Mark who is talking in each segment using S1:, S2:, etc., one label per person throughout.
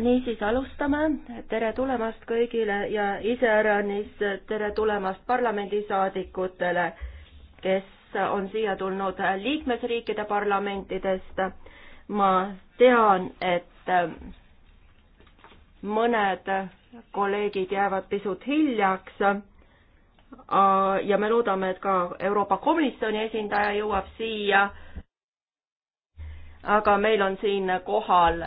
S1: niisiis alustame, tere tulemast kõigile ja iseäranis tere tulemast parlamendisaadikutele, kes on siia tulnud liikmesriikide parlamentidest. ma tean, et ähm, mõned kolleegid jäävad pisut hiljaks äh, ja me loodame, et ka Euroopa Komisjoni esindaja jõuab siia aga meil on siin kohal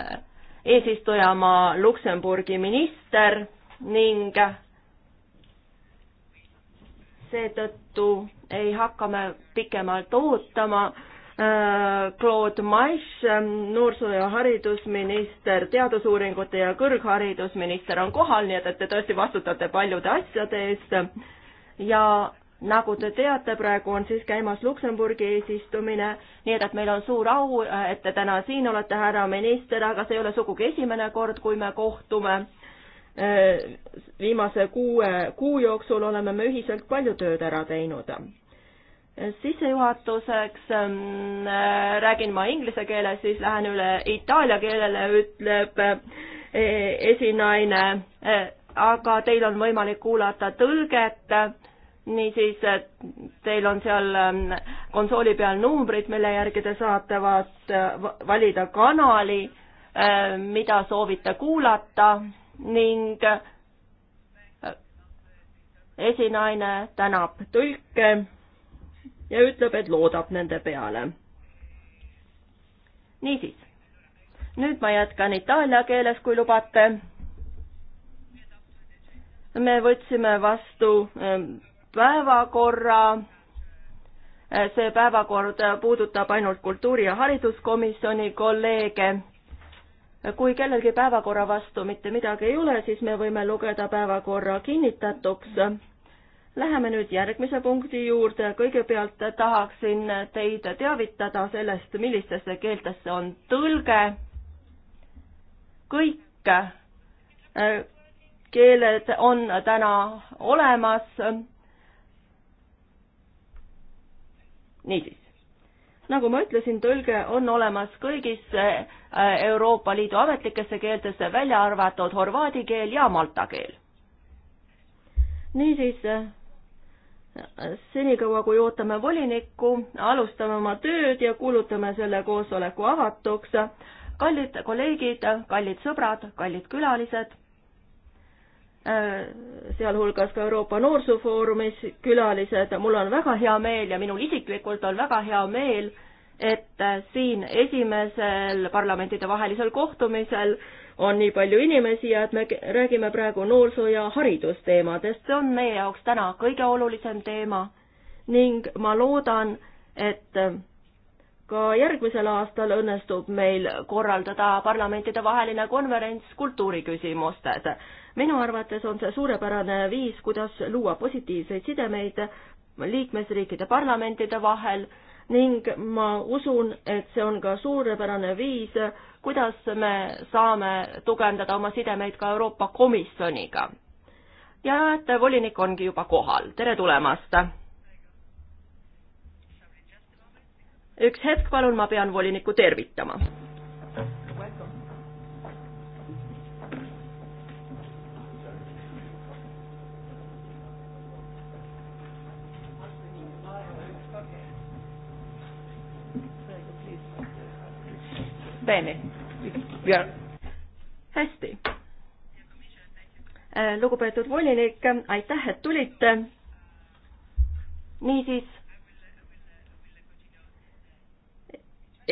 S1: eesistujamaa Luksemburgi minister ning seetõttu ei hakka me pikemalt ootama. Äh, Claude Maisch, ähm, noorsoo- ja haridusminister, teadusuuringute ja kõrgharidusminister on kohal, nii et, et te tõesti vastutate paljude asjade eest ja nagu te teate, praegu on siis käimas Luksemburgi eesistumine, nii et, et meil on suur au, et te täna siin olete, härra minister, aga see ei ole sugugi esimene kord, kui me kohtume. viimase kuue kuu jooksul oleme me ühiselt palju tööd ära teinud. sissejuhatuseks mm, räägin ma inglise keeles, siis lähen üle itaalia keelele, ütleb e, esinaine, aga teil on võimalik kuulata tõlget niisiis, teil on seal ähm, konsooli peal numbrid, mille järgi te saate vaat-, valida kanali, äh, mida soovite kuulata ning äh, esinaine tänab tõlke ja ütleb, et loodab nende peale. niisiis, nüüd ma jätkan itaalia keeles, kui lubate. me võtsime vastu ähm, päevakorra. see päevakord puudutab ainult kultuuri- ja hariduskomisjoni kolleege. kui kellelgi päevakorra vastu mitte midagi ei ole, siis me võime lugeda päevakorra kinnitatuks. Läheme nüüd järgmise punkti juurde, kõigepealt tahaksin teid teavitada sellest, millistesse keeltesse on tõlge. kõik eh, keeled on täna olemas. niisiis, nagu ma ütlesin, tõlge on olemas kõigis äh, Euroopa Liidu ametlikesse keeltesse, välja arvatud horvaadi keel ja malta keel. niisiis, äh, senikaua, kui ootame volinikku, alustame oma tööd ja kuulutame selle koosoleku avatuks. kallid kolleegid, kallid sõbrad, kallid külalised Äh, sealhulgas ka Euroopa Noorsoofoorumis külalised. mul on väga hea meel ja minul isiklikult on väga hea meel, et äh, siin esimesel parlamentidevahelisel kohtumisel on nii palju inimesi ja et me räägime praegu noorsoo- ja haridusteemadest. see on meie jaoks täna kõige olulisem teema ning ma loodan, et äh, ka järgmisel aastal õnnestub meil korraldada parlamentidevaheline konverents kultuuriküsimustes minu arvates on see suurepärane viis, kuidas luua positiivseid sidemeid liikmesriikide parlamentide vahel ning ma usun, et see on ka suurepärane viis, kuidas me saame tugevdada oma sidemeid ka Euroopa Komisjoniga. ja et volinik ongi juba kohal, tere tulemast! üks hetk, palun, ma pean volinikku tervitama Bene. hästi. Äh, lugupeetud volinik, aitäh, et tulite. niisiis.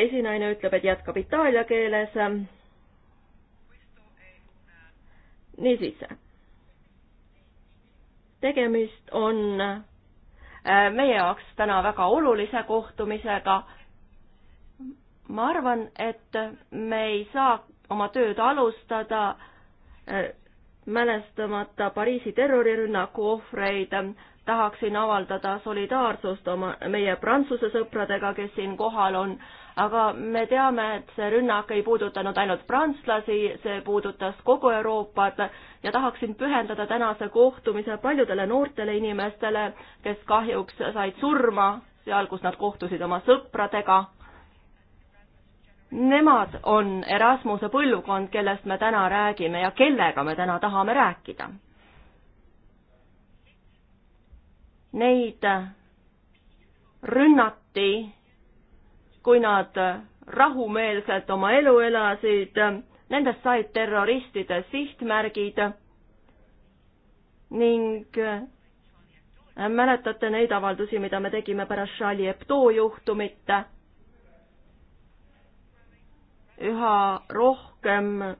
S1: esinaine ütleb, et jätkab itaalia keeles. niisiis. tegemist on äh, meie jaoks täna väga olulise kohtumisega ma arvan, et me ei saa oma tööd alustada eh, mälestamata Pariisi terrorirünnaku ohvreid, tahaksin avaldada solidaarsust oma, meie Prantsuse sõpradega, kes siin kohal on, aga me teame, et see rünnak ei puudutanud ainult prantslasi, see puudutas kogu Euroopat ja tahaksin pühendada tänase kohtumise paljudele noortele inimestele, kes kahjuks said surma seal, kus nad kohtusid oma sõpradega Nemad on Erasmuse põlvkond, kellest me täna räägime ja kellega me täna tahame rääkida. Neid rünnati, kui nad rahumeelselt oma elu elasid, nendest said terroristide sihtmärgid ning mäletate neid avaldusi, mida me tegime pärast Charlie Hebdo juhtumit üha rohkem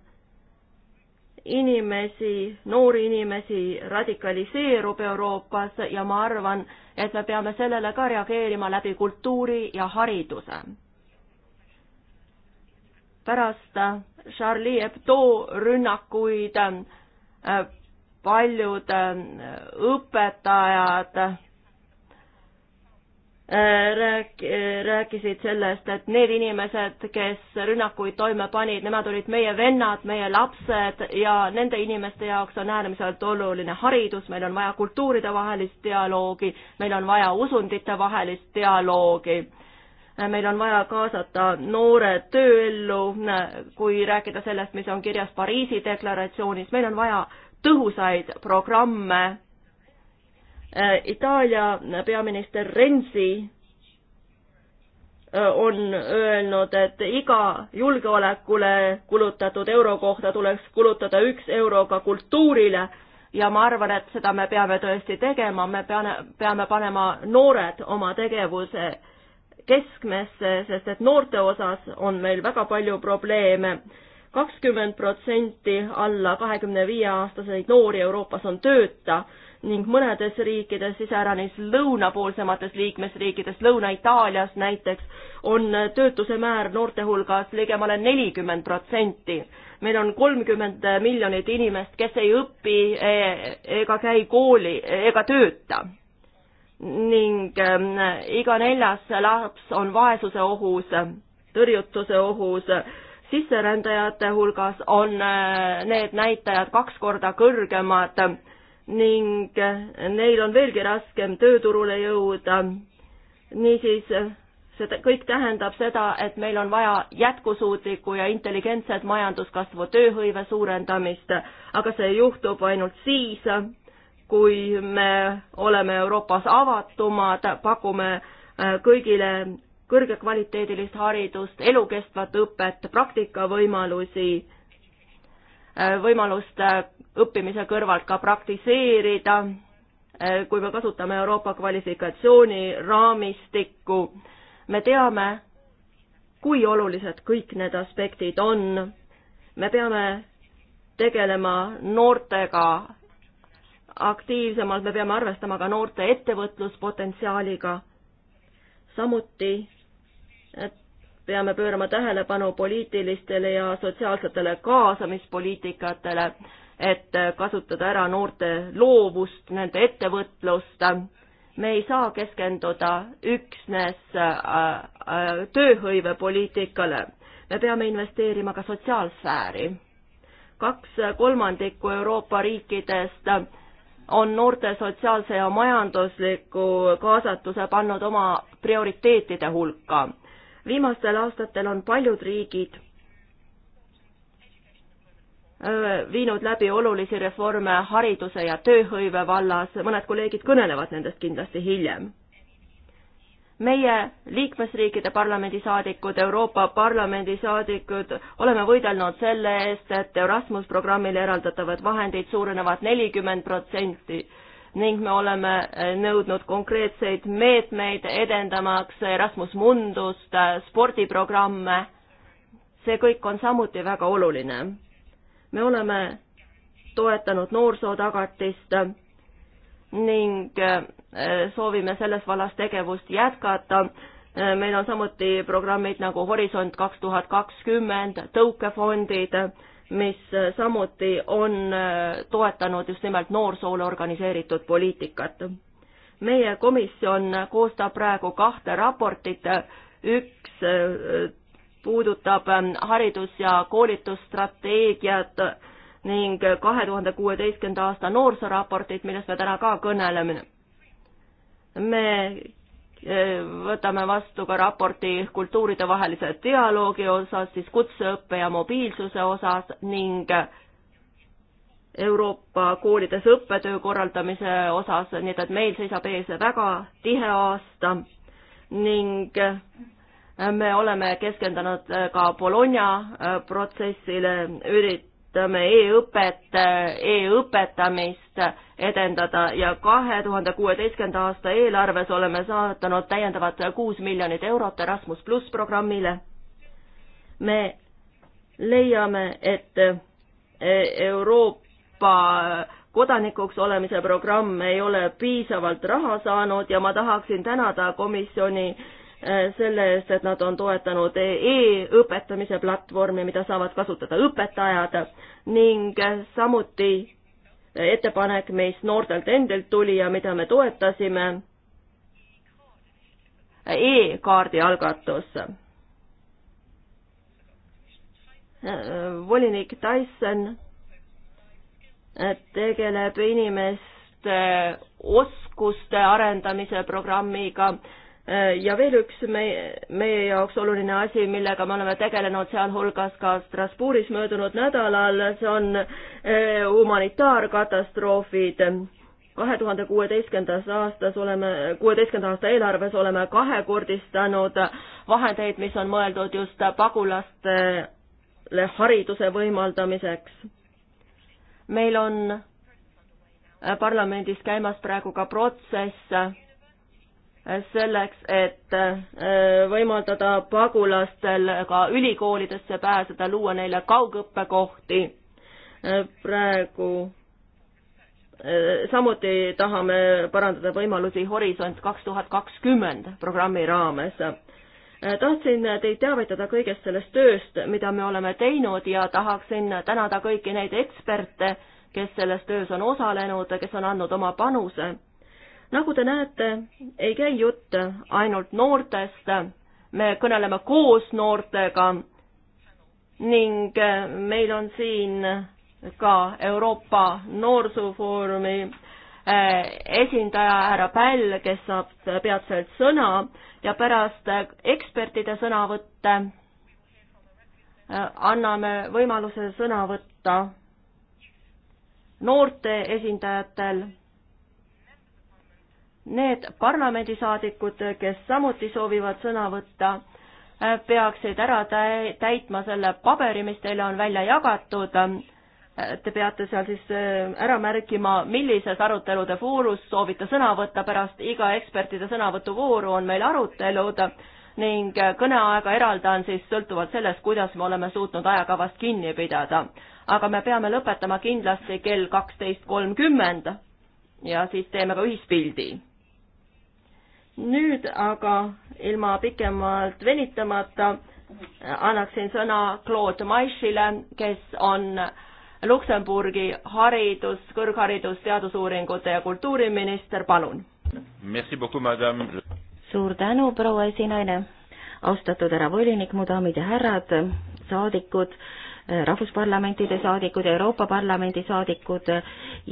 S1: inimesi, noori inimesi radikaliseerub Euroopas ja ma arvan, et me peame sellele ka reageerima läbi kultuuri ja hariduse. pärast Charlie Hebdo rünnakuid äh, paljud äh, õpetajad rääk-, rääkisid sellest, et need inimesed, kes rünnakuid toime panid, nemad olid meie vennad, meie lapsed ja nende inimeste jaoks on äärmiselt oluline haridus, meil on vaja kultuuridevahelist dialoogi, meil on vaja usunditevahelist dialoogi, meil on vaja kaasata noored tööellu, kui rääkida sellest, mis on kirjas Pariisi deklaratsioonis, meil on vaja tõhusaid programme Äh, Itaalia peaminister Renzi äh, on öelnud, et iga julgeolekule kulutatud euro kohta tuleks kulutada üks euro ka kultuurile ja ma arvan, et seda me peame tõesti tegema, me peame, peame panema noored oma tegevuse keskmesse, sest et noorte osas on meil väga palju probleeme. kakskümmend protsenti alla kahekümne viie aastaseid noori Euroopas on tööta ning mõnedes riikides, iseäranis lõunapoolsemates liikmesriikides, Lõuna-Itaalias näiteks, on töötuse määr noorte hulgas ligemale nelikümmend protsenti. meil on kolmkümmend miljonit inimest, kes ei õpi eh, ega käi kooli ega tööta ning ehm, iga neljas laps on vaesuse ohus, tõrjutuse ohus sisserändajate hulgas on eh, need näitajad kaks korda kõrgemad ning neil on veelgi raskem tööturule jõuda. niisiis, see kõik tähendab seda, et meil on vaja jätkusuutlikku ja intelligentset majanduskasvu tööhõive suurendamist, aga see juhtub ainult siis, kui me oleme Euroopas avatumad, pakume äh, kõigile kõrgekvaliteedilist haridust, elukestvat õpet, praktikavõimalusi Äh, võimalust äh, õppimise kõrvalt ka praktiseerida, äh, kui me kasutame Euroopa kvalifikatsiooniraamistikku, me teame, kui olulised kõik need aspektid on. me peame tegelema noortega aktiivsemalt, me peame arvestama ka noorte ettevõtluspotentsiaaliga. samuti peame pöörama tähelepanu poliitilistele ja sotsiaalsetele kaasamispoliitikatele, et kasutada ära noorte loovust, nende ettevõtlust. me ei saa keskenduda üksnes äh, äh, tööhõivepoliitikale, me peame investeerima ka sotsiaalsfääri. kaks kolmandikku Euroopa riikidest on noorte sotsiaalse ja majandusliku kaasatuse pannud oma prioriteetide hulka viimastel aastatel on paljud riigid äh, viinud läbi olulisi reforme hariduse ja tööhõive vallas, mõned kolleegid kõnelevad nendest kindlasti hiljem. meie liikmesriikide parlamendisaadikud, Euroopa Parlamendi saadikud oleme võidelnud selle eest, et Erasmus programmile eraldatavad vahendid suurenevad nelikümmend protsenti ning me oleme eh, nõudnud konkreetseid meetmeid edendamaks Erasmus Mundust, eh, spordiprogramme. see kõik on samuti väga oluline. me oleme toetanud noorsootagatist ning eh, soovime selles vallas tegevust jätkata. meil on samuti programmid nagu Horisont kaks tuhat kakskümmend, tõukefondid mis äh, samuti on äh, toetanud just nimelt noorsoole organiseeritud poliitikat. meie komisjon koostab praegu kahte raportit, üks äh, puudutab ähm, haridus- ja koolitusstrateegiat ning kahe tuhande kuueteistkümnenda aasta noorsooraportit, millest me täna ka kõneleme. me võtame vastu ka raporti kultuuridevahelise dialoogi osas, siis kutseõppe ja mobiilsuse osas ning Euroopa koolides õppetöö korraldamise osas, nii et meil seisab ees väga tihe aasta ning me oleme keskendunud ka Bologna protsessile, ürit-, üritame e-õpet e, e-õpetamist edendada ja kahe tuhande kuueteistkümnenda aasta eelarves oleme saatanud täiendavat kuus miljonit eurot Erasmus pluss programmile. me leiame, et Euroopa kodanikuks olemise programm ei ole piisavalt raha saanud ja ma tahaksin tänada komisjoni äh, Äh, selle eest, et nad on toetanud e-õpetamise platvormi, mida saavad kasutada õpetajad ning samuti ettepanek, mis noortelt endilt tuli ja mida me toetasime e, e-kaardi algatus. volinik Tyson tegeleb inimeste oskuste arendamise programmiga Äh, ja veel üks meie, meie jaoks oluline asi, millega me oleme tegelenud, sealhulgas ka Strasbourgis möödunud nädalal, see on äh, humanitaarkatastroofid. kahe tuhande kuueteistkümnendas aastas oleme, kuueteistkümnenda aasta eelarves oleme kahekordistanud vahendeid, mis on mõeldud just pagulastele hariduse võimaldamiseks. meil on äh, parlamendis käimas praegu ka protsess selleks, et äh, võimaldada pagulastel ka ülikoolidesse pääseda, luua neile kaugõppekohti. Äh, praegu äh, samuti tahame parandada võimalusi Horisont kaks tuhat kakskümmend programmi raames. tahtsin teid teavitada kõigest sellest tööst, mida me oleme teinud ja tahaksin tänada kõiki neid eksperte, kes selles töös on osalenud, kes on andnud oma panuse nagu te näete, ei käi jutt ainult noortest, me kõneleme koos noortega ning meil on siin ka Euroopa Noorsoofoorumi eh, esindaja härra Päll, kes saab peatselt sõna ja pärast ekspertide sõnavõtte eh, anname võimaluse sõna võtta noorte esindajatel Need parlamendisaadikud, kes samuti soovivad sõna võtta, äh, peaksid ära täitma selle paberi, mis teile on välja jagatud. Äh, te peate seal siis äh, ära märkima, millises arutelude voorus soovite sõna võtta, pärast iga ekspertide sõnavõtuvooru on meil arutelud ning kõneaega eraldan siis sõltuvalt sellest, kuidas me oleme suutnud ajakavast kinni pidada. aga me peame lõpetama kindlasti kell kaksteist kolmkümmend ja siis teeme ka ühispildi nüüd aga ilma pikemalt venitamata äh, annaksin sõna Claude Maischile, kes on Luksemburgi haridus, kõrgharidus, teadusuuringute ja kultuuriminister, palun.
S2: suur tänu, proua esinaine, austatud härra volinik, mu daamid ja härrad, saadikud Äh, rahvusparlamentide saadikud ja Euroopa Parlamendi saadikud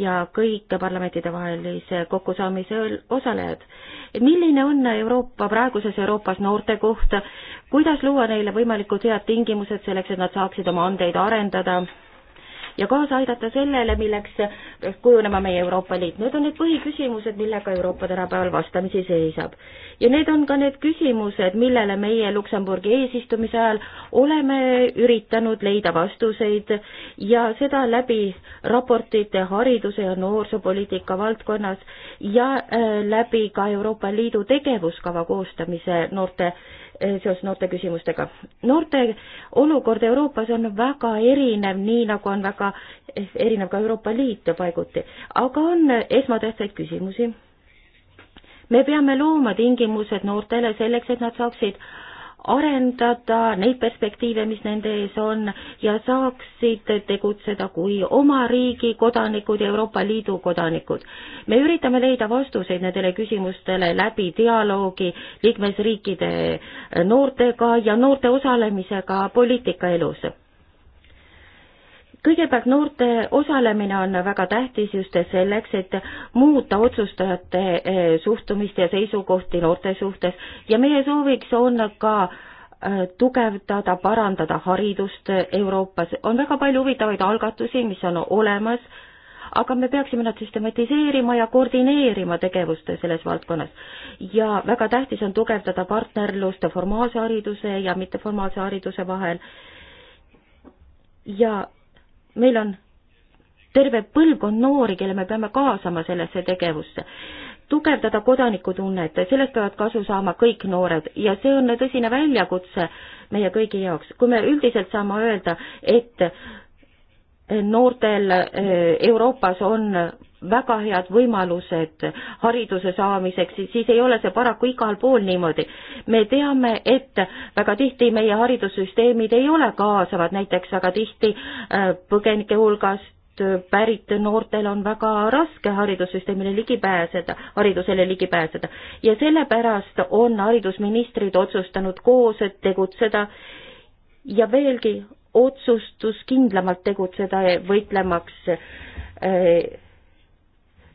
S2: ja kõik parlamentidevahelise kokkusaamise osalejad. milline on Euroopa, praeguses Euroopas noorte koht, kuidas luua neile võimalikult head tingimused selleks, et nad saaksid oma andeid arendada ja kaasa aidata sellele, milleks peaks kujunema meie Euroopa Liit. Need on need põhiküsimused, millega Euroopa tänapäeval vastamisi seisab. ja need on ka need küsimused, millele meie Luksemburgi eesistumise ajal oleme üritanud leida vastuseid ja seda läbi raportite hariduse ja noorsoopoliitika valdkonnas ja äh, läbi ka Euroopa Liidu tegevuskava koostamise noorte Eh, seoses noorte küsimustega. noorte olukord Euroopas on väga erinev, nii nagu on väga erinev ka Euroopa Liit paiguti, aga on esmatähtsaid küsimusi. me peame looma tingimused noortele selleks, et nad saaksid äh, arendada neid perspektiive, mis nende ees on ja saaksid tegutseda kui oma riigi kodanikud ja Euroopa Liidu kodanikud. me üritame leida vastuseid nendele küsimustele läbi dialoogi liikmesriikide noortega ja noorte osalemisega poliitikaelus kõigepealt noorte osalemine on väga tähtis just selleks, et muuta otsustajate eh, suhtumist ja seisukohti noorte suhtes ja meie sooviks on ka eh, tugevdada, parandada haridust Euroopas, on väga palju huvitavaid algatusi, mis on olemas, aga me peaksime nad süstematiseerima ja koordineerima tegevust selles valdkonnas. ja väga tähtis on tugevdada partnerlust formaalse hariduse ja mitteformaalse hariduse vahel ja meil on terve põlvkond noori, kelle me peame kaasama sellesse tegevusse. tugevdada kodanikutunnet, sellest peavad kasu saama kõik noored ja see on tõsine väljakutse meie kõigi jaoks. kui me üldiselt saame öelda, et noortel eh, Euroopas on väga head võimalused hariduse saamiseks, siis ei ole see paraku igal pool niimoodi. me teame, et väga tihti meie haridussüsteemid ei ole kaasavad, näiteks väga tihti äh, põgenike hulgast äh, pärit noortel on väga raske haridussüsteemile ligi pääseda, haridusele ligi pääseda ja sellepärast on haridusministrid otsustanud koos tegutseda ja veelgi otsustuskindlamalt tegutseda, võitlemaks äh,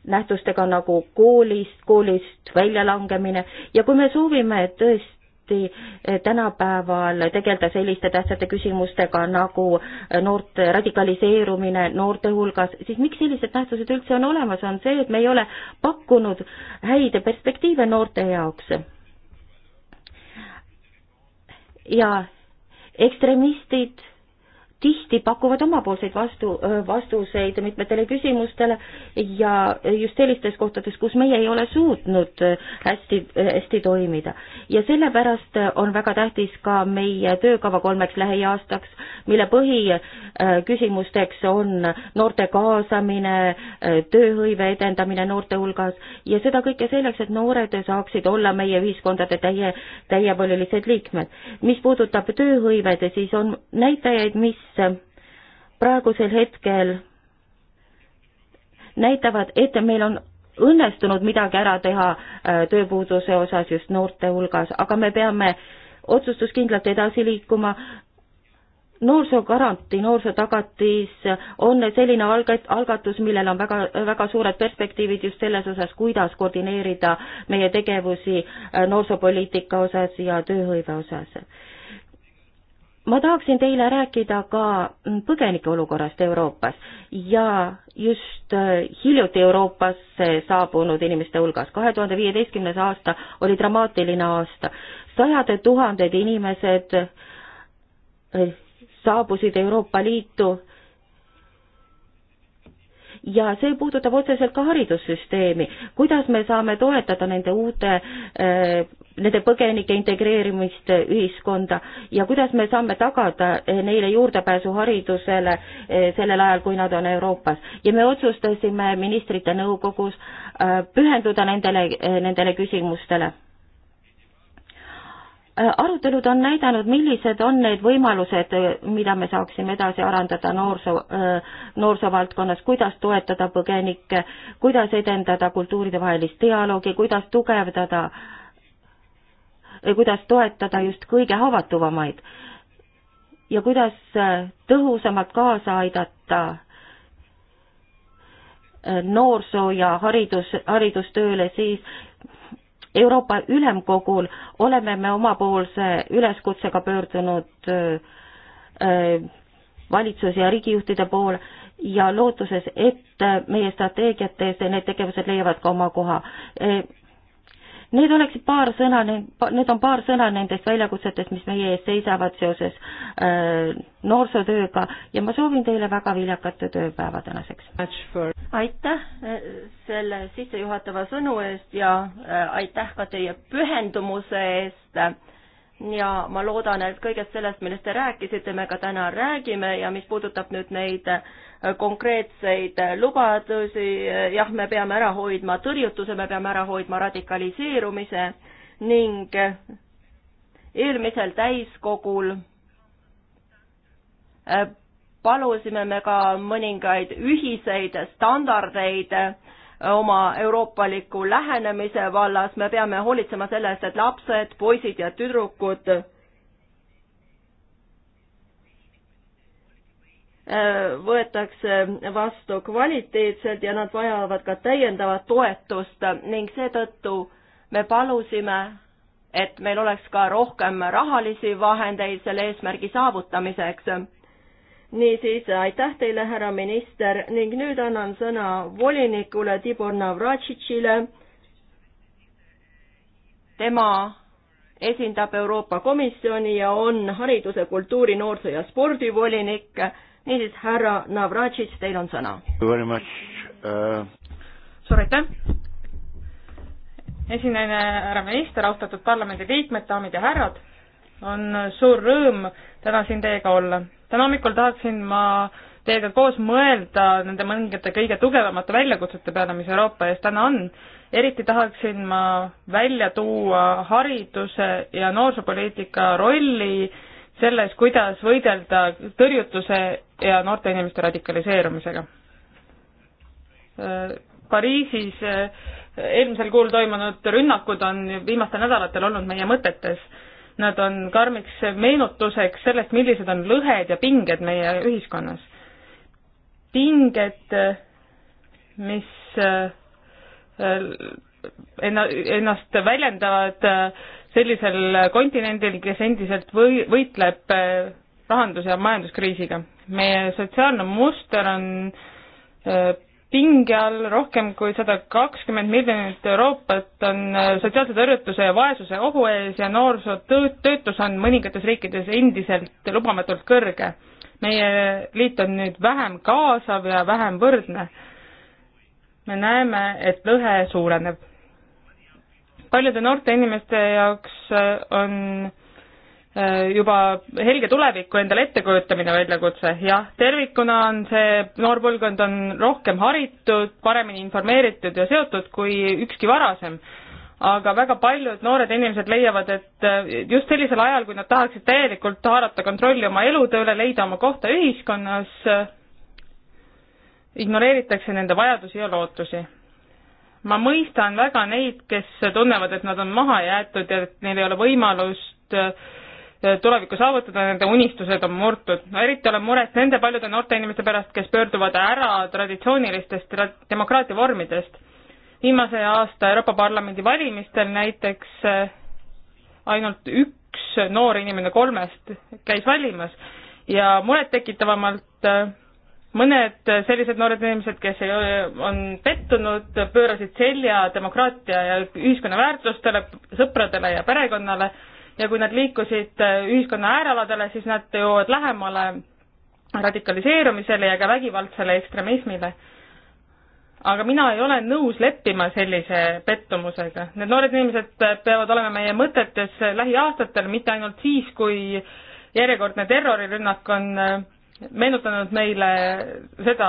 S2: nähtustega nagu koolist, koolist väljalangemine ja kui me soovime tõesti eh, tänapäeval tegeleda selliste tähtsate küsimustega nagu eh, noorte eh, radikaliseerumine noorte hulgas, siis miks sellised nähtused üldse on olemas, on see, et me ei ole pakkunud häid perspektiive noorte jaoks. ja ekstremistid tihti pakuvad omapoolseid vastu, vastuseid mitmetele küsimustele ja just sellistes kohtades, kus meie ei ole suutnud hästi, hästi toimida. ja sellepärast on väga tähtis ka meie töökava kolmeks lähiaastaks, mille põhiküsimusteks on noorte kaasamine, tööhõive edendamine noorte hulgas ja seda kõike selleks, et noored saaksid olla meie ühiskondade täie, täievolilised liikmed. mis puudutab tööhõivet, siis on näitajaid, mis sisse. praegusel hetkel näitavad, et meil on õnnestunud midagi ära teha äh, tööpuuduse osas just noorte hulgas, aga me peame otsustuskindlalt edasi liikuma. noorsoogarantii, noorsootagatis on selline alg-, algatus, millel on väga, väga suured perspektiivid just selles osas, kuidas koordineerida meie tegevusi äh, noorsoopoliitika osas ja tööhõive osas ma tahaksin teile rääkida ka põgenike olukorrast Euroopas ja just äh, hiljuti Euroopasse saabunud inimeste hulgas. kahe tuhande viieteistkümnes aasta oli dramaatiline aasta. sajad tuhanded inimesed äh, saabusid Euroopa Liitu ja see puudutab otseselt ka haridussüsteemi, kuidas me saame toetada nende uute äh, nende põgenike integreerimist ühiskonda ja kuidas me saame tagada eh, neile juurdepääsu haridusele eh, sellel ajal, kui nad on Euroopas. ja me otsustasime ministrite nõukogus eh, pühenduda nendele, nendele küsimustele arutelud on näidanud, millised on need võimalused, mida me saaksime edasi arendada noorsoo, noorsoovaldkonnas, kuidas toetada põgenikke, kuidas edendada kultuuridevahelist dialoogi, kuidas tugevdada äh, Äh, kuidas toetada just kõige haavatuvamaid ja kuidas äh, tõhusamalt kaasa aidata äh, noorsoo- ja haridus, haridustööle, siis Euroopa Ülemkogul oleme me omapoolse üleskutsega pöördunud valitsuse ja riigijuhtide poole ja lootuses, et meie strateegiates need tegevused leiavad ka oma koha. Need oleksid paar sõna, need on paar sõna nendest väljakutsetest, mis meie ees seisavad seoses äh, noorsootööga ja ma soovin teile väga viljakat tööpäeva tänaseks.
S1: aitäh äh, selle sissejuhatava sõnu eest ja äh, aitäh ka teie pühendumuse eest ja ma loodan, et kõigest sellest, millest te rääkisite, me ka täna räägime ja mis puudutab nüüd neid äh, konkreetseid lubadusi, jah, me peame ära hoidma tõrjutuse, me peame ära hoidma radikaliseerumise ning eelmisel täiskogul äh, palusime me ka mõningaid ühiseid standardeid äh, oma euroopaliku lähenemise vallas, me peame hoolitsema selle eest, et lapsed, poisid ja tüdrukud võetakse vastu kvaliteetselt ja nad vajavad ka täiendavat toetust ning seetõttu me palusime, et meil oleks ka rohkem rahalisi vahendeid selle eesmärgi saavutamiseks. niisiis, aitäh teile, härra minister ning nüüd annan sõna volinikule Tibor Navratšitšile. tema esindab Euroopa Komisjoni ja on hariduse, kultuuri, noorsoo- ja spordivolinik niisiis, härra Navratšits, teil on sõna.
S3: Uh...
S1: suur
S4: aitäh! esinejana härra minister, austatud parlamendiliikmed, daamid ja härrad, on suur rõõm täna siin teiega olla. täna hommikul tahaksin ma teiega koos mõelda nende mõningate kõige tugevamate väljakutsete peale, mis Euroopa ees täna on. eriti tahaksin ma välja tuua hariduse ja noorsoopoliitika rolli selles, kuidas võidelda tõrjutuse ja noorte inimeste radikaliseerumisega. Pariisis äh, eelmisel kuul toimunud rünnakud on viimastel nädalatel olnud meie mõtetes. Nad on karmiks meenutuseks sellest, millised on lõhed ja pinged meie ühiskonnas. pinged, mis äh, äh, ennast väljendavad sellisel kontinendil, kes endiselt või-, võitleb äh, rahandus- ja majanduskriisiga. meie sotsiaalne muster on äh, pinge all rohkem kui sada kakskümmend miljonit Euroopat on äh, sotsiaalse tõrjutuse ja vaesuse ohu ees ja noorsootöötus on mõningates riikides endiselt lubamatult kõrge. meie liit on nüüd vähem kaasav ja vähem võrdne. me näeme, et lõhe suureneb paljude noorte inimeste jaoks äh, on äh, juba helge tuleviku endale ettekujutamine väljakutse, jah, tervikuna on see noor põlvkond on rohkem haritud, paremini informeeritud ja seotud kui ükski varasem. aga väga paljud noored inimesed leiavad, et äh, just sellisel ajal, kui nad tahaksid täielikult haarata kontrolli oma elude üle, leida oma kohta ühiskonnas, ignoreeritakse nende vajadusi ja lootusi ma mõistan väga neid, kes tunnevad, et nad on maha jäetud ja et neil ei ole võimalust äh, tulevikku saavutada, nende unistused on murtud. no eriti olen mures nende paljude noorte inimeste pärast, kes pöörduvad ära traditsioonilistest demokraatia vormidest. viimase aasta Euroopa Parlamendi valimistel näiteks äh, ainult üks noor inimene kolmest käis valimas ja murettekitavamalt äh, mõned sellised noored inimesed, kes ei, on pettunud, pöörasid selja demokraatia ja ühiskonna väärtustele, sõpradele ja perekonnale ja kui nad liikusid ühiskonna äärealadele, siis nad jõuavad lähemale radikaliseerumisele ja ka vägivaldsele ekstremismile. aga mina ei ole nõus leppima sellise pettumusega. Need noored inimesed peavad olema meie mõtetes lähiaastatel, mitte ainult siis, kui järjekordne terrorirünnak on äh, meenutanud meile seda,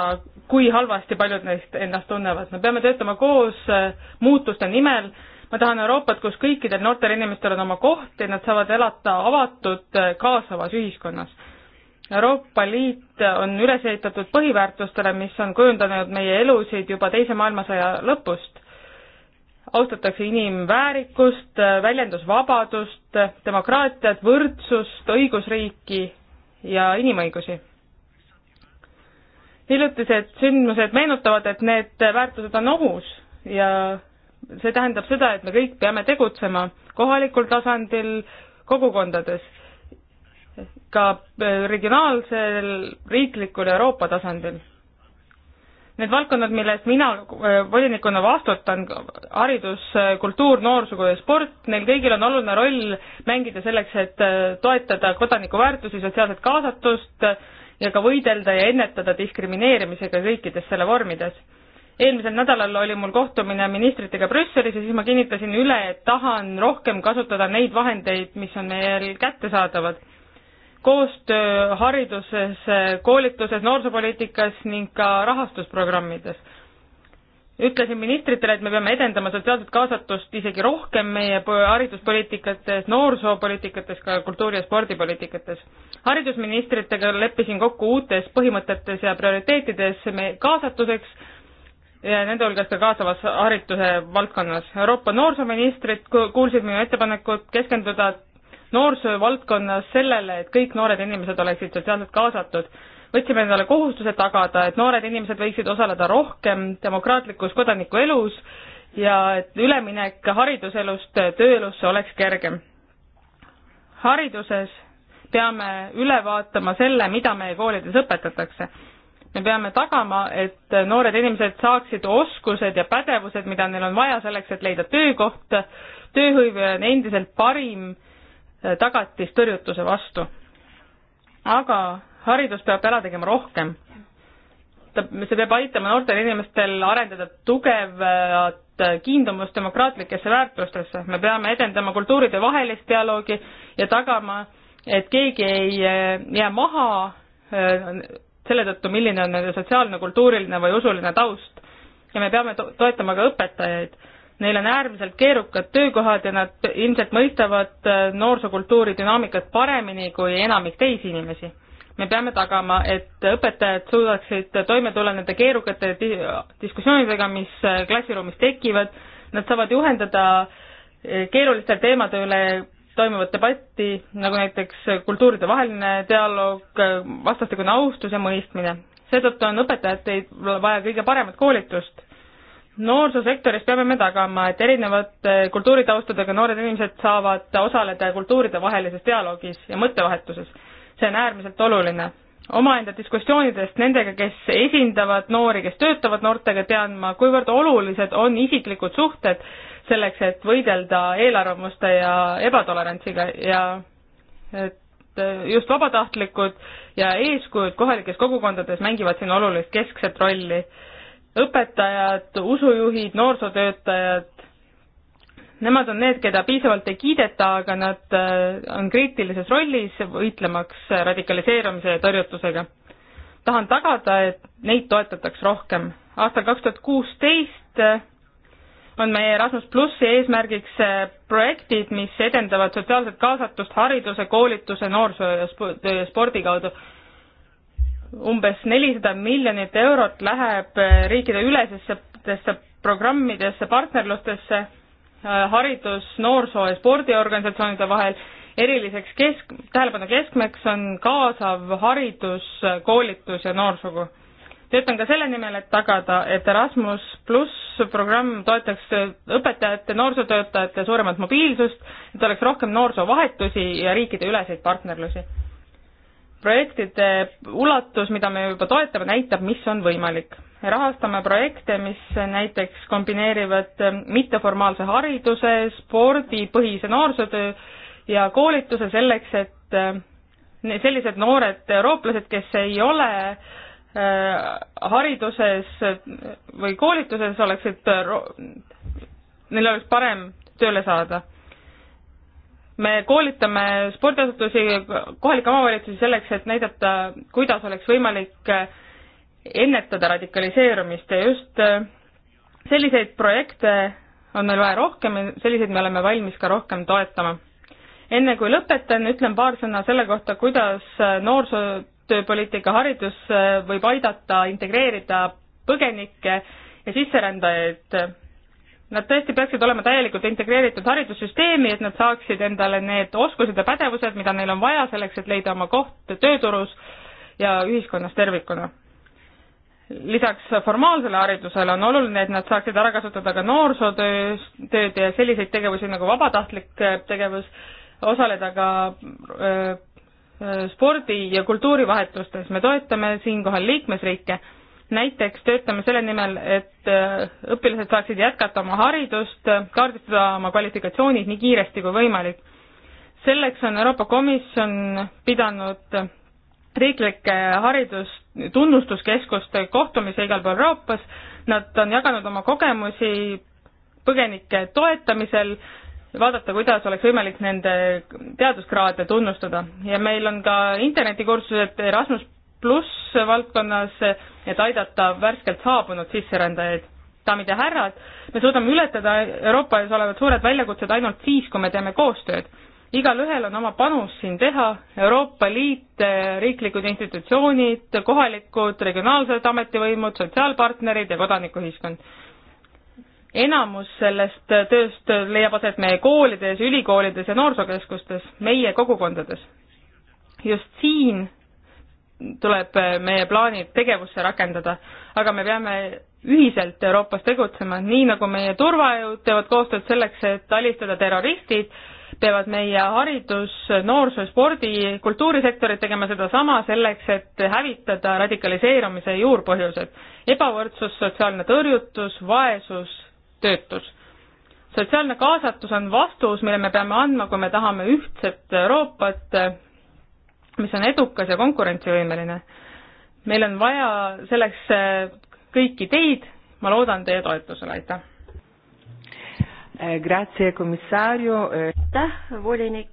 S4: kui halvasti paljud neist ennast tunnevad. me peame töötama koos äh, muutuste nimel, ma tahan Euroopat, kus kõikidel noortel inimestel on oma koht ja nad saavad elada avatud äh, kaasavas ühiskonnas. Euroopa Liit on üles ehitatud põhiväärtustele, mis on kujundanud meie elusid juba Teise maailmasõja lõpust. austatakse inimväärikust, äh, väljendusvabadust, demokraatiat, võrdsust, õigusriiki ja inimõigusi hiljutised sündmused meenutavad, et need väärtused on ohus ja see tähendab seda, et me kõik peame tegutsema kohalikul tasandil, kogukondades, ka äh, regionaalsel, riiklikul ja Euroopa tasandil. Need valdkonnad, mille eest mina äh, volinikuna vastutan, haridus, äh, kultuur, noorsugu ja sport, neil kõigil on oluline roll mängida selleks, et toetada kodanikuväärtusi, sotsiaalset kaasatust, ja ka võidelda ja ennetada diskrimineerimisega kõikides selle vormides. eelmisel nädalal oli mul kohtumine ministritega Brüsselis ja siis ma kinnitasin üle, et tahan rohkem kasutada neid vahendeid, mis on meil kättesaadavad. koostöö hariduses, koolituses, noorsoopoliitikas ning ka rahastusprogrammides ütlesin ministritele, et me peame edendama sotsiaalset kaasatust isegi rohkem meie hariduspoliitikates, noorsoopoliitikates, ka kultuuri- ja spordipoliitikates. haridusministritega leppisin kokku uutes põhimõtetes ja prioriteetides me kaasatuseks ja nende hulgas ka kaasavas harituse valdkonnas. Euroopa noorsooministrid kuulsid minu ettepanekut keskenduda noorsoo valdkonnas sellele, et kõik noored inimesed oleksid sotsiaalselt kaasatud võtsime endale kohustuse tagada, et noored inimesed võiksid osaleda rohkem demokraatlikus kodanikuelus ja et üleminek hariduselust tööelusse oleks kergem. hariduses peame üle vaatama selle, mida meie koolides õpetatakse. me peame tagama, et noored inimesed saaksid oskused ja pädevused, mida neil on vaja selleks, et leida töökoht, tööhõive on endiselt parim tagatis tõrjutuse vastu. aga haridus peab ära tegema rohkem. ta, see peab aitama noortel inimestel arendada tugevat kiindumust demokraatlikesse väärtustesse. me peame edendama kultuuride vahelist dialoogi ja tagama, et keegi ei eh, jää maha eh, selle tõttu, milline on nende sotsiaalne, kultuuriline või usuline taust. ja me peame to toetama ka õpetajaid. Neil on äärmiselt keerukad töökohad ja nad ilmselt mõistavad eh, noorsookultuuri dünaamikat paremini kui enamik teisi inimesi me peame tagama, et õpetajad suudaksid toime tulla nende keerukate diskussioonidega, mis äh, klassiruumis tekivad, nad saavad juhendada äh, keerulistel teemade üle toimuvat debatti, nagu näiteks kultuuride vaheline dialoog, äh, vastastikune austus ja mõistmine. seetõttu on õpetajateid vaja kõige paremat koolitust. noorsoosektoris peame me tagama, et erinevate kultuuritaustadega noored inimesed saavad osaleda kultuuride vahelises dialoogis ja mõttevahetuses see on äärmiselt oluline. omaenda diskussioonidest nendega, kes esindavad noori, kes töötavad noortega, tean ma, kuivõrd olulised on isiklikud suhted selleks, et võidelda eelarvamuste ja ebatolerantsiga ja et just vabatahtlikud ja eeskujud kohalikes kogukondades mängivad siin olulist keskset rolli. õpetajad, usujuhid, noorsootöötajad, Nemad on need, keda piisavalt ei kiideta, aga nad äh, on kriitilises rollis võitlemaks äh, radikaliseerumise ja tõrjutusega. tahan tagada, et neid toetataks rohkem. aastal kaks tuhat kuusteist äh, on meie Erasmus plussi eesmärgiks projektid, mis edendavad sotsiaalset kaasatust hariduse, koolituse, noorsoo ja spordi kaudu. umbes nelisada miljonit eurot läheb riikideülesesse programmidesse, partnerlustesse Äh, haridus, noorsoo- ja spordiorganisatsioonide vahel, eriliseks kesk, tähelepanu keskmeks on kaasav haridus, koolitus ja noorsugu. töötan ka selle nimel, et tagada, et Erasmus pluss programm toetaks õpetajate, noorsootöötajate suuremat mobiilsust, et oleks rohkem noorsoovahetusi ja riikideüleseid partnerlusi. projektide ulatus, mida me juba toetame, näitab, mis on võimalik rahastame projekte, mis näiteks kombineerivad mitteformaalse hariduse, spordi, põhise noorsootöö ja koolituse selleks, et sellised noored eurooplased, kes ei ole äh, hariduses või koolituses oleksid, neil oleks parem tööle saada. me koolitame spordiasutusi, kohalikke omavalitsusi selleks, et näidata, kuidas oleks võimalik äh, ennetada radikaliseerumist ja just äh, selliseid projekte on meil vaja rohkem ja selliseid me oleme valmis ka rohkem toetama. enne kui lõpetan, ütlen paar sõna selle kohta, kuidas äh, noorsootööpoliitika haridus äh, võib aidata integreerida põgenikke ja sisserändajaid. Nad tõesti peaksid olema täielikult integreeritud haridussüsteemi, et nad saaksid endale need oskused ja pädevused, mida neil on vaja selleks, et leida oma koht tööturus ja ühiskonnas tervikuna lisaks formaalsele haridusele on oluline, et nad saaksid ära kasutada ka noorsootööd ja selliseid tegevusi nagu vabatahtlik äh, tegevus, osaleda ka öö, äh, äh, spordi- ja kultuurivahetustes, me toetame siinkohal liikmesriike, näiteks töötame selle nimel, et õpilased saaksid jätkata oma haridust, kaardistada oma kvalifikatsioonid nii kiiresti kui võimalik. selleks on Euroopa Komisjon pidanud riiklike haridus, tunnustuskeskuste kohtumise igal pool Euroopas, nad on jaganud oma kogemusi põgenike toetamisel, vaadata, kuidas oleks võimalik nende teaduskraade tunnustada ja meil on ka internetikursused Erasmus pluss valdkonnas, et aidata värskelt saabunud sisserändajaid. daamid ja härrad, me suudame ületada Euroopa ees olevad suured väljakutsed ainult siis, kui me teeme koostööd igalühel on oma panus siin teha, Euroopa Liit, riiklikud institutsioonid, kohalikud, regionaalsed ametivõimud, sotsiaalpartnerid ja kodanikuühiskond. enamus sellest tööst leiab aset meie koolides, ülikoolides ja noorsookeskustes, meie kogukondades. just siin tuleb meie plaanid tegevusse rakendada, aga me peame ühiselt Euroopas tegutsema, nii nagu meie turvajõud teevad koostööd selleks, et alistada terroristid, peavad meie haridus, noorsoo, spordi, kultuurisektorid tegema sedasama selleks, et hävitada radikaliseerumise juurpõhjused. ebavõrdsus, sotsiaalne tõrjutus, vaesus, töötus. sotsiaalne kaasatus on vastus, mille me peame andma, kui me tahame ühtset Euroopat, mis on edukas ja konkurentsivõimeline. meil on vaja selleks kõiki teid, ma loodan teie toetusele, aitäh!
S5: Eh, grazie, komissario.
S1: Eh, aitäh, volinik.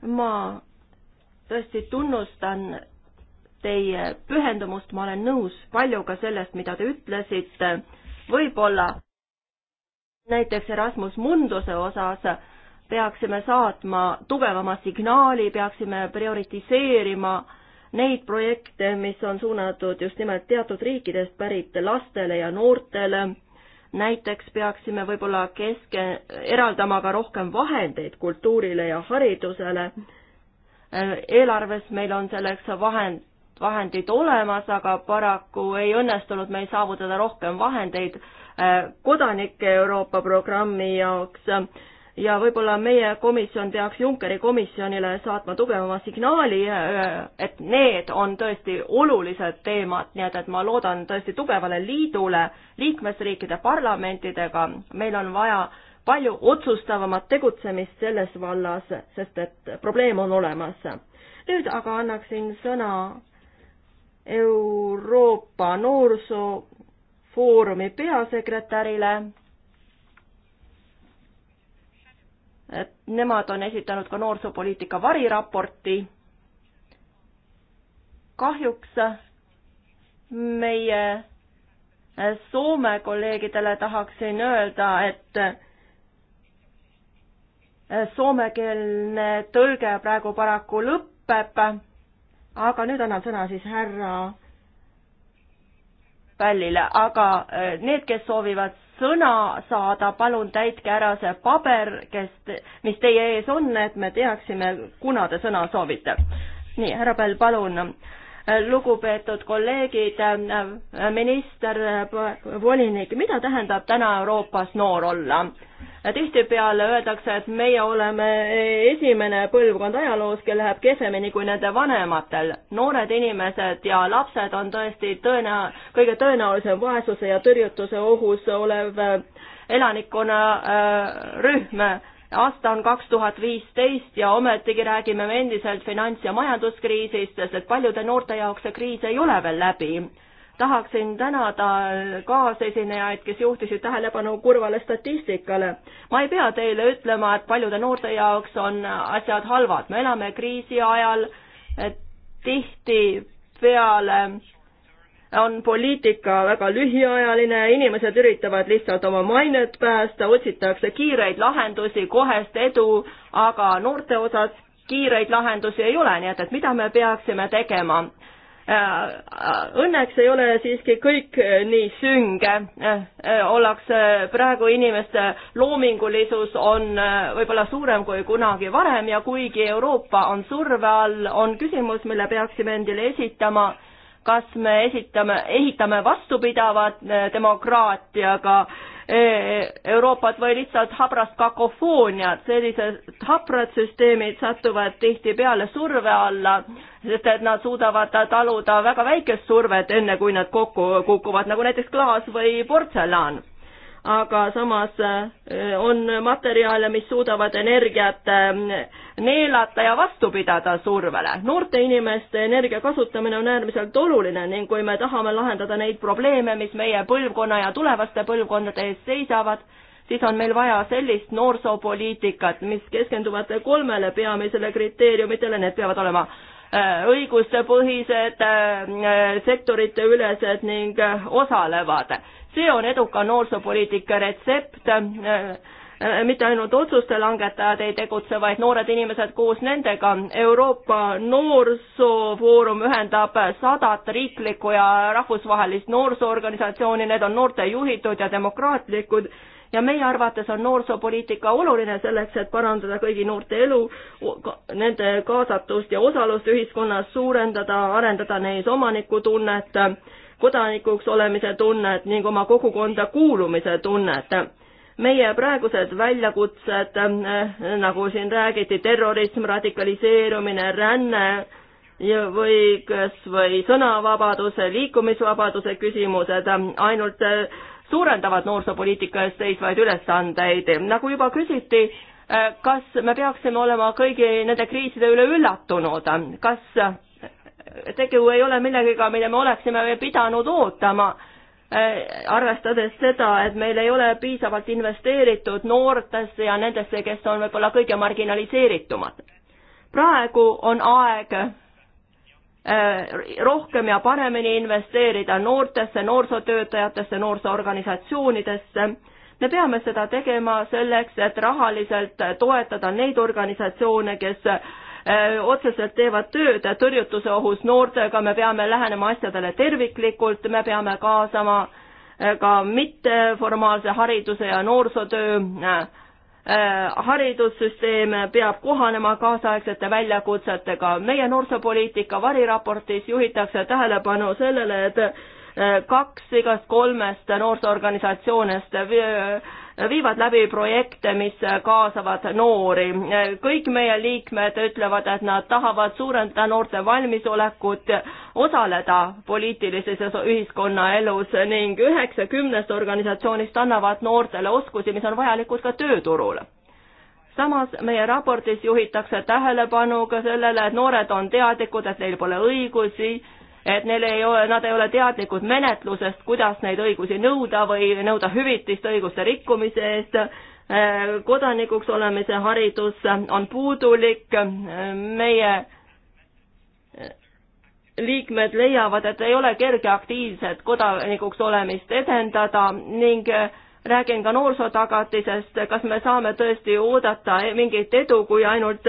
S1: ma tõesti tunnustan teie pühendumust, ma olen nõus paljuga sellest, mida te ütlesite. võib-olla näiteks Erasmus Munduse osas peaksime saatma tugevama signaali, peaksime prioritiseerima äh, neid projekte, mis on suunatud just nimelt teatud riikidest pärit lastele ja noortele. näiteks peaksime võib-olla keske, eraldama ka rohkem vahendeid kultuurile ja haridusele. eelarves meil on selleks vahend, vahendid olemas, aga paraku ei õnnestunud meil saavutada rohkem vahendeid eh, kodanike Euroopa programmi jaoks ja võib-olla meie komisjon peaks Junckeri komisjonile saatma tugevama signaali, äh, et need on tõesti olulised teemad, nii et, et ma loodan tõesti tugevale liidule liikmesriikide parlamentidega, meil on vaja palju otsustavamat tegutsemist selles vallas, sest et probleem on olemas. nüüd aga annaksin sõna Euroopa Noorsoo Foorumi peasekretärile Nemad on esitanud ka noorsoopoliitika variraporti. kahjuks meie Soome kolleegidele tahaksin öelda, et soomekeelne tõlge praegu paraku lõpeb, aga nüüd annan sõna siis härra Pällile, aga need, kes soovivad sõna saada, palun täitke ära see paber, kes, mis teie ees on, et me teaksime, kuna te sõna soovite. nii, härra Pell, palun lugupeetud kolleegid, minister, volinik, mida tähendab täna Euroopas noor olla? tihtipeale öeldakse, et meie oleme esimene põlvkond ajaloos, kel läheb kehvemini kui nende vanematel. noored inimesed ja lapsed on tõesti tõena-, kõige tõenäolisem vaesuse ja tõrjutuse ohus olev elanikkonnarühm äh, aasta on kaks tuhat viisteist ja ometigi räägime me endiselt finants- ja majanduskriisist, sest et paljude noorte jaoks see kriis ei ole veel läbi. tahaksin tänada kaasesinejaid, kes juhtisid tähelepanu kurvale statistikale. ma ei pea teile ütlema, et paljude noorte jaoks on asjad halvad, me elame kriisi ajal, tihtipeale on poliitika väga lühiajaline, inimesed üritavad lihtsalt oma mainet päästa, otsitakse kiireid lahendusi, kohest edu, aga noorte osas kiireid lahendusi ei ole, nii et, et mida me peaksime tegema? Äh, õnneks ei ole siiski kõik äh, nii sünge, äh, ollakse praegu inimeste loomingulisus on võib-olla suurem kui kunagi varem ja kuigi Euroopa on surve all, on küsimus, mille peaksime endile esitama kas me esitame, ehitame vastupidavat eh, demokraatiaga eh, Euroopat või lihtsalt habrast kakofooniat, sellised haprad süsteemid satuvad tihtipeale surve alla, sest et nad suudavad taluda väga väikest survet, enne kui nad kokku kukuvad, nagu näiteks klaas või portselan aga samas eh, on materjale, mis suudavad energiat eh, neelata ja vastu pidada survele. noorte inimeste energia kasutamine on äärmiselt oluline ning kui me tahame lahendada neid probleeme, mis meie põlvkonna ja tulevaste põlvkondade ees seisavad, siis on meil vaja sellist noorsoopoliitikat, mis keskenduvad kolmele peamisele kriteeriumitele, need peavad olema eh, õigustepõhised, sektoriteülesed ning osalevad see on eduka noorsoopoliitika retsept, äh, äh, mitte ainult otsuste langetajad ei tegutse, vaid noored inimesed koos nendega. Euroopa Noorsoofoorum ühendab sadat riiklikku ja rahvusvahelist noorsoorganisatsiooni, need on noorte juhitud ja demokraatlikud ja meie arvates on noorsoopoliitika oluline selleks, et parandada kõigi noorte elu, nende kaasatust ja osalust ühiskonnas, suurendada, arendada neis omanikutunnet kodanikuks olemise tunnet ning oma kogukonda kuulumise tunnet. meie praegused väljakutsed, eh, nagu siin räägiti, terrorism, radikaliseerumine, ränne ja või kas või sõnavabaduse, liikumisvabaduse küsimused, eh, ainult eh, suurendavad noorsoopoliitika eest seisvaid ülesandeid. nagu juba küsiti, kas me peaksime olema kõigi nende kriiside üle üllatunud, kas tegu ei ole millegagi, mille me oleksime pidanud ootama eh, arvestades seda, et meil ei ole piisavalt investeeritud noortesse ja nendesse, kes on võib-olla kõige marginaliseeritumad. praegu on aeg eh, rohkem ja paremini investeerida noortesse, noorsootöötajatesse, noorsoorganisatsioonidesse. me peame seda tegema selleks, et rahaliselt toetada neid organisatsioone, kes otseselt teevad tööd tõrjutuse ohus noortega, me peame lähenema asjadele terviklikult, me peame kaasama ka mitteformaalse hariduse ja noorsootöö haridussüsteem peab kohanema kaasaegsete väljakutsetega. meie noorsoopoliitika variraportis juhitakse tähelepanu sellele, et kaks igast kolmest noorsoorganisatsioonist viivad läbi projekte, mis kaasavad noori. kõik meie liikmed ütlevad, et nad tahavad suurendada noorte valmisolekut osaleda poliitilises ja ühiskonnaelus ning üheksa kümnest organisatsioonist annavad noortele oskusi, mis on vajalikud ka tööturul samas meie raportis juhitakse tähelepanu ka sellele, et noored on teadlikud, et neil pole õigusi et neil ei ole, nad ei ole teadlikud menetlusest, kuidas neid õigusi nõuda või nõuda hüvitist õiguste rikkumise eest. Äh, kodanikuks olemise haridus on puudulik, äh, meie äh, liikmed leiavad, et ei ole kerge aktiivset kodanikuks olemist edendada ning äh, räägin ka noorsootagatisest, kas me saame tõesti oodata mingit edu, kui ainult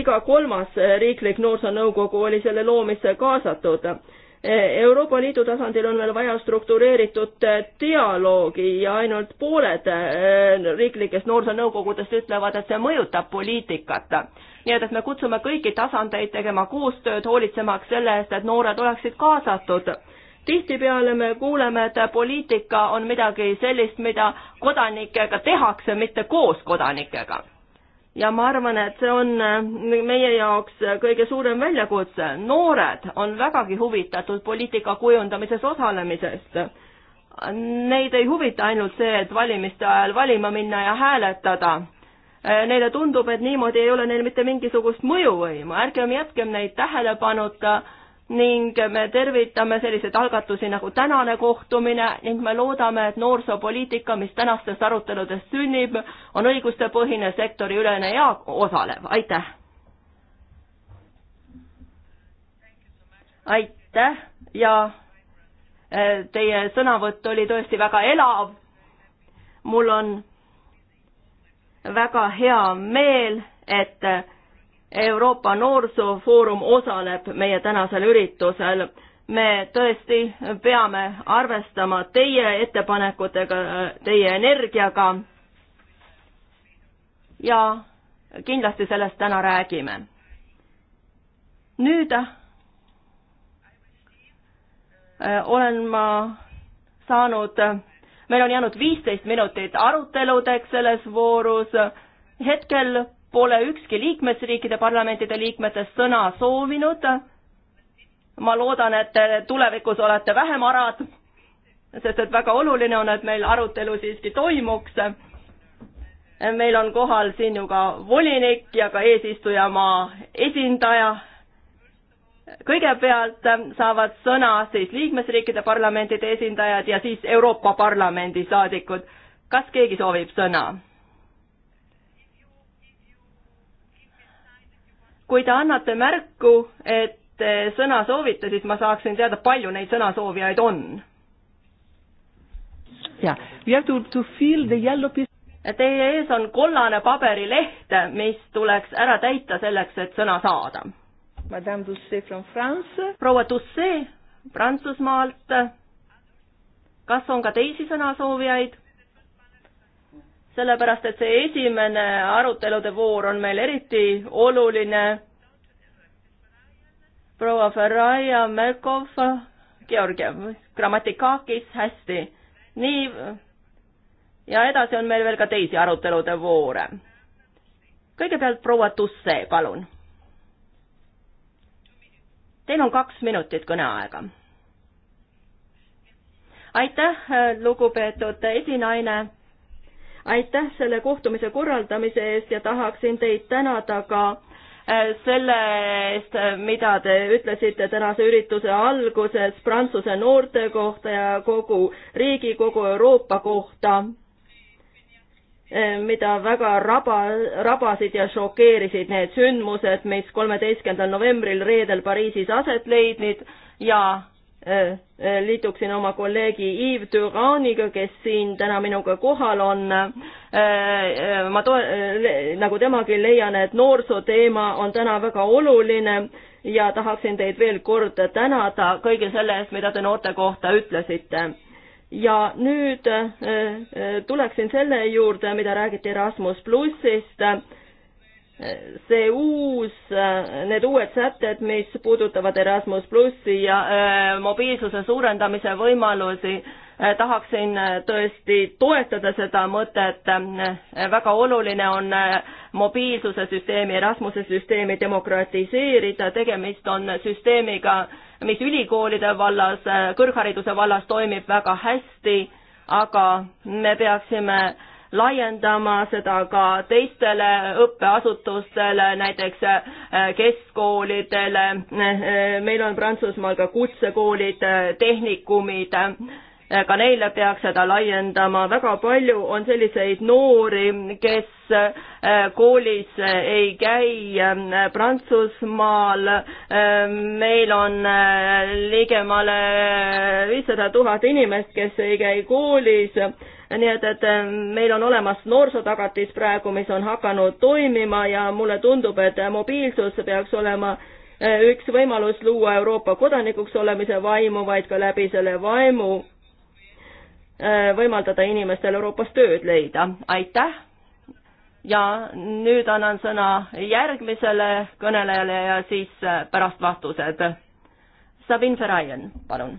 S1: iga kolmas riiklik noorsoonõukogu oli selle loomisse kaasatud. Euroopa Liidu tasandil on veel vaja struktureeritud dialoogi ja ainult pooled eh, riiklikest noorsoonõukogudest ütlevad, et see mõjutab poliitikat. nii et, et me kutsume kõiki tasandeid tegema koostööd, hoolitsemaks selle eest, et noored oleksid kaasatud tihtipeale me kuuleme, et poliitika on midagi sellist, mida kodanikega tehakse, mitte koos kodanikega. ja ma arvan, et see on äh, meie jaoks kõige suurem väljakutse. noored on vägagi huvitatud poliitika kujundamises osalemisest. Neid ei huvita ainult see, et valimiste ajal valima minna ja hääletada äh, neile tundub, et niimoodi ei ole neil mitte mingisugust mõjuvõimu, ärgem jätkem neid tähelepanuta ning me tervitame selliseid algatusi nagu tänane kohtumine ning me loodame, et noorsoopoliitika, mis tänastest aruteludest sünnib, on õigustepõhine, sektoriülene ja osalev, aitäh! aitäh ja eh, teie sõnavõtt oli tõesti väga elav. mul on väga hea meel, et eh, Euroopa Noorsooforum osaleb meie tänasel üritusel. me tõesti peame arvestama teie ettepanekutega, teie energiaga ja kindlasti sellest täna räägime. nüüd äh, olen ma saanud, meil on jäänud viisteist minutit aruteludeks selles voorus, hetkel pole ükski liikmesriikide parlamentide liikmetest sõna soovinud. ma loodan, et tulevikus olete vähem arad, sest et väga oluline on, et meil arutelu siiski toimuks. meil on kohal siin ju ka volinik ja ka eesistujamaa esindaja. kõigepealt saavad sõna siis liikmesriikide parlamentide esindajad ja siis Euroopa Parlamendi saadikud. kas keegi soovib sõna? kui te annate märku, et sõna soovite, siis ma saaksin teada, palju neid sõnasoovijaid on. jah, you
S5: have to, to fill the yellow piece.
S1: Teie ees on kollane paberileht, mis tuleks ära täita selleks, et sõna saada. Madame Doucet from France. proua Doucet Prantsusmaalt. kas on ka teisi sõnasoovijaid? sellepärast et see esimene arutelude voor on meil eriti oluline. proua Ferraja, Merkov, Georgiev, Grammatikakis, hästi. nii. ja edasi on meil veel ka teisi arutelude voore. kõigepealt proua Tusse, palun. Teil on kaks minutit kõneaega. aitäh, lugupeetud esinaine aitäh selle kohtumise korraldamise eest ja tahaksin teid tänada ka äh, selle eest, mida te ütlesite tänase ürituse alguses Prantsuse noorte kohta ja kogu riigi, kogu Euroopa kohta, äh, mida väga raba, rabasid ja šokeerisid need sündmused, mis kolmeteistkümnendal novembril reedel Pariisis aset leidnud ja Äh, äh, liituksin oma kolleegi Yves Duraniga, kes siin täna minuga kohal on. Äh, ma to-, nagu temagi leian, et noorsooteema on täna väga oluline ja tahaksin teid veel kord tänada kõige selle eest, mida te noorte kohta ütlesite. ja nüüd tuleksin selle juurde, mida räägiti Erasmus plussist see uus, need uued sätted, mis puudutavad Erasmus plussi ja äh, mobiilsuse suurendamise võimalusi, äh, tahaksin äh, tõesti toetada seda mõtet. väga oluline on mobiilsuse süsteemi, Erasmuse süsteemi demokratiseerida, tegemist on süsteemiga, mis ülikoolide vallas, kõrghariduse vallas toimib väga hästi, aga me peaksime laiendama seda ka teistele õppeasutustele, näiteks äh, keskkoolidele, äh, äh, meil on Prantsusmaal ka kutsekoolid, tehnikumid ka neile peaks seda laiendama, väga palju on selliseid noori, kes äh, koolis äh, ei käi äh, Prantsusmaal, meil on ligemale viissada tuhat inimest, kes ei käi koolis, nii et, et meil on olemas noorsootagatis praegu, mis on hakanud toimima ja mulle tundub, et mobiilsus peaks olema üks võimalus luua Euroopa kodanikuks olemise vaimu, vaid ka läbi selle vaimu Äh, võimaldada inimestel Euroopas tööd leida. aitäh! ja nüüd annan sõna järgmisele kõnelejale ja siis äh, pärast vastused. Sabine Ferajan, palun!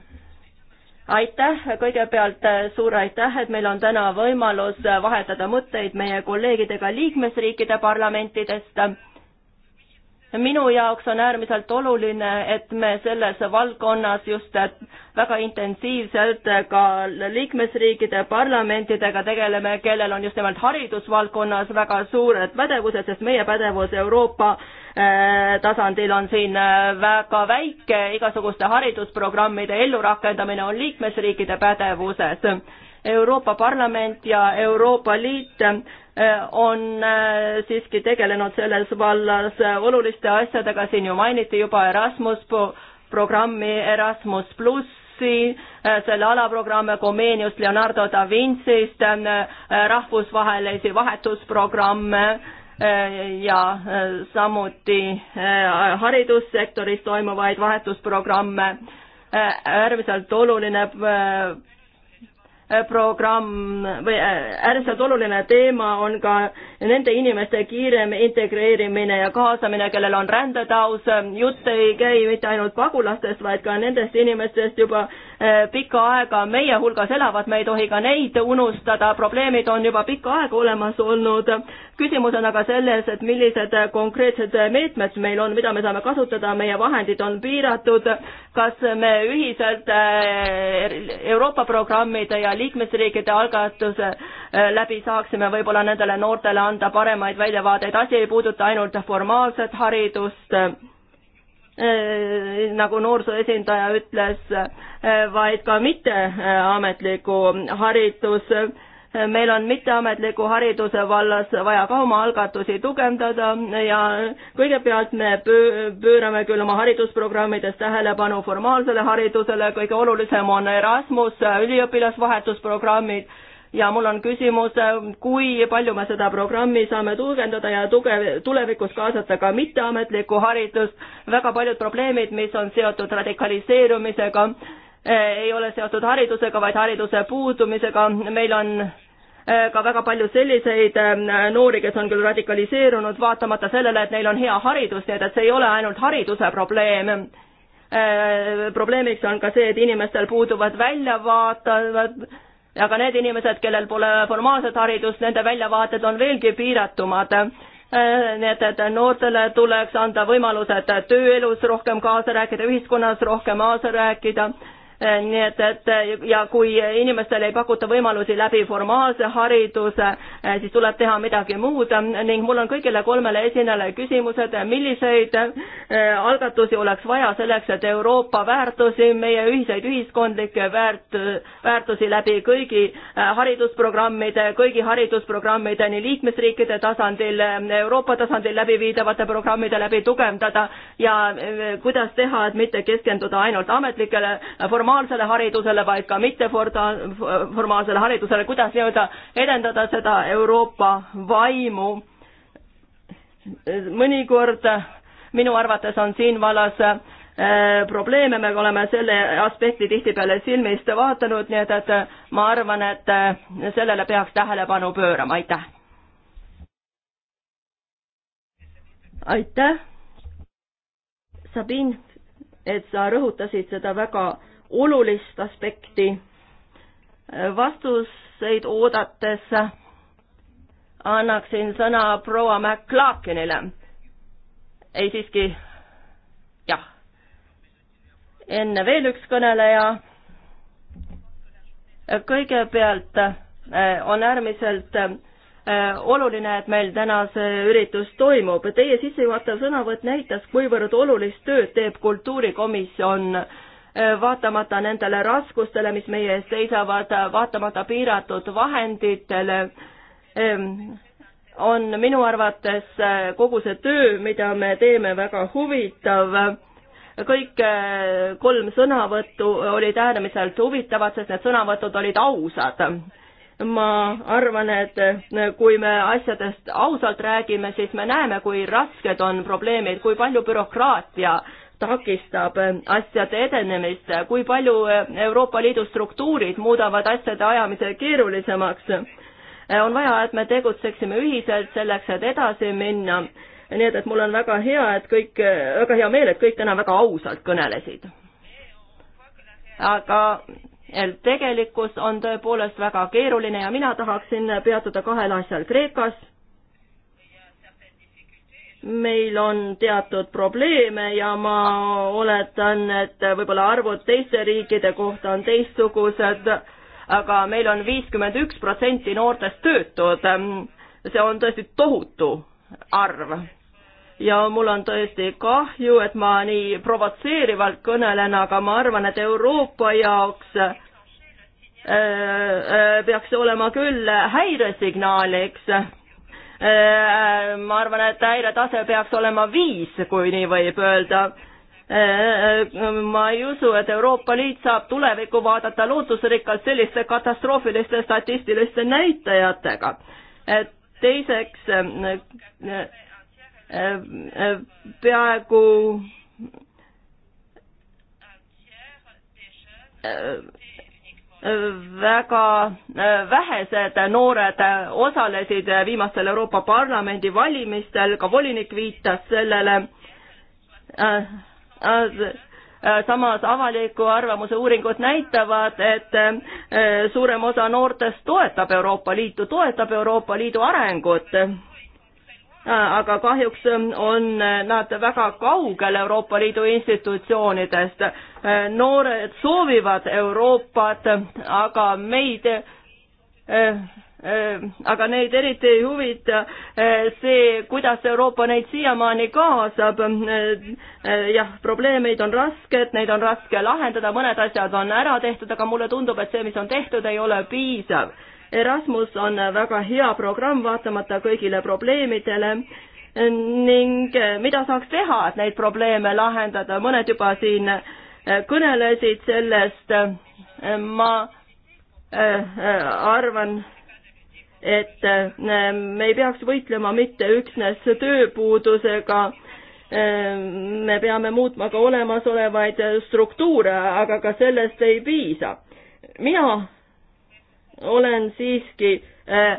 S1: aitäh, kõigepealt äh, suur aitäh, et meil on täna võimalus vahetada mõtteid meie kolleegidega liikmesriikide parlamentidest minu jaoks on äärmiselt oluline, et me selles valdkonnas just väga intensiivselt ka liikmesriikide parlamentidega tegeleme, kellel on just nimelt haridusvaldkonnas väga suured pädevused, sest meie pädevus Euroopa äh, tasandil on siin äh, väga väike, igasuguste haridusprogrammide ellurakendamine on liikmesriikide pädevuses Euroopa Parlament ja Euroopa Liit Äh, on äh, siiski tegelenud selles vallas äh, oluliste asjadega, siin ju mainiti juba Erasmus programmi, Erasmus pluss, Rootsi, selle alaprogramme Komeeniust, Leonardo da Vincist, rahvusvahelisi vahetusprogramme ja samuti haridussektoris toimuvaid vahetusprogramme. äärmiselt oluline programm või äh, äärmiselt oluline teema on ka nende inimeste kiirem integreerimine ja kaasamine, kellel on rändetaus. jutt ei käi mitte ainult pagulastest, vaid ka nendest inimestest juba, Eh, pikka aega meie hulgas elavad, me ei tohi ka neid unustada, probleemid on juba pikka aega olemas olnud. küsimus on aga selles, et millised konkreetsed meetmed meil on, mida me saame kasutada, meie vahendid on piiratud, kas me ühiselt eh, Euroopa programmide ja liikmesriikide algatuse eh, läbi saaksime võib-olla nendele noortele anda paremaid väljavaateid, asi ei puuduta ainult formaalset haridust, nagu noorsoo esindaja ütles, Eh, vaid ka mitteametliku haridus. meil on mitteametliku hariduse vallas vaja ka oma algatusi tugevdada ja kõigepealt me pöörame küll oma haridusprogrammides tähelepanu formaalsele haridusele, kõige olulisem on Erasmus, üliõpilasvahetusprogrammid ja mul on küsimus, kui palju me seda programmi saame tugevdada ja tugev, tulevikus kaasata ka mitteametlikku haridust, väga paljud probleemid, mis on seotud radikaliseerumisega, ei ole seotud haridusega, vaid hariduse puudumisega, meil on äh, ka väga palju selliseid äh, noori, kes on küll radikaliseerunud, vaatamata sellele, et neil on hea haridus, nii et, et see ei ole ainult hariduse probleem. Äh, probleemiks on ka see, et inimestel puuduvad väljavaated, aga need inimesed, kellel pole formaalset haridust, nende väljavaated on veelgi piiratumad. nii et, et noortele tuleks anda võimalused tööelus rohkem kaasa rääkida, ühiskonnas rohkem kaasa rääkida Eh, nii et, et eh, ja kui inimestele ei pakuta võimalusi läbi formaalse hariduse, eh, siis tuleb teha midagi muud ning mul on kõigile kolmele esinejale küsimused, milliseid algatusi oleks vaja selleks, et Euroopa väärtusi, meie ühiseid ühiskondlikke väärt-, väärtusi läbi kõigi haridusprogrammide, kõigi haridusprogrammide nii liikmesriikide tasandil, Euroopa tasandil läbiviidavate programmide läbi tugevdada ja kuidas teha, et mitte keskenduda ainult ametlikele formaatidele, formaalsele haridusele, vaid ka mitteformaalsele haridusele, kuidas nii-öelda edendada seda Euroopa vaimu. mõnikord minu arvates on siin vallas äh, probleeme, me oleme selle aspekti tihtipeale silmist vaadanud, nii et, et ma arvan, et äh, sellele peaks tähelepanu pöörama, aitäh. aitäh, Sabin, et sa rõhutasid seda väga olulist aspekti. vastuseid oodates annaksin sõna proua McLaakinile. ei siiski, jah. enne veel üks kõneleja. kõigepealt eh, on äärmiselt eh, oluline, et meil täna see üritus toimub. Teie sissejuhatav sõnavõtt näitas, kuivõrd olulist tööd teeb kultuurikomisjon Äh, vaatamata nendele raskustele, mis meie ees seisavad, äh, vaatamata piiratud vahenditele, ähm, on minu arvates äh, kogu see töö, mida me teeme, väga huvitav. kõik kolm sõnavõttu olid äärmiselt huvitavad, sest need sõnavõtud olid ausad ma arvan, et kui me asjadest ausalt räägime, siis me näeme, kui rasked on probleemid, kui palju bürokraatia takistab asjade edenemist, kui palju Euroopa Liidu struktuurid muudavad asjade ajamise keerulisemaks. on vaja, et me tegutseksime ühiselt selleks, et edasi minna. nii et, et mul on väga hea, et kõik, väga hea meel, et kõik täna väga ausalt kõnelesid. aga tegelikkus on tõepoolest väga keeruline ja mina tahaksin peatuda kahel asjal. Kreekas meil on teatud probleeme ja ma oletan, et võib-olla arvud teiste riikide kohta on teistsugused, aga meil on viiskümmend üks protsenti noortest töötud. see on tõesti tohutu arv. ja mul on tõesti kahju, et ma nii provotseerivalt kõnelen, aga ma arvan, et Euroopa jaoks äh, äh, peaks olema küll häiresignaaliks Äh, ma arvan, et häiretase peaks olema viis, kui nii võib öelda äh, äh, ma ei usu, et Euroopa Liit saab tulevikku vaadata lootusrikkalt selliste katastroofiliste statistiliste näitajatega. teiseks, peaaegu väga äh, vähesed noored osalesid viimastel Euroopa Parlamendi valimistel, ka volinik viitas sellele. Äh, äh, samas avaliku arvamuse uuringud näitavad, et suurem osa noortest toetab Euroopa Liitu, toetab Euroopa Liidu arengut Äh, aga kahjuks ähm, on äh, nad väga kaugel Euroopa Liidu institutsioonidest. Äh, noored soovivad Euroopat, aga meid aga neid eriti ei huvita see, kuidas Euroopa neid siiamaani kaasab. jah, probleemid on rasked, neid on raske lahendada, mõned asjad on ära tehtud, aga mulle tundub, et see, mis on tehtud, ei ole piisav Erasmus on väga hea programm, vaatamata kõigile probleemidele ning eh, mida saaks teha, et neid probleeme lahendada, mõned juba siin eh, kõnelesid sellest, eh, ma arvan, et me ei peaks võitlema mitte üksnes tööpuudusega, me peame muutma ka olemasolevaid struktuure, aga ka sellest ei piisa. mina olen siiski äh,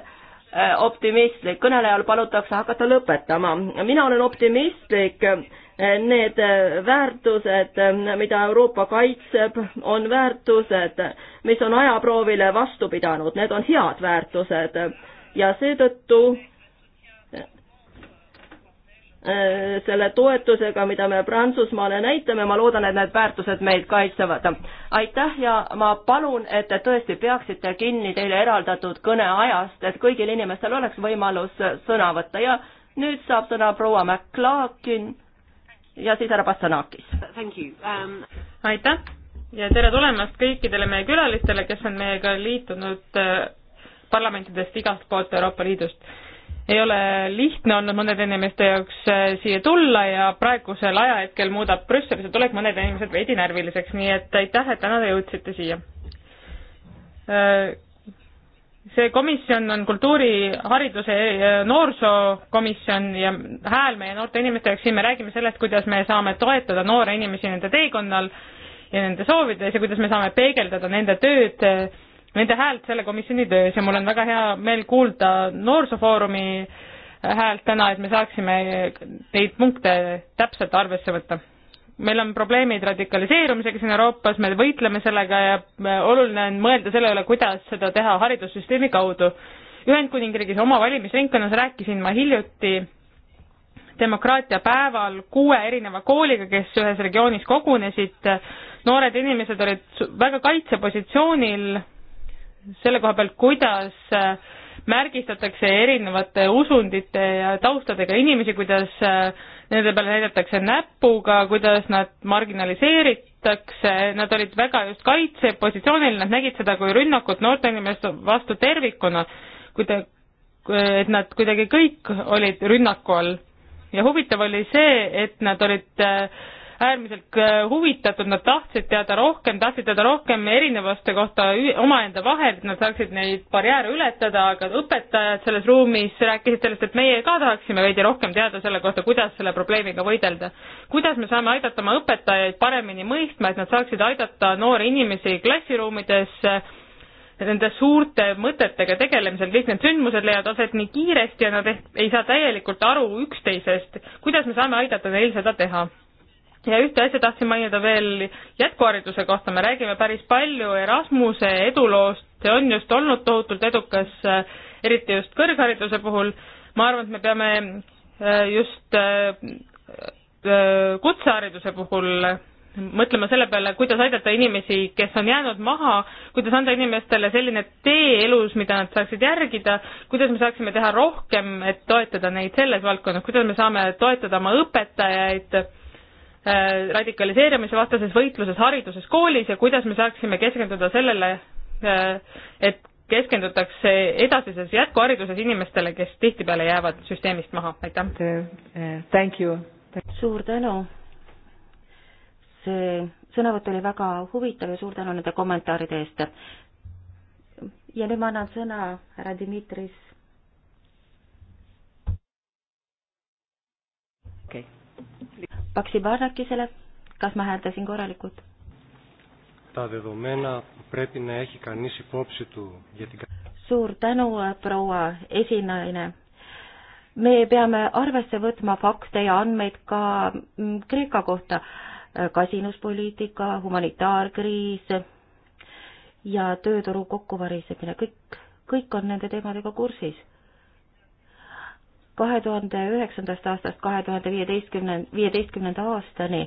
S1: äh, optimistlik, kõnelejal palutakse hakata lõpetama. mina olen optimistlik, äh, need väärtused, mida Euroopa kaitseb, on väärtused, mis on ajaproovile vastu pidanud, need on head väärtused ja seetõttu Äh, selle toetusega, mida me Prantsusmaale näitame, ma loodan, et need väärtused meid kaitsevad. aitäh ja ma palun, et te tõesti peaksite kinni teile eraldatud kõneajast, et kõigil inimestel oleks võimalus sõna võtta ja nüüd saab sõna proua McLaughlin ja siis härra Bassanakis.
S3: Um...
S1: aitäh
S4: ja tere tulemast kõikidele meie külalistele, kes on meiega liitunud äh, parlamentidest igast poolt Euroopa Liidust ei ole lihtne olnud mõnede inimeste jaoks äh, siia tulla ja praegusel ajahetkel muudab Brüsselisse tulek mõned inimesed veidi närviliseks, nii et aitäh, et täna te jõudsite siia. Äh, see komisjon on kultuuri, hariduse, äh, noorsookomisjon ja hääl meie noorte inimeste jaoks, siin me räägime sellest, kuidas me saame toetada noore inimesi nende teekonnal ja nende soovides ja kuidas me saame peegeldada nende tööd nende häält selle komisjoni töös ja mul on väga hea meel kuulda Noorsoofoorumi häält täna, et me saaksime neid punkte täpselt arvesse võtta. meil on probleemid radikaliseerumisega siin Euroopas, me võitleme sellega ja äh, oluline on mõelda selle üle, kuidas seda teha haridussüsteemi kaudu. Ühendkuningriigis oma valimisringkonnas rääkisin ma hiljuti demokraatia päeval kuue erineva kooliga, kes ühes regioonis kogunesid. noored inimesed olid väga kaitsepositsioonil selle koha pealt, kuidas äh, märgistatakse erinevate usundite ja taustadega inimesi, kuidas äh, nende peale näidatakse näpuga, kuidas nad marginaliseeritakse, nad olid väga just kaitsepositsioonil, nad nägid seda kui rünnakut noorte inimeste vastu tervikuna, kui te, et nad kuidagi kõik olid rünnaku all. ja huvitav oli see, et nad olid äh, äärmiselt äh, huvitatud, nad tahtsid teada rohkem, tahtsid teada rohkem erinevuste kohta omaenda vahel, et nad saaksid neid barjääre ületada, aga õpetajad selles ruumis rääkisid sellest, et meie ka tahaksime veidi rohkem teada selle kohta, kuidas selle probleemiga võidelda. kuidas me saame aidata oma õpetajaid paremini mõistma, et nad saaksid aidata noori inimesi klassiruumides äh, nende suurte mõtetega tegelemisel, kõik need sündmused leiavad aset nii kiiresti ja nad ehk ei saa täielikult aru üksteisest, kuidas me saame aidata neil seda teha ja ühte asja tahtsin mainida veel jätkuhariduse kohta, me räägime päris palju Erasmuse eduloost, see on just olnud tohutult edukas, äh, eriti just kõrghariduse puhul, ma arvan, et me peame äh, just äh, kutsehariduse puhul mõtlema selle peale, kuidas aidata inimesi, kes on jäänud maha, kuidas anda inimestele selline tee elus, mida nad saaksid järgida, kuidas me saaksime teha rohkem, et toetada neid selles valdkonnas, kuidas me saame toetada oma õpetajaid, Äh, radikaliseerimise vastases võitluses hariduses, koolis ja kuidas me saaksime keskenduda sellele, äh, et keskendutakse edasises jätkuhariduses inimestele, kes tihtipeale jäävad süsteemist maha, aitäh! Uh, suur tänu!
S2: see sõnavõtt oli väga huvitav ja suur tänu nende kommentaaride eest. ja nüüd ma annan sõna härra Dimitris Παξιμπάρακισελε, kas ma hääldasin korralikult?
S3: Τα δεδομένα που πρέπει να έχει κανείς υπόψη του για την...
S2: Suur tänu, proua esinaine. Me peame arvesse võtma fakte ja andmeid ka mm, Kreeka kohta. Kasinuspoliitika, humanitaarkriis ja tööturu kokkuvarisemine, kõik, kõik on nende teemadega kursis kahe tuhande üheksandast aastast kahe tuhande viieteistkümne, viieteistkümnenda aastani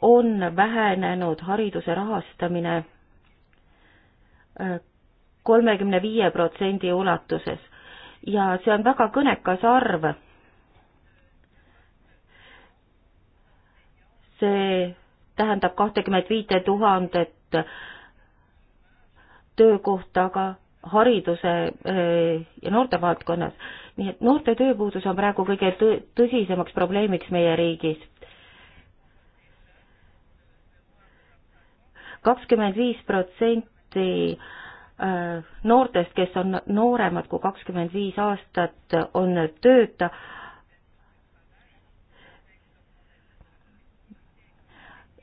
S2: on vähenenud hariduse rahastamine äh, kolmekümne viie protsendi ulatuses ja see on väga kõnekas arv. see tähendab kahtekümmet viite tuhandet töökohta, aga hariduse äh, ja noortevaldkonnas nii et noorte tööpuudus on praegu kõige tõ-, tõsisemaks probleemiks meie riigis. kakskümmend viis protsenti äh, noortest, kes on nooremad kui kakskümmend viis aastat, on tööta.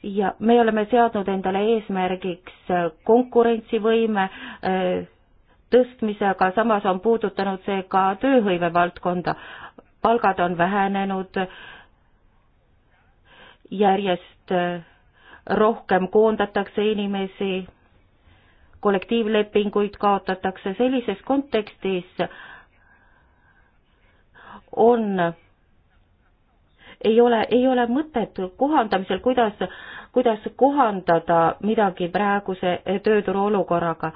S2: ja me oleme seadnud endale eesmärgiks konkurentsivõime äh, tõstmise, aga samas on puudutanud see ka tööhõive valdkonda. palgad on vähenenud järjest äh, rohkem koondatakse inimesi, kollektiivlepinguid kaotatakse, sellises kontekstis on, ei ole, ei ole mõtet kohandamisel, kuidas, kuidas kohandada midagi praeguse tööturu olukorraga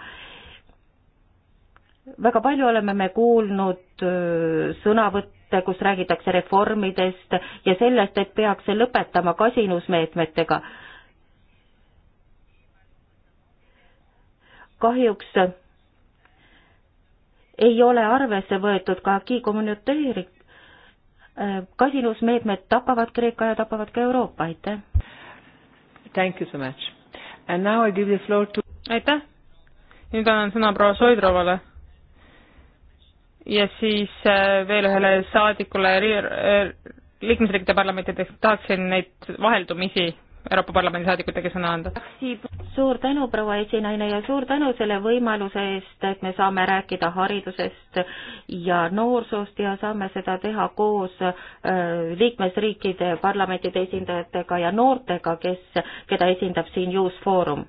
S2: väga palju oleme me kuulnud sõnavõtte, kus räägitakse reformidest ja sellest, et peaks lõpetama kasinusmeetmetega. kahjuks ei ole arvesse võetud ka kiikommuniteeri-, kasinusmeetmed tapavad Kreeka ja tapavad ka Euroopa, aitäh! Thank you so much. And now I
S4: give the floor to aitäh! nüüd annan sõna proua Soidrovale ja siis äh, veel ühele saadikule äh, liikmesriikide parlamentidest tahaksin neid vaheldumisi Euroopa Parlamendi saadikutega sõna anda.
S2: suur tänu, proua esinaine ja suur tänu selle võimaluse eest, et me saame rääkida haridusest ja noorsoost ja saame seda teha koos äh, liikmesriikide parlamentide esindajatega ja noortega, kes, keda esindab siin Youth Forum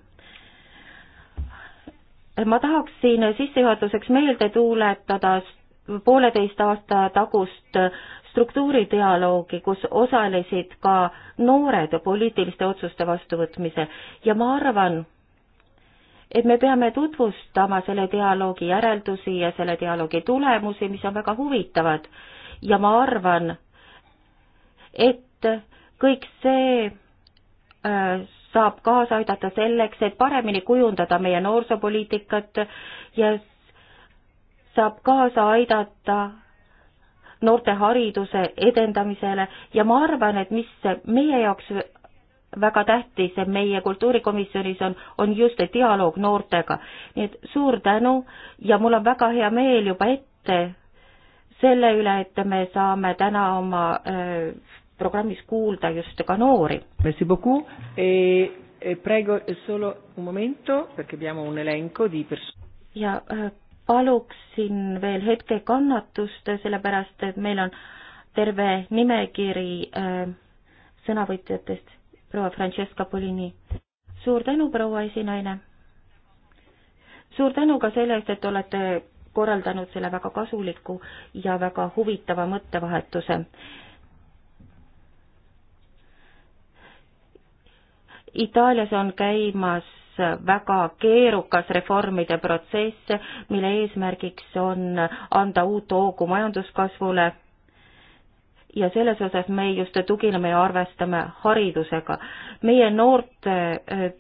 S2: ma tahaksin sissejuhatuseks meelde tuuletada pooleteist aasta tagust struktuuridialoogi, kus osalesid ka noored poliitiliste otsuste vastuvõtmise ja ma arvan, et me peame tutvustama selle dialoogi järeldusi ja selle dialoogi tulemusi, mis on väga huvitavad ja ma arvan, et kõik see äh, saab kaasa aidata selleks, et paremini kujundada meie noorsoopoliitikat ja saab kaasa aidata noorte hariduse edendamisele ja ma arvan, et mis meie jaoks väga tähtis meie kultuurikomisjonis on, on just see dialoog noortega. nii et suur tänu ja mul on väga hea meel juba ette selle üle, et me saame täna oma äh, programmis kuulda just ka noori.
S5: Merci beaucoup
S2: e, e prego solo un
S5: momento perché abbiamo un elenco di pers-.
S2: ja äh, paluksin veel hetke kannatust, sellepärast et meil on terve nimekiri äh, sõnavõtjatest, proua Francesca Polini. suur tänu, proua esinaine! suur tänu ka selle eest, et olete korraldanud selle väga kasuliku ja väga huvitava mõttevahetuse. Itaalias on käimas väga keerukas reformide protsess, mille eesmärgiks on anda uut hoogu majanduskasvule ja selles osas me just tugineme ja arvestame haridusega. meie noorte äh,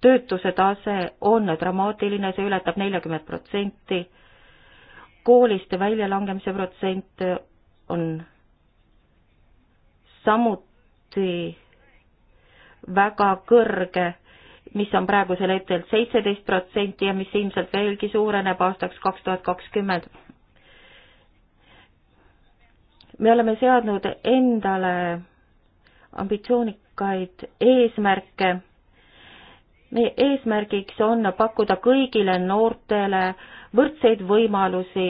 S2: töötuse tase on dramaatiline, see ületab neljakümmet protsenti, koolist väljalangemise protsent on samuti väga kõrge mis on praegusel hetkel seitseteist protsenti ja mis ilmselt veelgi suureneb aastaks kaks tuhat kakskümmend. me oleme seadnud endale ambitsioonikaid eesmärke. meie eesmärgiks on pakkuda kõigile noortele võrdseid võimalusi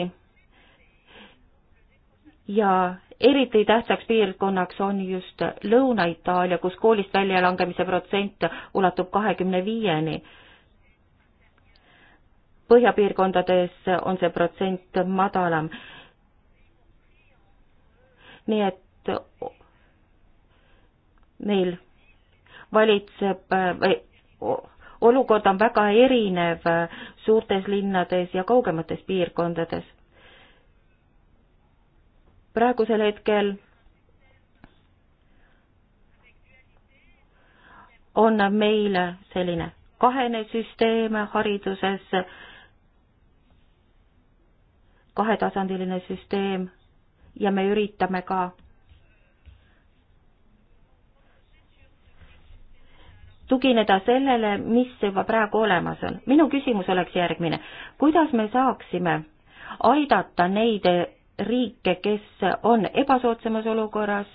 S2: ja eriti tähtsaks piirkonnaks on just Lõuna-Itaalia, kus koolist väljalangemise protsent ulatub kahekümne viieni. põhjapiirkondades on see protsent madalam. nii et meil valitseb või olukord on väga erinev suurtes linnades ja kaugemates piirkondades praegusel hetkel on meil selline kahene süsteem hariduses, kahetasandiline süsteem ja me üritame ka tugineda sellele, mis juba praegu olemas on. minu küsimus oleks järgmine. kuidas me saaksime aidata neid riike, kes on ebasoodsamas olukorras,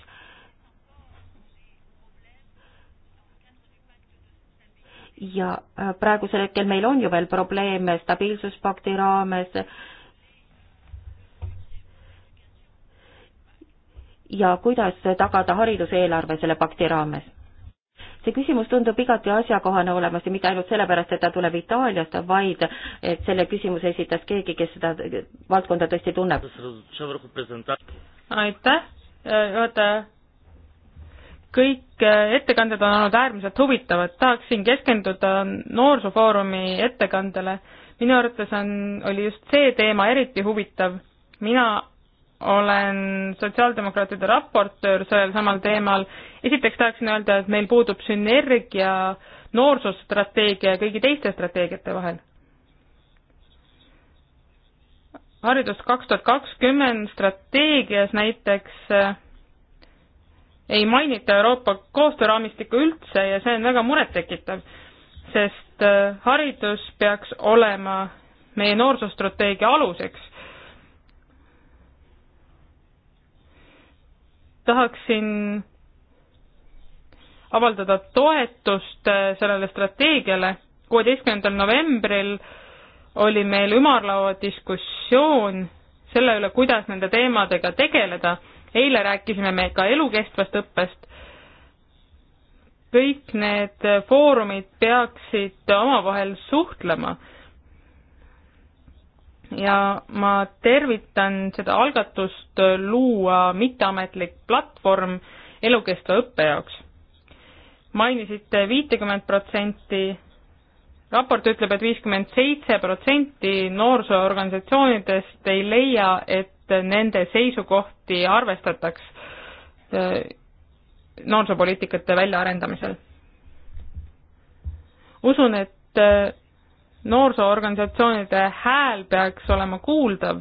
S2: ja äh, praegusel hetkel meil on ju veel probleeme stabiilsuspakti raames ja kuidas tagada hariduseelarve selle pakti raames see küsimus tundub igati asjakohane olemas ja mitte ainult sellepärast, et ta tuleb Itaaliast, vaid et selle küsimuse esitas keegi, kes seda valdkonda tõesti tunneb.
S4: aitäh, juhataja. kõik ettekanded on olnud äärmiselt huvitavad, tahaksin keskenduda Noorsoofoorumi ettekandele. minu arvates on, oli just see teema eriti huvitav. mina olen sotsiaaldemokraatide raportöör sellel samal teemal. esiteks tahaksin öelda, et meil puudub sünergia noorsoostrateegia ja kõigi teiste strateegiate vahel. haridus kaks tuhat kakskümmend strateegias näiteks eh, ei mainita Euroopa koostööraamistikku üldse ja see on väga murettekitav, sest eh, haridus peaks olema meie noorsoostrateegia aluseks tahaksin avaldada toetust äh, sellele strateegiale. kuueteistkümnendal novembril oli meil ümarlaua diskussioon selle üle, kuidas nende teemadega tegeleda. eile rääkisime me ka elukestvast õppest. kõik need foorumid peaksid omavahel suhtlema ja ma tervitan seda algatust luua mitteametlik platvorm elukestva õppe jaoks. mainisite viitekümmet protsenti, raport ütleb et, et viiskümmend seitse protsenti noorsooorganisatsioonidest ei leia, et nende seisukohti arvestataks äh, noorsoopoliitikate väljaarendamisel. usun, et äh, noorsoorganisatsioonide hääl peaks olema kuuldav.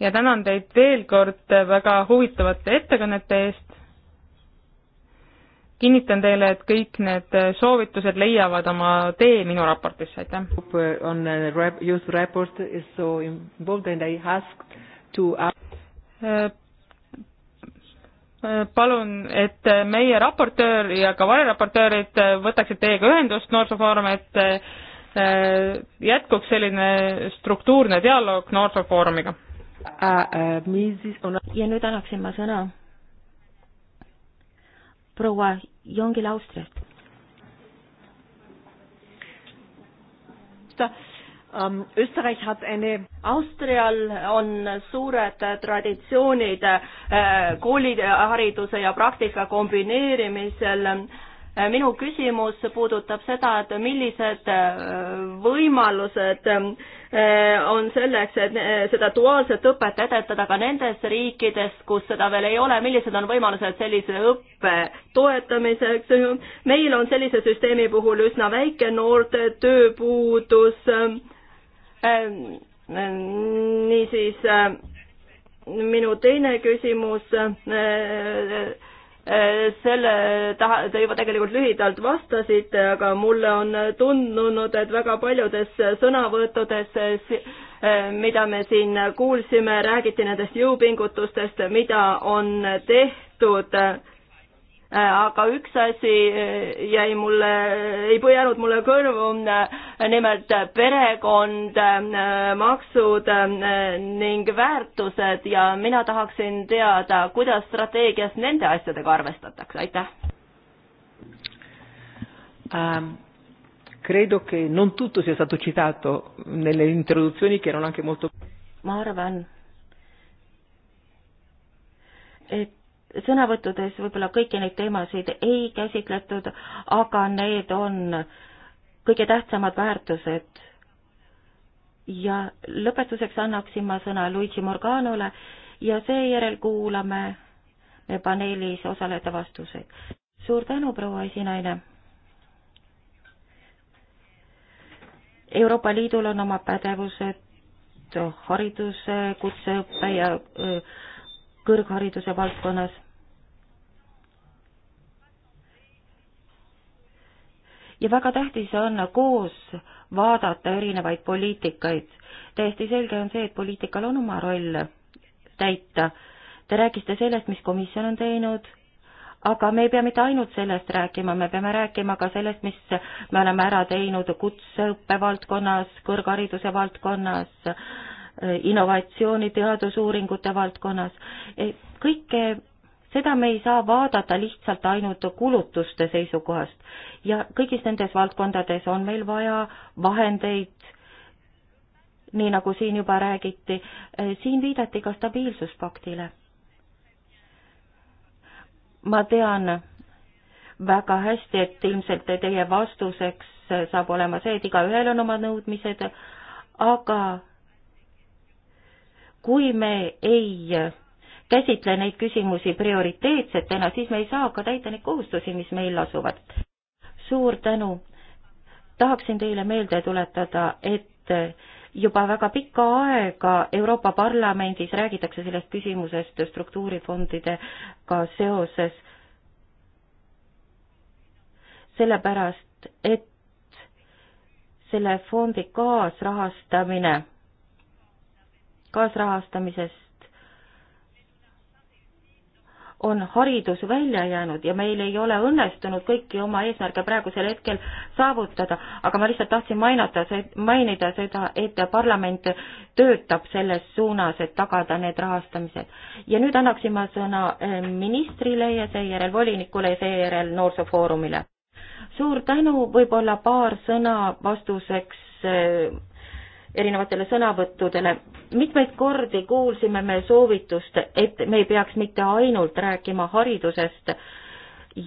S4: ja tänan teid veel kord väga huvitavate ettekannete eest. kinnitan teile, et kõik need soovitused leiavad oma tee minu raportisse, aitäh. Uh, on uh,
S5: youth report is so involved and I asked to äh,
S4: palun, et meie raportöör ja ka vareraportöörid võtaksid teiega ühendust Noorsoofoorum, et äh, jätkuks selline struktuurne dialoog Noorsoofoorumiga.
S2: Äh, äh, ja nüüd annaksin ma sõna proua Jongile Austriast.
S1: Ähm, Österreich hat eine Austrial on suured traditsioonid äh, koolihariduse ja praktika kombineerimisel. Äh, minu küsimus puudutab seda, et millised äh, võimalused on selleks, et seda duaalset õpet edetada ka nendes riikides, kus seda veel ei ole, millised on võimalused sellise õppe toetamiseks. meil on sellise süsteemi puhul üsna väike noorte tööpuudus Ähm, ähm, niisiis äh, minu teine küsimus, äh, äh, selle taha, te juba tegelikult lühidalt vastasite, aga mulle on tundunud, et väga paljudes sõnavõttudes, mida me siin kuulsime, räägiti nendest jõupingutustest, mida on tehtud Äh, aga üks asi äh, jäi mulle, ei jäänud mulle kõrvu, äh, nimelt perekond, maksud ning väärtused ja mina tahaksin teada, kuidas strateegias nende asjadega arvestatakse, aitäh
S5: um.! Credo che non tutto sia stato citato nelle introduzioni che erano anche molto
S2: ma arvan, et sõnavõttudes võib-olla kõiki neid teemasid ei käsitletud, aga need on kõige tähtsamad väärtused. ja lõpetuseks annaksin ma sõna Luigi Morganole ja seejärel kuulame me paneelis osalejate vastuseid. suur tänu, proua esinaine! Euroopa Liidul on oma pädevused hariduse, kutseõppe ja öö, kõrghariduse valdkonnas. ja väga tähtis on koos vaadata erinevaid poliitikaid. täiesti selge on see, et poliitikal on oma roll täita. Te rääkisite sellest, mis komisjon on teinud, aga me ei pea mitte ainult sellest rääkima, me peame rääkima ka sellest, mis me oleme ära teinud kutseõppe valdkonnas, kõrghariduse valdkonnas, innovatsiooni teadusuuringute valdkonnas, e, kõike seda me ei saa vaadata lihtsalt ainult kulutuste seisukohast ja kõigis nendes valdkondades on meil vaja vahendeid, nii nagu siin juba räägiti, e, siin viidati ka stabiilsuspaktile. ma tean väga hästi, et ilmselt teie vastuseks saab olema see, et igaühel on oma nõudmised, aga kui me ei käsitle neid küsimusi prioriteetsetena, siis me ei saa ka täita neid kohustusi, mis meil asuvad. suur tänu! tahaksin teile meelde tuletada, et juba väga pikka aega Euroopa Parlamendis räägitakse sellest küsimusest struktuurifondidega seoses, sellepärast et selle fondi kaasrahastamine kaasrahastamisest on haridus välja jäänud ja meil ei ole õnnestunud kõiki oma eesmärke praegusel hetkel saavutada, aga ma lihtsalt tahtsin mainata, mainida seda, et parlament töötab selles suunas, et tagada need rahastamised. ja nüüd annaksin ma sõna eh, ministrile ja seejärel volinikule ja seejärel Noorsoofoorumile. suur tänu, võib-olla paar sõna vastuseks eh, erinevatele sõnavõttudele. mitmeid kordi kuulsime me soovitust, et me ei peaks mitte ainult rääkima haridusest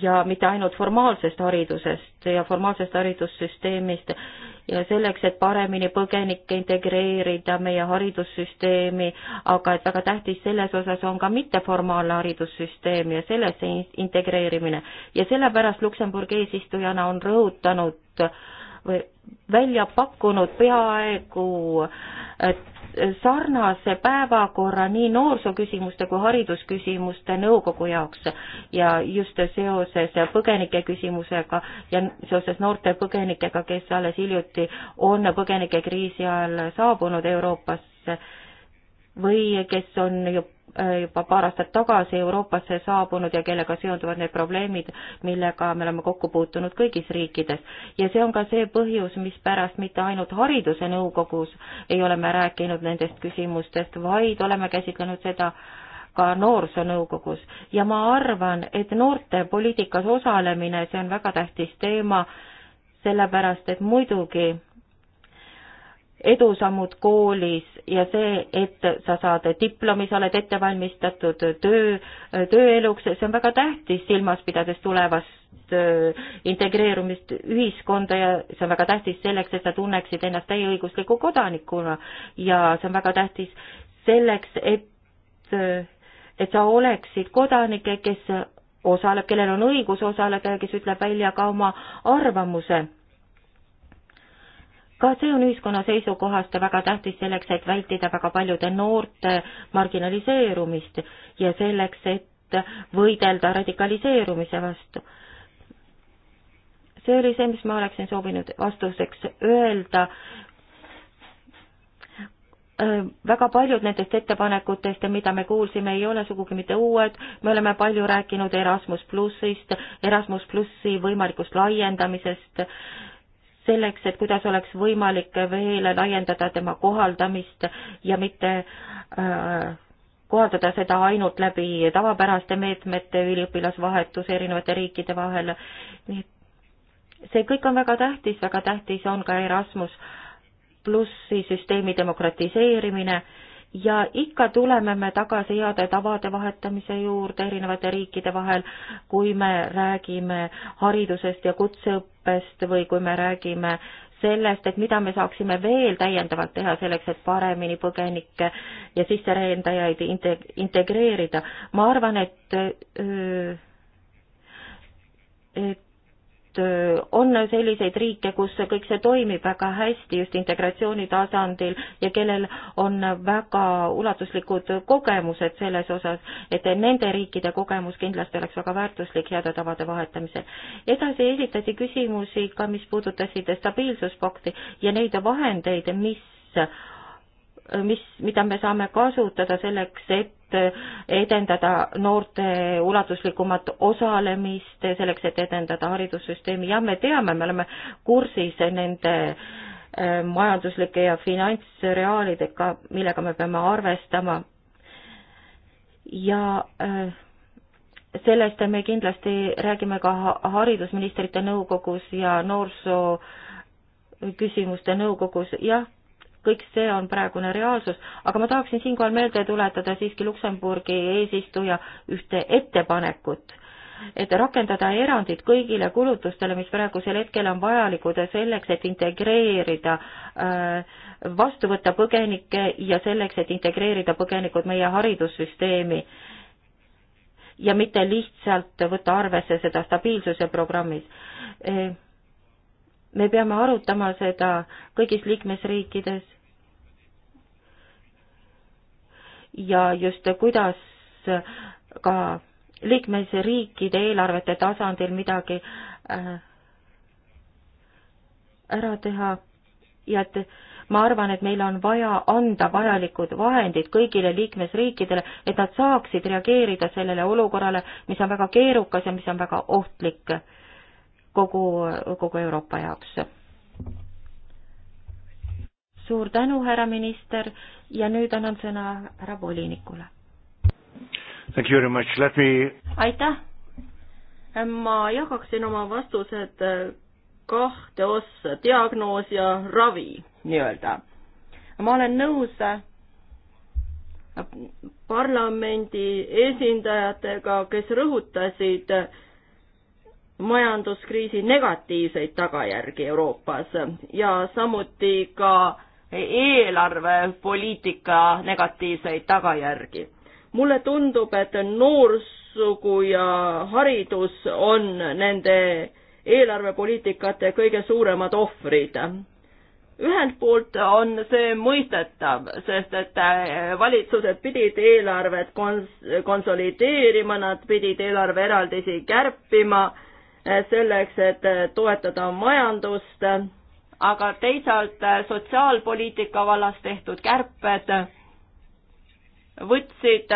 S2: ja mitte ainult formaalsest haridusest ja formaalsest haridussüsteemist ja selleks, et paremini põgenikke integreerida meie haridussüsteemi, aga et väga tähtis selles osas on ka mitteformaalne haridussüsteem ja sellesse integreerimine. ja sellepärast Luksemburg eesistujana on rõhutanud äh, välja pakkunud peaaegu sarnase päevakorra nii noorsooküsimuste kui haridusküsimuste nõukogu jaoks ja just seoses põgenike küsimusega ja seoses noorte põgenikega, kes alles hiljuti on põgenikekriisi ajal saabunud Euroopasse või kes on ju Äh, juba paar aastat tagasi Euroopasse saabunud ja kellega seonduvad need probleemid, millega me oleme kokku puutunud kõigis riikides. ja see on ka see põhjus, mispärast mitte ainult Hariduse Nõukogus ei ole me rääkinud nendest küsimustest, vaid oleme käsitlenud seda ka Noorsoonõukogus ja ma arvan, et noorte poliitikas osalemine, see on väga tähtis teema, sellepärast et muidugi edusammud koolis ja see, et sa saad diplomi, sa oled ette valmistatud töö, tööeluks, see on väga tähtis, silmas pidades tulevast äh, integreerumist ühiskonda ja see on väga tähtis selleks, et sa tunneksid ennast täieõigusliku kodanikuna ja see on väga tähtis selleks, et, äh, et sa oleksid kodanik, kes osaleb, kellel on õigus osaleda ja kes ütleb välja ka oma arvamuse ka see on ühiskonna seisukohast väga tähtis selleks, et vältida väga paljude noorte marginaliseerumist ja selleks, et võidelda radikaliseerumise vastu. see oli see, mis ma oleksin soovinud vastuseks öelda äh, väga paljud nendest ettepanekutest, mida me kuulsime, ei ole sugugi mitte uued, me oleme palju rääkinud Erasmus plussist, Erasmus plussi võimalikust laiendamisest selleks, et kuidas oleks võimalik veel laiendada tema kohaldamist ja mitte äh, kohaldada seda ainult läbi tavapäraste meetmete, üliõpilasvahetuse erinevate riikide vahel. nii et see kõik on väga tähtis, väga tähtis on ka Erasmus plussi süsteemi demokratiseerimine äh, ja ikka tuleme me tagasi heade tavade vahetamise juurde erinevate riikide vahel, kui me räägime haridusest ja kutseõppest või kui me räägime sellest, et mida me saaksime veel täiendavalt teha selleks, et paremini põgenikke ja sisserändajaid integreerida. ma arvan, et öö, et Äh, on selliseid riike, kus kõik see toimib väga hästi just integratsiooni tasandil ja kellel on väga ulatuslikud kogemused selles osas, et nende riikide kogemus kindlasti oleks väga väärtuslik heade tavade vahetamisel. edasi esitati küsimusi ka, mis puudutasid stabiilsuspakti ja neid vahendeid, mis mis, mida me saame kasutada selleks, et edendada noorte ulatuslikumat osalemist, selleks, et edendada haridussüsteemi, jah, me teame, me oleme kursis nende äh, majanduslike ja finantsreaalidega, millega me peame arvestama. ja äh, sellest me kindlasti räägime ka haridusministrite nõukogus ja noorsoo küsimuste nõukogus, jah kõik see on praegune reaalsus, aga ma tahaksin siinkohal meelde tuletada siiski Luksemburgi eesistuja ühte ettepanekut, et rakendada erandid kõigile kulutustele, mis praegusel hetkel on vajalikud selleks, et integreerida, äh, vastu võtta põgenikke ja selleks, et integreerida põgenikud meie haridussüsteemi ja mitte lihtsalt võtta arvesse seda stabiilsuse programmis äh, me peame arutama seda kõigis liikmesriikides ja just kuidas ka liikmesriikide eelarvete tasandil midagi äh, ära teha ja et ma arvan, et meil on vaja anda vajalikud vahendid kõigile liikmesriikidele, et nad saaksid reageerida sellele olukorrale, mis on väga keerukas ja mis on väga ohtlik kogu, kogu Euroopa jaoks. suur tänu, härra minister, ja nüüd annan sõna härra volinikule.
S3: Thank you very much, let me
S1: aitäh! ma jagaksin oma vastused äh, kahte ossa, diagnoos ja ravi nii-öelda. ma olen nõus äh, parlamendi esindajatega, kes rõhutasid, äh, majanduskriisi negatiivseid tagajärgi Euroopas ja samuti ka eelarvepoliitika negatiivseid tagajärgi. mulle tundub, et noorsugu ja haridus on nende eelarvepoliitikate kõige suuremad ohvrid. ühelt poolt on see mõistetav, sest et äh, valitsused pidid eelarvet kons-, konsolideerima, nad pidid eelarve eraldisi kärpima selleks, et äh, toetada majandust, äh, aga teisalt äh, sotsiaalpoliitika vallas tehtud kärped võtsid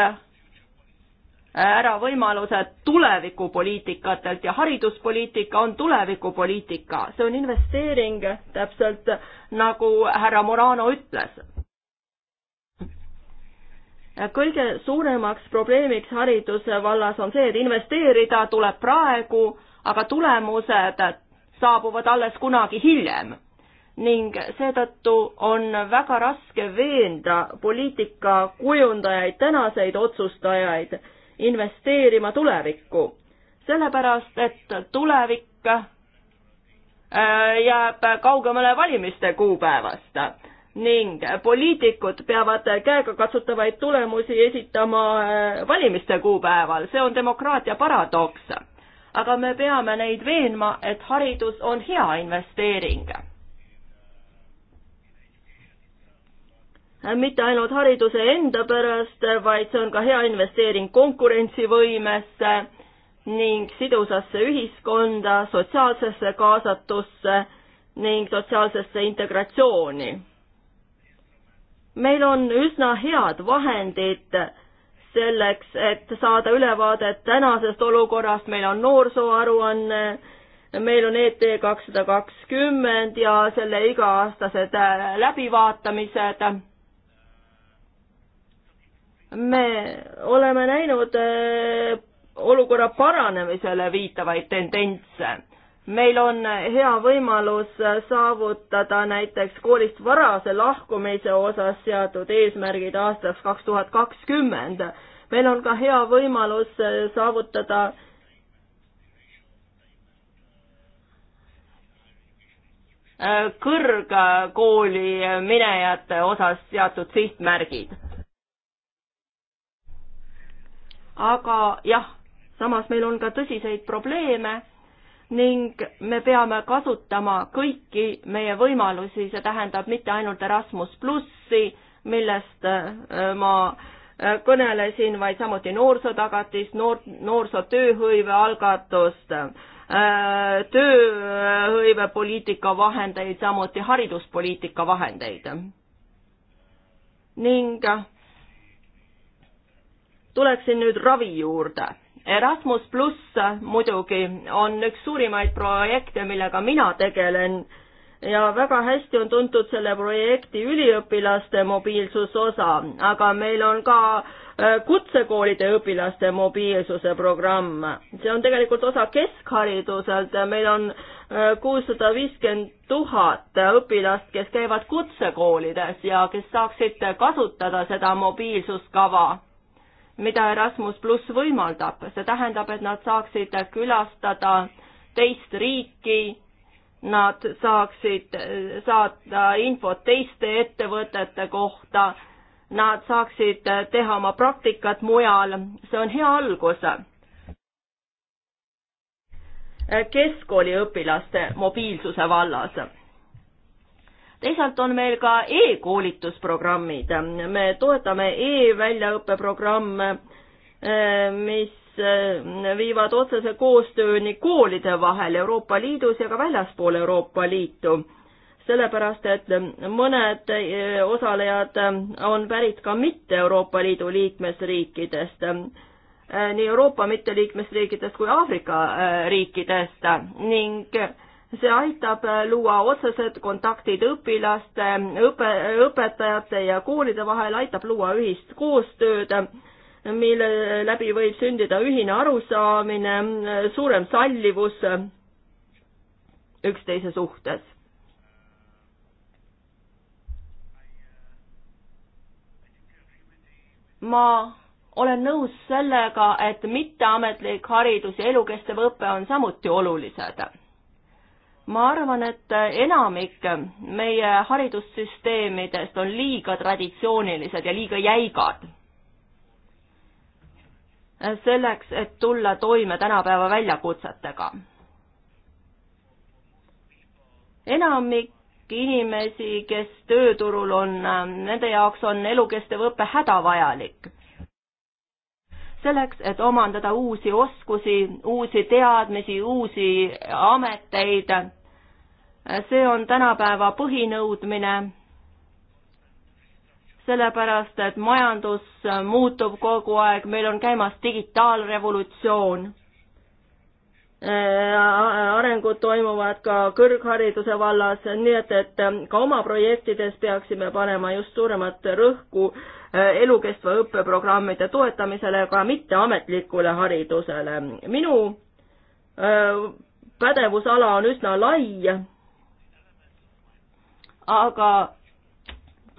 S1: ära võimalused tulevikupoliitikatelt ja hariduspoliitika on tulevikupoliitika, see on investeering, täpselt nagu härra Morano ütles. kõige suuremaks probleemiks hariduse vallas on see, et investeerida tuleb praegu, aga tulemused saabuvad alles kunagi hiljem ning seetõttu on väga raske veenda poliitika kujundajaid, tänaseid otsustajaid investeerima tulevikku, sellepärast et tulevik äh, jääb kaugemale valimiste kuupäevast ning poliitikud peavad käegakatsutavaid tulemusi esitama äh, valimiste kuupäeval, see on demokraatia paradoks aga me peame neid veenma, et haridus on hea investeering. mitte ainult hariduse enda pärast, vaid see on ka hea investeering konkurentsivõimesse ning sidusasse ühiskonda, sotsiaalsesse kaasatusse ning sotsiaalsesse integratsiooni. meil on üsna head vahendid selleks, et saada ülevaadet tänasest olukorrast, meil on noorsooaruanne, meil on ET kakssada kakskümmend ja selle iga-aastased äh, läbivaatamised me oleme näinud äh, olukorra paranemisele viitavaid tendentse meil on hea võimalus saavutada näiteks koolist varase lahkumise osas seatud eesmärgid aastaks kaks tuhat kakskümmend. meil on ka hea võimalus saavutada kõrgkooli minejate osas seatud sihtmärgid. aga jah, samas meil on ka tõsiseid probleeme ning me peame kasutama kõiki meie võimalusi, see tähendab mitte ainult Erasmus plussi, millest äh, ma äh, kõnelesin, vaid samuti noorsootagatist, noor, noorsootööhõive algatust, äh, tööhõivepoliitika vahendeid, samuti hariduspoliitika vahendeid. ning tuleksin nüüd ravi juurde Erasmus pluss äh, muidugi on üks suurimaid projekte, millega mina tegelen ja väga hästi on tuntud selle projekti üliõpilaste mobiilsusosa, aga meil on ka äh, kutsekoolide õpilaste mobiilsuse programm. see on tegelikult osa keskhariduselt, meil on äh, kuussada viiskümmend tuhat õpilast, kes käivad kutsekoolides ja kes saaksid kasutada seda mobiilsuskava mida Erasmus pluss võimaldab, see tähendab, et nad saaksid külastada teist riiki, nad saaksid eh, saada infot teiste ettevõtete kohta, nad saaksid eh, teha oma praktikat mujal, see on hea algus. Eh, keskkooliõpilaste mobiilsuse vallas teisalt on meil ka e-koolitusprogrammid, me toetame e-väljaõppeprogramme, eh, mis eh, viivad otsese koostööni koolide vahel Euroopa Liidus ja ka väljaspool Euroopa Liitu. sellepärast, et mõned eh, osalejad on pärit ka mitte Euroopa Liidu liikmesriikidest, nii Euroopa mitteliikmesriikidest kui Aafrika riikidest ning see aitab äh, luua otsesed kontaktid õpilaste, õpe, õpetajate ja koolide vahel, aitab luua ühist koostööd, mille läbi võib sündida ühine arusaamine, suurem sallivus üksteise suhtes. ma olen nõus sellega, et mitteametlik haridus ja elukestev õpe on samuti olulised ma arvan, et enamik meie haridussüsteemidest on liiga traditsioonilised ja liiga jäigad. selleks, et tulla toime tänapäeva väljakutsetega. enamik inimesi, kes tööturul on, nende jaoks on elukestev õpe hädavajalik selleks, et omandada uusi oskusi, uusi teadmisi, uusi ameteid. see on tänapäeva põhinõudmine, sellepärast et majandus muutub kogu aeg, meil on käimas digitaalrevolutsioon. Äh, arengud toimuvad ka kõrghariduse vallas, nii et, et ka oma projektides peaksime panema just suuremat rõhku äh, Äh, elukestva õppeprogrammide toetamisele, ka mitteametlikule haridusele. minu äh, pädevusala on üsna lai, aga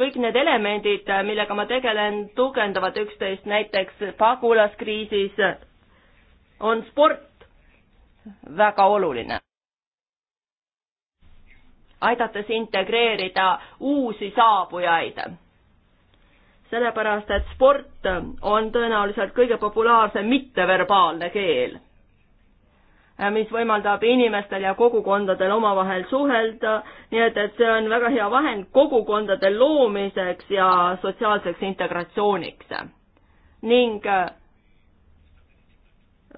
S1: kõik need elemendid, millega ma tegelen, tugevdavad üksteist, näiteks pagulaskriisis on sport väga oluline aidates integreerida uusi saabujaid sellepärast et sport on tõenäoliselt kõige populaarsem mitteverbaalne keel, mis võimaldab inimestel ja kogukondadel omavahel suhelda, nii et, et see on väga hea vahend kogukondade loomiseks ja sotsiaalseks integratsiooniks. ning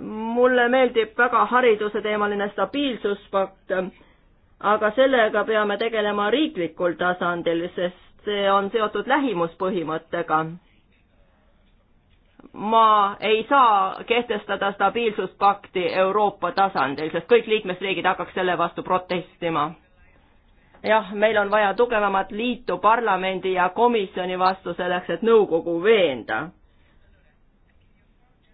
S1: mulle meeldib väga hariduse teemaline stabiilsuspakt, aga sellega peame tegelema riiklikul tasandil, sest see on seotud lähimuspõhimõttega. ma ei saa kehtestada stabiilsuspakti Euroopa tasandil, sest kõik liikmesriigid hakkaks selle vastu protestima. jah, meil on vaja tugevamat liitu parlamendi ja komisjoni vastu selleks, et nõukogu veenda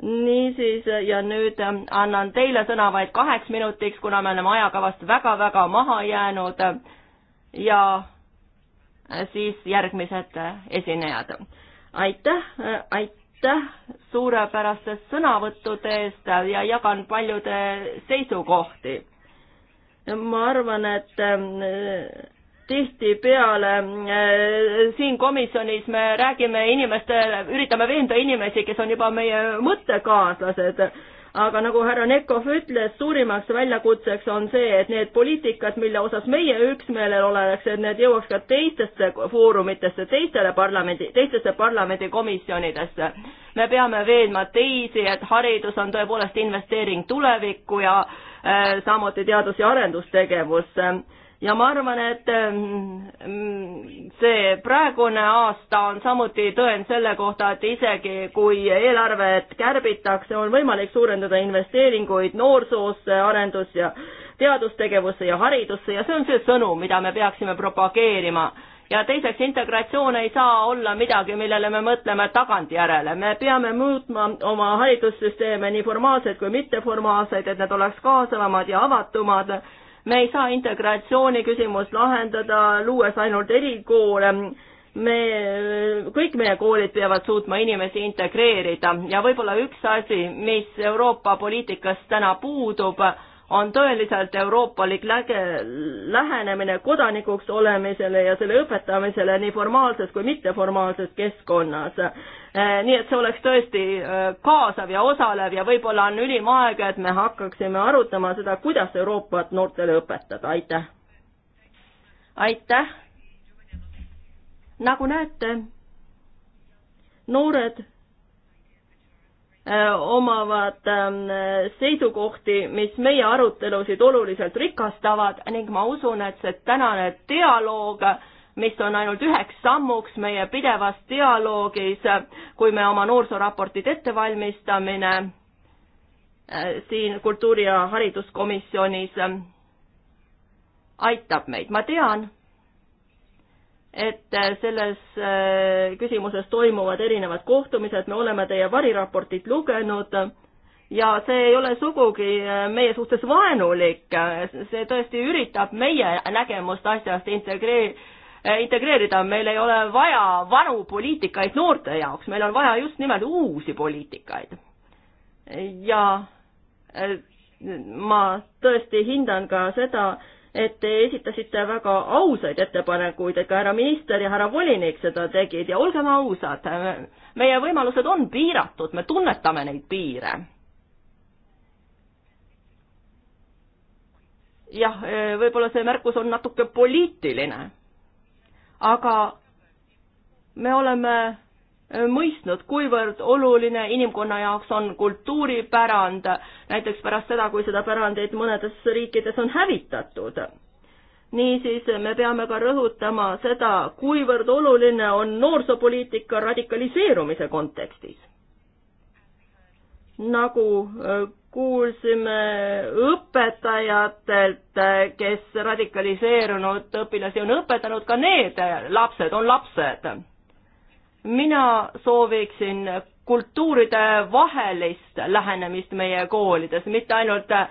S1: niisiis ja nüüd annan teile sõna vaid kaheks minutiks, kuna me oleme ajakavast väga-väga maha jäänud ja Äh, siis järgmised äh, esinejad. aitäh, äh, aitäh suurepäraste sõnavõttude eest ja jagan paljude seisukohti. ma arvan, et ähm, tihtipeale siin komisjonis me räägime inimestele, üritame veenda inimesi, kes on juba meie mõttekaaslased aga nagu härra Nekov ütles, suurimaks väljakutseks on see, et need poliitikad, mille osas meie üksmeelel oleks, et need jõuaks ka teistesse foorumitesse, teistele parlamendi, teistesse parlamendikomisjonidesse. me peame veenma teisi, et haridus on tõepoolest investeering tulevikku ja äh, samuti teadus- ja arendustegevus äh, ja ma arvan, et ähm, see praegune aasta on samuti tõend selle kohta, et isegi kui eelarvet kärbitakse, on võimalik suurendada investeeringuid noorsoosse, arendus- ja teadustegevusse ja haridusse ja see on see sõnum, mida me peaksime propageerima. ja teiseks, integratsioon ei saa olla midagi, millele me mõtleme tagantjärele, me peame muutma oma haridussüsteeme nii formaalseid kui mitteformaalseid, et need oleks kaasavamad ja avatumad me ei saa integratsiooni küsimust lahendada, luues ainult erikoole, me, kõik meie koolid peavad suutma inimesi integreerida ja võib-olla üks asi, mis Euroopa poliitikas täna puudub, on tõeliselt euroopalik läge, lähenemine kodanikuks olemisele ja selle õpetamisele nii formaalses kui mitteformaalses keskkonnas. Eh, nii et see oleks tõesti eh, kaasav ja osalev ja võib-olla on ülim aeg, et me hakkaksime arutama seda, kuidas Euroopat noortele õpetada, aitäh! aitäh! nagu näete, noored Äh, omavad ähm, seisukohti, mis meie arutelusid oluliselt rikastavad ning ma usun, et see tänane dialoog, mis on ainult üheks sammuks meie pidevas dialoogis, kui me oma noorsooraportit ette valmistamine äh, siin kultuuri- ja hariduskomisjonis ähm, aitab meid. ma tean, et äh, selles äh, küsimuses toimuvad erinevad kohtumised, me oleme teie variraportit lugenud ja see ei ole sugugi äh, meie suhtes vaenulik, see tõesti üritab meie nägemust asjast integreerida, integreerida, meil ei ole vaja vanu poliitikaid noorte jaoks, meil on vaja just nimelt uusi poliitikaid. ja ma tõesti hindan ka seda, et te esitasite väga ausaid ettepanekuid, et ka härra minister ja härra volinik seda tegid ja olgem ausad, meie võimalused on piiratud, me tunnetame neid piire. jah, võib-olla see märkus on natuke poliitiline, aga me oleme Äh, mõistnud, kuivõrd oluline inimkonna jaoks on kultuuripärand, näiteks pärast seda, kui seda pärandit mõnedes riikides on hävitatud. niisiis me peame ka rõhutama seda, kuivõrd oluline on noorsoopoliitika radikaliseerumise kontekstis. nagu äh, kuulsime õpetajatelt, äh, kes radikaliseerunud õpilasi on õpetanud, ka need lapsed on lapsed mina sooviksin kultuuride vahelist lähenemist meie koolides, mitte ainult äh,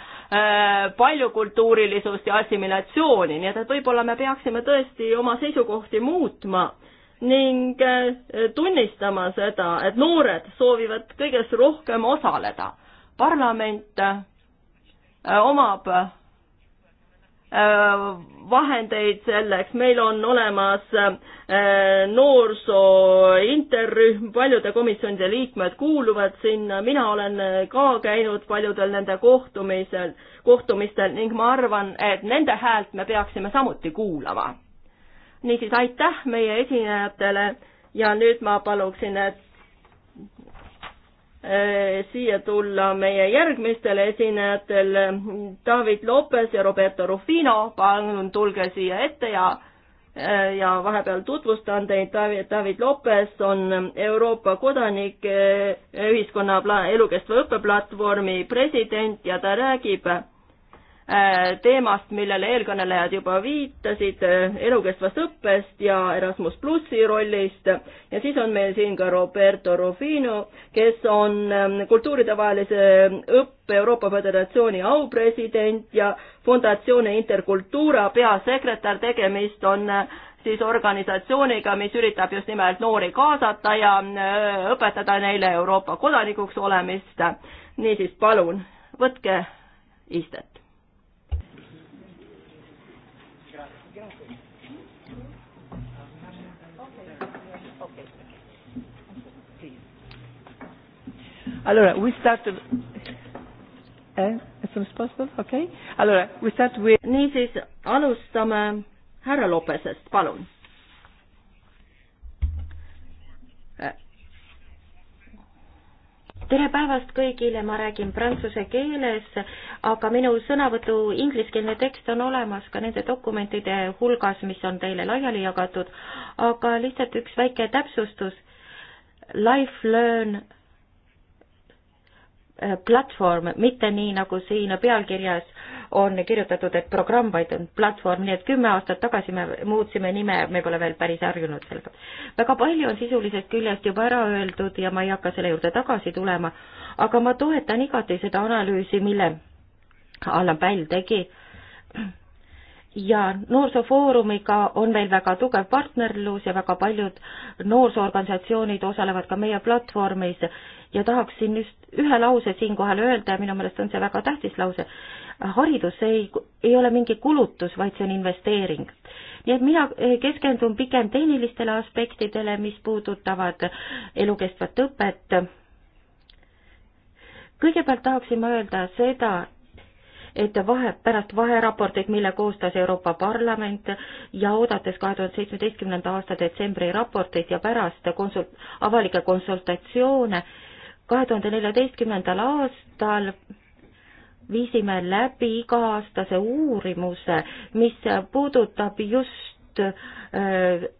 S1: paljukultuurilisust ja assimilatsiooni, nii et, et võib-olla me peaksime tõesti oma seisukohti muutma ning äh, tunnistama seda, et noored soovivad kõiges rohkem osaleda. parlament äh, omab äh, Äh, vahendeid selleks, meil on olemas äh, noorsoo interrühm, paljude komisjonide liikmed kuuluvad sinna, mina olen ka käinud paljudel nende kohtumisel, kohtumistel ning ma arvan, et nende häält me peaksime samuti kuulama. niisiis, aitäh meie esinejatele ja nüüd ma paluksin, et Eh, siia tulla meie järgmistel esinejatel David Lopes ja Roberto Rufino, palun tulge siia ette ja eh, ja vahepeal tutvustan teid, David, David Lopes on Euroopa kodanike eh, ühiskonna elukestva õppe platvormi president ja ta räägib Äh, teemast, millele eelkõnelejad juba viitasid, äh, elukestvast õppest ja Erasmus plussi rollist ja siis on meil siin ka Roberto Rufino, kes on ähm, kultuuridevahelise õppe Euroopa Föderatsiooni aupresident ja Fondatsioone Intercultura peasekretär, tegemist on äh, siis organisatsiooniga, mis üritab just nimelt noori kaasata ja õpetada neile Euroopa kodanikuks olemist. niisiis, palun, võtke istet.
S5: Allora, we start
S1: eh, as soon as possible, okei okay.. Allora, we start with. niisiis, alustame härra Lopesest, palun.
S2: Eh. tere päevast kõigile, ma räägin prantsuse keeles, aga minu sõnavõtu ingliskeelne tekst on olemas ka nende dokumentide hulgas, mis on teile laiali jagatud, aga lihtsalt üks väike täpsustus. Life Learn Äh, platvorm, mitte nii, nagu siin pealkirjas on kirjutatud, et programm, vaid on platvorm, nii et kümme aastat tagasi me muutsime nime, me pole veel päris harjunud sellega. väga palju on sisulisest küljest juba ära öeldud ja ma ei hakka selle juurde tagasi tulema, aga ma toetan igati seda analüüsi, mille Allan Päll tegi ja Noorsooforumiga on meil väga tugev partnerlus ja väga paljud noorsoorganisatsioonid osalevad ka meie platvormis ja tahaksin just ühe lause siinkohal öelda ja minu meelest on see väga tähtis lause. haridus ei, ei ole mingi kulutus, vaid see on investeering. nii et mina keskendun pigem tehnilistele aspektidele, mis puudutavad elukestvat õpet. kõigepealt tahaksin ma öelda seda, et vahe, pärast vaheraporteid, mille koostas Euroopa Parlament ja oodates kahe tuhande seitsmeteistkümnenda aasta detsembri raporteid ja pärast konsult-, avalikke konsultatsioone, kahe tuhande neljateistkümnendal aastal viisime läbi iga-aastase uurimuse, mis puudutab just äh,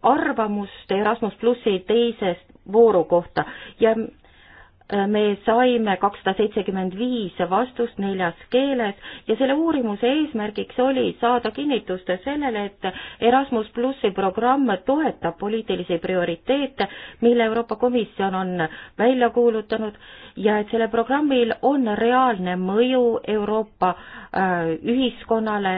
S2: arvamust Erasmus plussi teisest vooru kohta ja Äh, me saime kakssada seitsekümmend viis vastust neljas keeles ja selle uurimuse eesmärgiks oli saada kinnitust sellele, et Erasmus plussi programm toetab poliitilisi prioriteete, mille Euroopa Komisjon on välja kuulutanud ja et sellel programmil on reaalne mõju Euroopa äh, ühiskonnale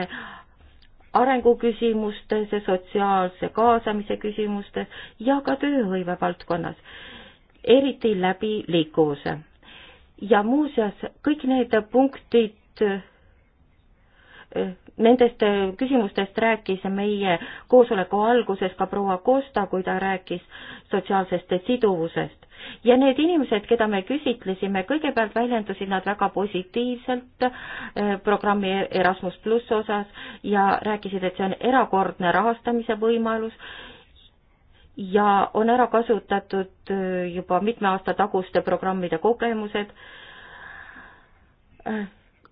S2: arenguküsimustes ja sotsiaalse kaasamise küsimustes ja ka tööhõive valdkonnas eriti läbi liikuvuse. ja muuseas, kõik need punktid, eh, nendest eh, küsimustest rääkis meie koosoleku alguses ka proua Kosta, kui ta rääkis sotsiaalsest siduvusest. ja need inimesed, keda me küsitlesime, kõigepealt väljendusid nad väga positiivselt eh, programmi Erasmus pluss osas ja rääkisid, et see on erakordne rahastamise võimalus ja on ära kasutatud äh, juba mitme aasta taguste programmide kogemused äh,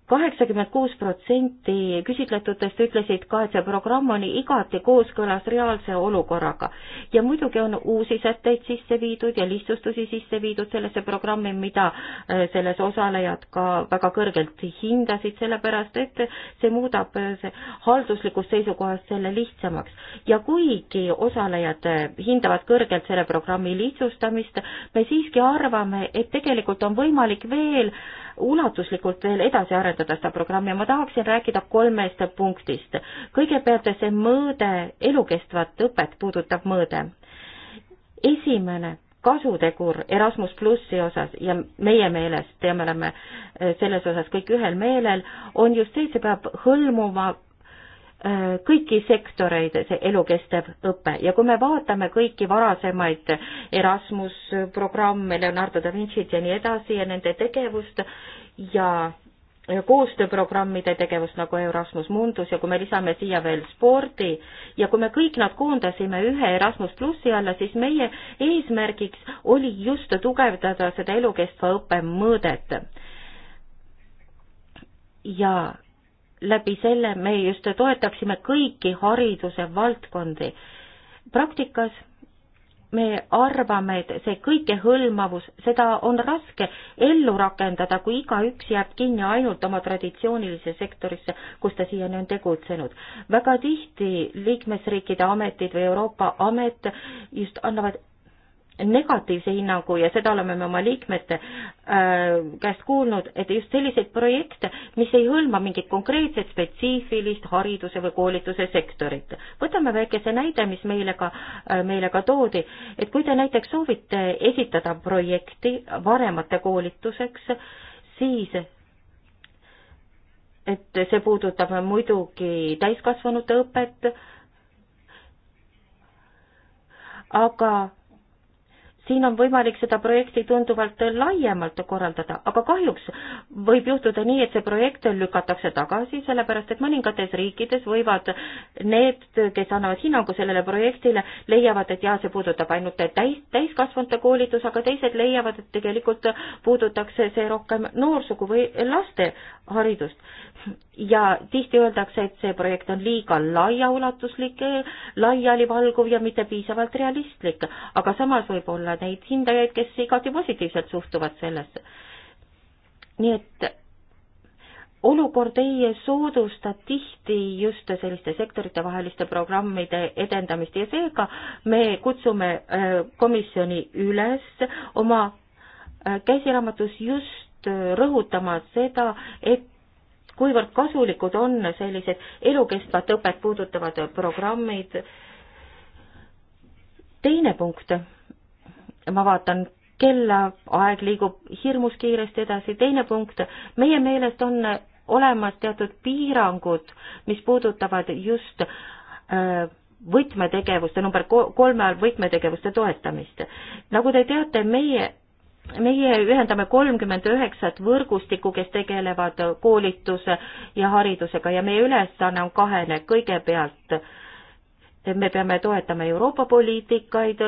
S2: kaheksakümmend kuus protsenti küsitletutest ütlesid ka, et see programm on igati kooskõlas reaalse olukorraga. ja muidugi on uusi sätteid sisse viidud ja lihtsustusi sisse viidud sellesse programmi, mida äh, selles osalejad ka väga kõrgelt hindasid, sellepärast et see muudab äh, halduslikust seisukohast selle lihtsamaks. ja kuigi osalejad äh, hindavad kõrgelt selle programmi lihtsustamist, me siiski arvame, et tegelikult on võimalik veel äh, ulatuslikult veel edasi arendada seda programmi ja ma tahaksin rääkida kolmest punktist. kõigepealt see mõõde, elukestvat õpet puudutav mõõde. esimene kasutegur Erasmus plussi osas ja meie meelest ja me oleme selles osas kõik ühel meelel, on just see, et see peab hõlmuma kõiki sektoreid see elukestev õpe ja kui me vaatame kõiki varasemaid Erasmus programme, Leonardo da Vinci't ja nii edasi ja nende tegevust ja koostööprogrammide tegevust nagu Erasmus Mundus ja kui me lisame siia veel spordi ja kui me kõik nad koondasime ühe Erasmus plussi alla, siis meie eesmärgiks oli just tugevdada seda elukestva õppe mõõdet. ja läbi selle me just toetaksime kõiki hariduse valdkondi. praktikas me arvame, et see kõikehõlmavus, seda on raske ellu rakendada, kui igaüks jääb kinni ainult oma traditsioonilise sektorisse, kus ta siiani on tegutsenud. väga tihti liikmesriikide ametid või Euroopa amet just annavad negatiivse hinnangu ja seda oleme me oma liikmete äh, käest kuulnud, et just selliseid projekte, mis ei hõlma mingit konkreetset spetsiifilist hariduse või koolituse sektorit. võtame väikese näide, mis meile ka, äh, meile ka toodi, et kui te näiteks soovite esitada projekti vanemate koolituseks, siis et see puudutab muidugi täiskasvanute õpet, aga siin on võimalik seda projekti tunduvalt laiemalt korraldada, aga kahjuks võib juhtuda nii, et see projekt lükatakse tagasi, sellepärast et mõningates riikides võivad need, kes annavad hinnangu sellele projektile, leiavad, et jaa, see puudutab ainult täis, täiskasvanute koolitus, aga teised leiavad, et tegelikult puudutakse see rohkem noorsugu või laste haridust ja tihti öeldakse, et see projekt on liiga laiaulatuslik, laialivalguv ja mitte piisavalt realistlik, aga samas võib olla neid hindajaid, kes igati positiivselt suhtuvad sellesse. nii et olukord ei soodusta tihti just selliste sektoritevaheliste programmide edendamist ja seega me kutsume äh, komisjoni üles oma äh, käsiraamatus just äh, rõhutama seda, et kuivõrd kasulikud on sellised elukestvat õpet puudutavad programmid. teine punkt, ma vaatan kella, aeg liigub hirmus kiiresti edasi, teine punkt, meie meelest on olemas teatud piirangud, mis puudutavad just äh, võtmetegevuste, number kolme all võtmetegevuste toetamist. nagu te teate, meie meie ühendame kolmkümmend üheksat võrgustikku, kes tegelevad koolituse ja haridusega ja meie ülesanne on kahene, kõigepealt me peame toetama Euroopa poliitikaid,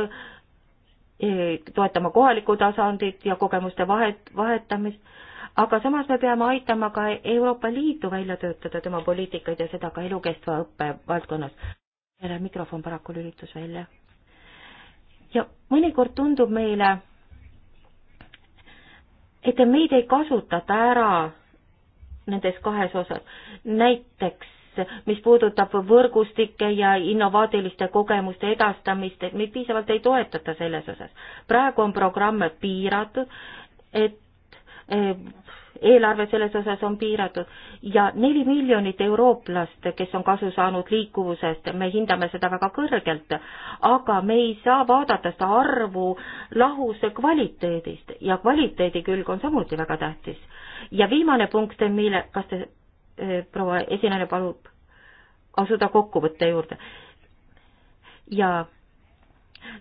S2: e, toetama kohalikku tasandit ja kogemuste vahet, vahetamist, aga samas me peame aitama ka Euroopa Liitu välja töötada tema poliitikaid ja seda ka elukestva õppe valdkonnas. mikrofon paraku lülitus välja. ja mõnikord tundub meile, et meid ei kasutata ära nendes kahes osas. näiteks, mis puudutab võrgustike ja innovaatiliste kogemuste edastamist, et meid piisavalt ei toetata selles osas. praegu on programme piiratud, et eh, eelarve selles osas on piiratud ja neli miljonit eurooplast, kes on kasu saanud liikuvusest, me hindame seda väga kõrgelt, aga me ei saa vaadata seda arvu lahus kvaliteedist ja kvaliteedi külg on samuti väga tähtis. ja viimane punkt, mille, kas te, eh, proua esinejana palub asuda kokkuvõtte juurde ja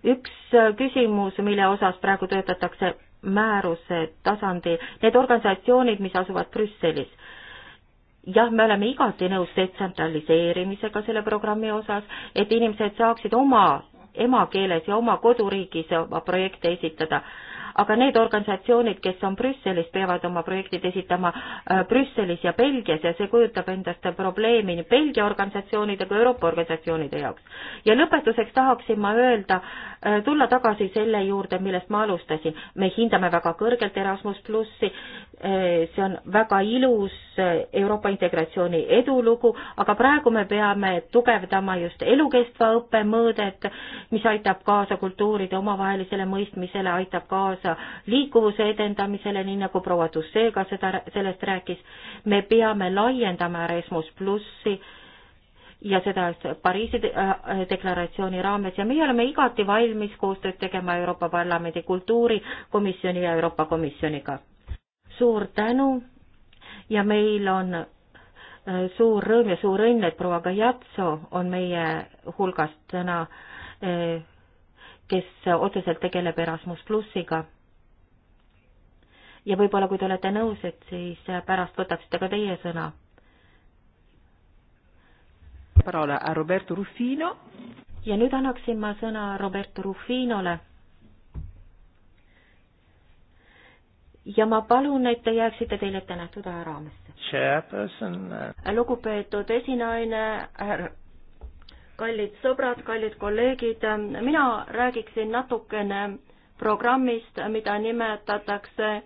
S2: üks küsimus, mille osas praegu töötatakse määruse tasandil, need organisatsioonid, mis asuvad Brüsselis. jah, me oleme igati nõus detsentraliseerimisega selle programmi osas, et inimesed saaksid oma emakeeles ja oma koduriigis oma projekte esitada aga need organisatsioonid, kes on Brüsselis, peavad oma projektid esitama äh, Brüsselis ja Belgias ja see kujutab endast probleemi nii Belgia organisatsioonide kui Euroopa organisatsioonide jaoks. ja lõpetuseks tahaksin ma öelda, äh, tulla tagasi selle juurde, millest ma alustasin. me hindame väga kõrgelt Erasmus plussi, äh, see on väga ilus Euroopa integratsiooni edulugu, aga praegu me peame tugevdama just elukestva õppe mõõdet, mis aitab kaasa kultuuride omavahelisele mõistmisele, aitab kaasa kaasa liikuvuse edendamisele, nii nagu proua Tussee ka seda, sellest rääkis. me peame laiendama Erasmus plussi ja seda Pariisi äh, deklaratsiooni raames ja meie oleme igati valmis koostööd tegema Euroopa Parlamendi kultuurikomisjoni ja Euroopa Komisjoniga. suur tänu ja meil on äh, suur rõõm ja suur õnn, et proua Gajatso on meie hulgast täna, äh, kes otseselt tegeleb Erasmus plussiga ja võib-olla, kui te olete nõus, et siis pärast võtaksite ka teie sõna. Parola a Roberto Ruffino. ja nüüd annaksin ma sõna Roberto Ruffinole. ja ma palun, et te jääksite teile ette nähtud ajaraamesse.
S5: Äh,
S2: lugupeetud esinaine,
S1: kallid sõbrad, kallid kolleegid, mina räägiksin natukene programmist, mida nimetatakse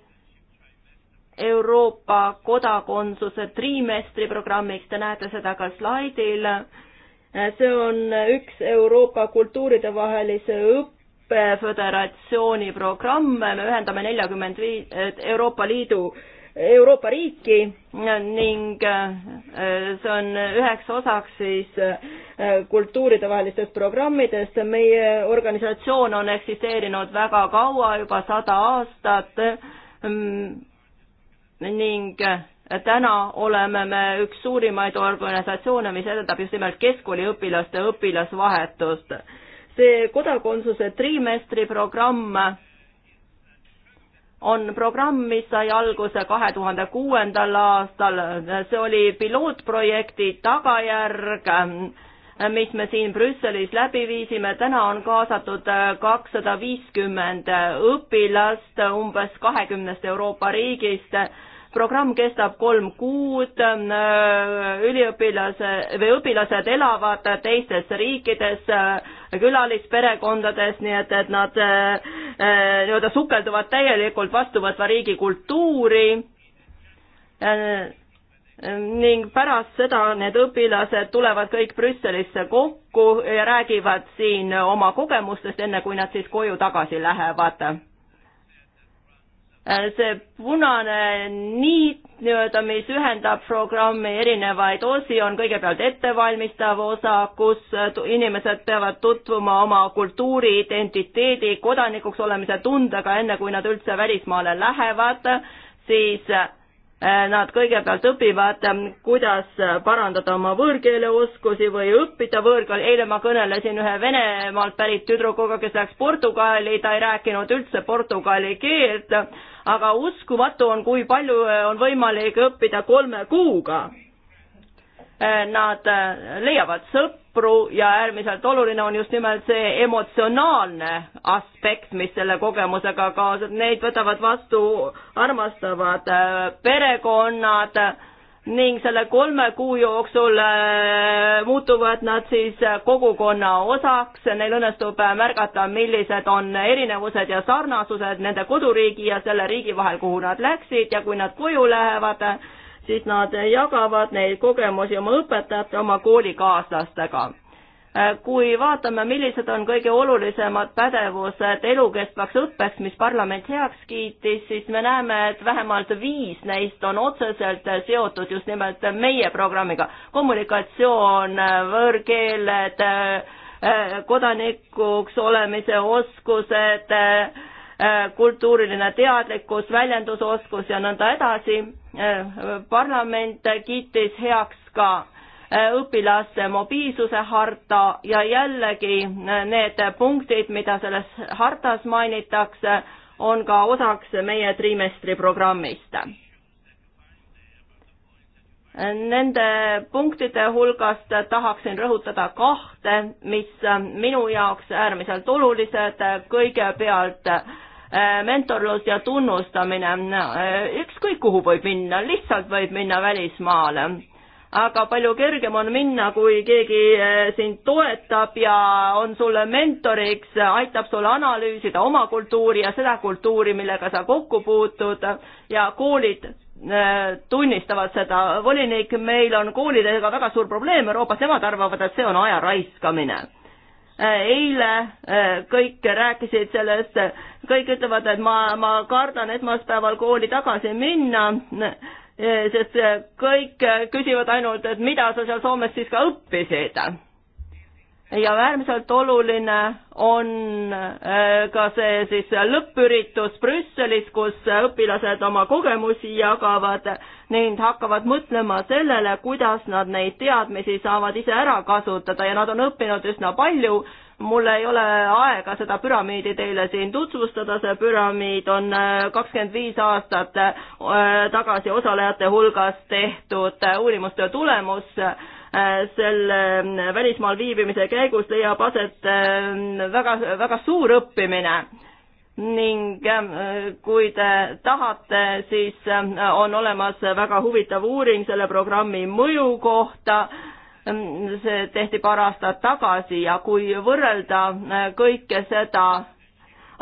S1: Euroopa kodakondsuse trimestri programmiks, te näete seda ka slaidil. see on üks Euroopa kultuuridevahelise õppe föderatsiooni programm, me ühendame neljakümmend viis Euroopa Liidu, Euroopa riiki ning äh, see on üheks osaks siis äh, kultuuridevahelistest programmidest. meie organisatsioon on eksisteerinud väga kaua, juba sada aastat mm, ning äh, täna oleme me üks suurimaid organisatsioone, mis edendab just nimelt keskkooliõpilaste õpilasvahetust. see kodakondsuse triimestriprogramm on programm, mis sai alguse kahe tuhande kuuendal aastal, see oli pilootprojekti tagajärg, äh, mis me siin Brüsselis läbi viisime, täna on kaasatud äh, kakssada viiskümmend õpilast umbes kahekümnest Euroopa riigist programm kestab kolm kuud, äh, üliõpilase või õpilased elavad teistes riikides, äh, külalisperekondades, nii et, et nad äh, nii-öelda sukelduvad täielikult vastuvõtva riigi kultuuri ning pärast seda need õpilased tulevad kõik Brüsselisse kokku ja räägivad siin oma kogemustest, enne kui nad siis koju tagasi lähevad Äh, see punane niit nii-öelda, mis ühendab programmi erinevaid osi, on kõigepealt ettevalmistav osa, kus äh, inimesed peavad tutvuma oma kultuuri, identiteedi, kodanikuks olemise tundega, enne kui nad üldse välismaale lähevad, siis äh, nad kõigepealt õpivad, kuidas parandada oma võõrkeeleoskusi või õppida võõrkeel, eile ma kõnelesin ühe Venemaalt pärit tüdrukuga, kes läks Portugali, ta ei rääkinud üldse portugali keelt, aga uskumatu on, kui palju äh, on võimalik õppida kolme kuuga. Äh, nad äh, leiavad sõpru ja äärmiselt oluline on just nimelt see emotsionaalne aspekt, mis selle kogemusega kaasneb, neid võtavad vastu armastavad perekonnad ning selle kolme kuu jooksul äh, muutuvad nad siis äh, kogukonna osaks, neil õnnestub äh, märgata, millised on erinevused ja sarnasused nende koduriigi ja selle riigi vahel, kuhu nad läksid ja kui nad koju lähevad, siis nad jagavad neid kogemusi oma õpetajate, oma koolikaaslastega Äh, kui vaatame, millised on kõige olulisemad pädevused elukestvaks õppeks, mis parlament heaks kiitis, siis me näeme, et vähemalt viis neist on otseselt seotud just nimelt meie programmiga. kommunikatsioon, võõrkeeled, äh, kodanikuks olemise oskused, äh, kultuuriline teadlikkus, väljendusoskus ja nõnda edasi. parlament kiitis heaks ka Äh, õpilaste mobiilsuse harta ja jällegi äh, need punktid, mida selles hartas mainitakse, on ka osaks meie trimestri programmist. Nende punktide hulgast tahaksin rõhutada kahte, mis äh, minu jaoks äärmiselt olulised, kõigepealt mentorlus ja tunnustamine, ükskõik kuhu võib minna, lihtsalt võib minna välismaale aga palju kergem on minna, kui keegi eh, sind toetab ja on sulle mentoriks, aitab sul analüüsida oma kultuuri ja seda kultuuri, millega sa kokku puutud ja koolid eh, tunnistavad seda. volinik, meil on koolidega väga suur probleem Euroopas, nemad arvavad, et see on aja raiskamine. Eh, eile kõik rääkisid sellest, kõik ütlevad, et ma, ma kardan esmaspäeval kooli tagasi minna Eh, sest eh, kõik eh, küsivad ainult, et mida sa seal Soomes siis ka õppisid. ja äärmiselt oluline on ka see siis lõppüritus Brüsselis, kus õpilased oma kogemusi jagavad ning hakkavad mõtlema sellele, kuidas nad neid teadmisi saavad ise ära kasutada ja nad on õppinud üsna palju mul ei ole aega seda püramiidi teile siin tutvustada, see püramiid on äh, kakskümmend viis aastat äh, tagasi osalejate hulgas tehtud äh, uurimustöö tulemus. selle välismaal viibimise käigus leiab aset väga, väga suur õppimine ning kui te tahate, siis on olemas väga huvitav uuring selle programmi mõju kohta see tehti paar aastat tagasi ja kui võrrelda äh, kõike seda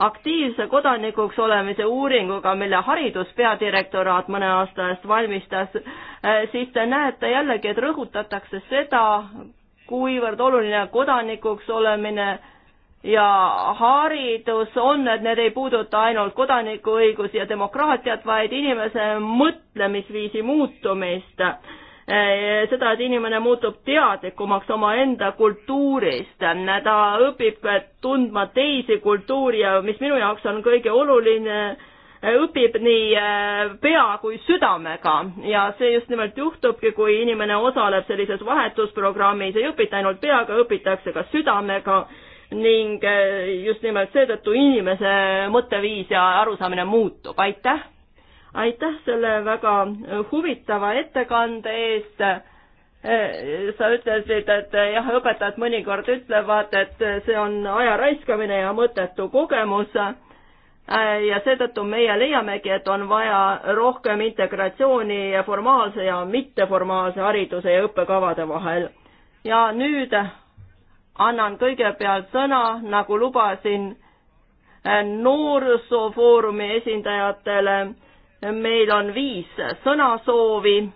S1: aktiivse kodanikuks olemise uuringuga, mille hariduspeadirektoraat mõne aasta eest valmistas, äh, siis te näete jällegi, et rõhutatakse seda, kuivõrd oluline kodanikuks olemine ja haridus on, et need ei puuduta ainult kodanikuõigusi ja demokraatiat, vaid inimese mõtlemisviisi muutumist Äh, seda, et inimene muutub teadlikumaks omaenda kultuurist, ta õpib tundma teisi kultuuri ja mis minu jaoks on kõige oluline, äh, õpib nii äh, pea kui südamega ja see just nimelt juhtubki, kui inimene osaleb sellises vahetusprogrammis, ei õpita ainult peaga, õpitakse ka südamega ning just nimelt seetõttu inimese mõtteviis ja arusaamine muutub, aitäh! aitäh selle väga äh, huvitava ettekande eest. Äh, sa ütlesid, et äh, jah, õpetajad mõnikord ütlevad, et see on aja raiskamine ja mõttetu kogemus ja seetõttu meie leiamegi, et on vaja rohkem integratsiooni formaalse ja mitteformaalse hariduse ja õppekavade vahel. ja nüüd annan kõigepealt sõna, nagu lubasin, noorsoofoorumi esindajatele meil on viis sõnasoovi.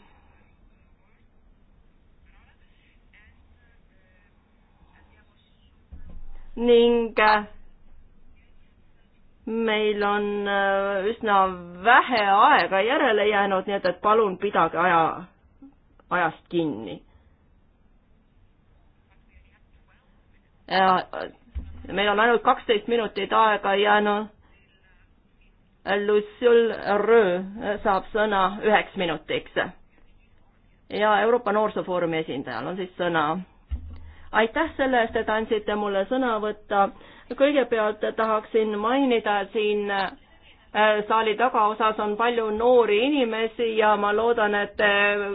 S1: ning äh, meil on äh, üsna vähe aega järele jäänud, nii et, et palun pidage aja, ajast kinni. Äh, meil on ainult kaksteist minutit aega jäänud Lucille Röö saab sõna üheks minutiks. ja Euroopa Noorsoofoorumi esindajal on siis sõna. aitäh selle eest, et andsite mulle sõna võtta. kõigepealt tahaksin mainida siin äh, saali tagaosas on palju noori inimesi ja ma loodan, et te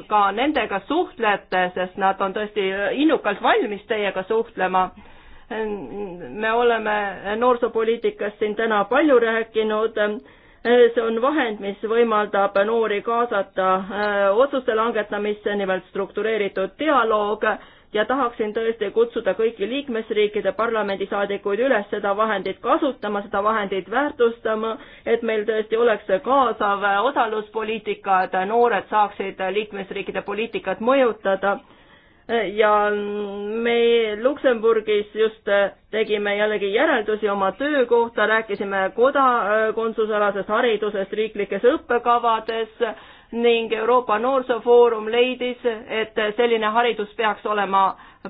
S1: ka nendega suhtlete, sest nad on tõesti innukalt valmis teiega suhtlema. me oleme noorsoopoliitikast siin täna palju rääkinud Äh, see on vahend, mis võimaldab noori kaasata äh, otsuste langetamisse, nimelt struktureeritud dialoog ja tahaksin tõesti kutsuda kõiki liikmesriikide parlamendisaadikuid üles seda vahendit kasutama, seda vahendit väärtustama, et meil tõesti oleks kaasav osaluspoliitika, et noored saaksid liikmesriikide poliitikat mõjutada ja me Luksemburgis just äh, tegime jällegi järeldusi oma töö kohta, rääkisime kodakondsusalasest äh, haridusest riiklikes õppekavades ning Euroopa Noorsoofoorum leidis, et selline haridus peaks olema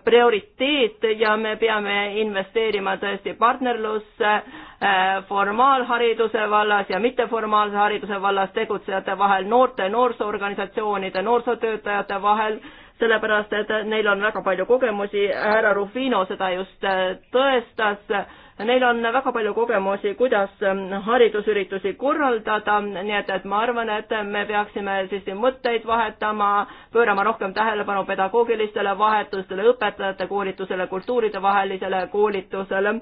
S1: prioriteet ja me peame investeerima tõesti partnerlusse äh, formaalhariduse vallas ja mitteformaalse hariduse vallas tegutsejate vahel, noorte, noorsoorganisatsioonide, noorsootöötajate vahel sellepärast et neil on väga palju kogemusi, härra Rufino seda just äh, tõestas, neil on väga palju kogemusi, kuidas ähm, haridusüritusi korraldada, nii et, et ma arvan, et me peaksime siis mõtteid vahetama, pöörama rohkem tähelepanu pedagoogilistele vahetustele, õpetajate koolitusele, kultuuridevahelisele koolitusele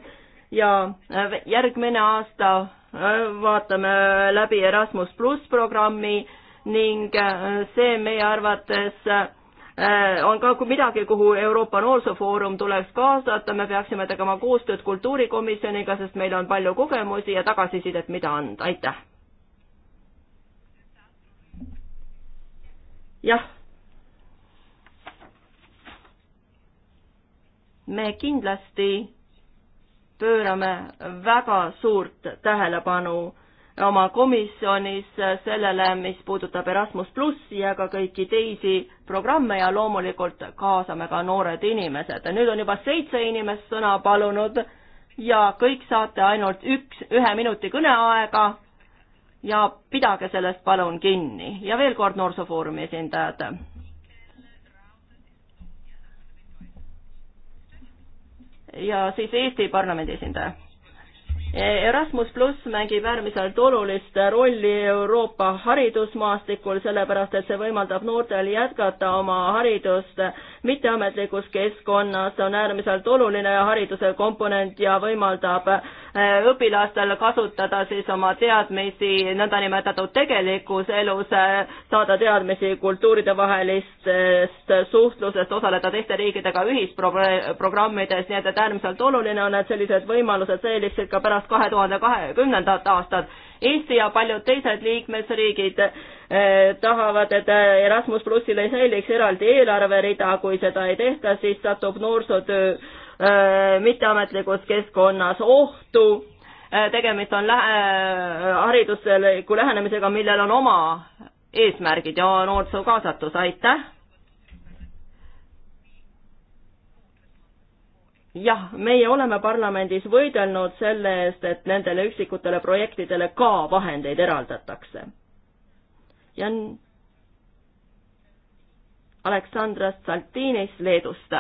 S1: ja äh, järgmine aasta äh, vaatame läbi Erasmus pluss programmi ning see meie arvates Äh, on ka midagi, kuhu Euroopa Noorsoofoorum tuleks kaasata, me peaksime tegema koostööd kultuurikomisjoniga, sest meil on palju kogemusi ja tagasisidet, mida anda, aitäh! jah. me kindlasti pöörame väga suurt tähelepanu oma komisjonis sellele, mis puudutab Erasmus plussi ja ka kõiki teisi programme ja loomulikult kaasame ka noored inimesed. nüüd on juba seitse inimest sõna palunud ja kõik saate ainult üks, ühe minuti kõneaega ja pidage sellest palun kinni ja veel kord Noorsoofoorumi esindajad. ja siis Eesti Parlamendi esindaja Erasmus pluss mängib äärmiselt olulist rolli Euroopa haridusmaastikul, sellepärast et see võimaldab noortel jätkata oma haridust mitteametlikus keskkonnas, see on äärmiselt oluline hariduse komponent ja võimaldab Äh, õpilastel kasutada siis oma teadmisi nõndanimetatud tegelikus elus, äh, saada teadmisi kultuuridevahelistest suhtlusest, osaleda teiste riikidega ühisprogrammides, nii et, et äärmiselt oluline on, et sellised võimalused säiliksid ka pärast kahe tuhande kahekümnendat aastat. Eesti ja paljud teised liikmesriigid äh, tahavad, et Erasmus plussile säiliks eraldi eelarverida, kui seda ei tehta, siis satub noorsootöö Äh, mitteametlikus keskkonnas ohtu, äh, tegemist on lähe, äh, haridusliku lähenemisega, millel on oma eesmärgid ja noorsoo kaasatus, aitäh! jah, meie oleme parlamendis võidelnud selle eest, et nendele üksikutele projektidele ka vahendeid eraldatakse. ja Aleksandrast Saltinis Leedust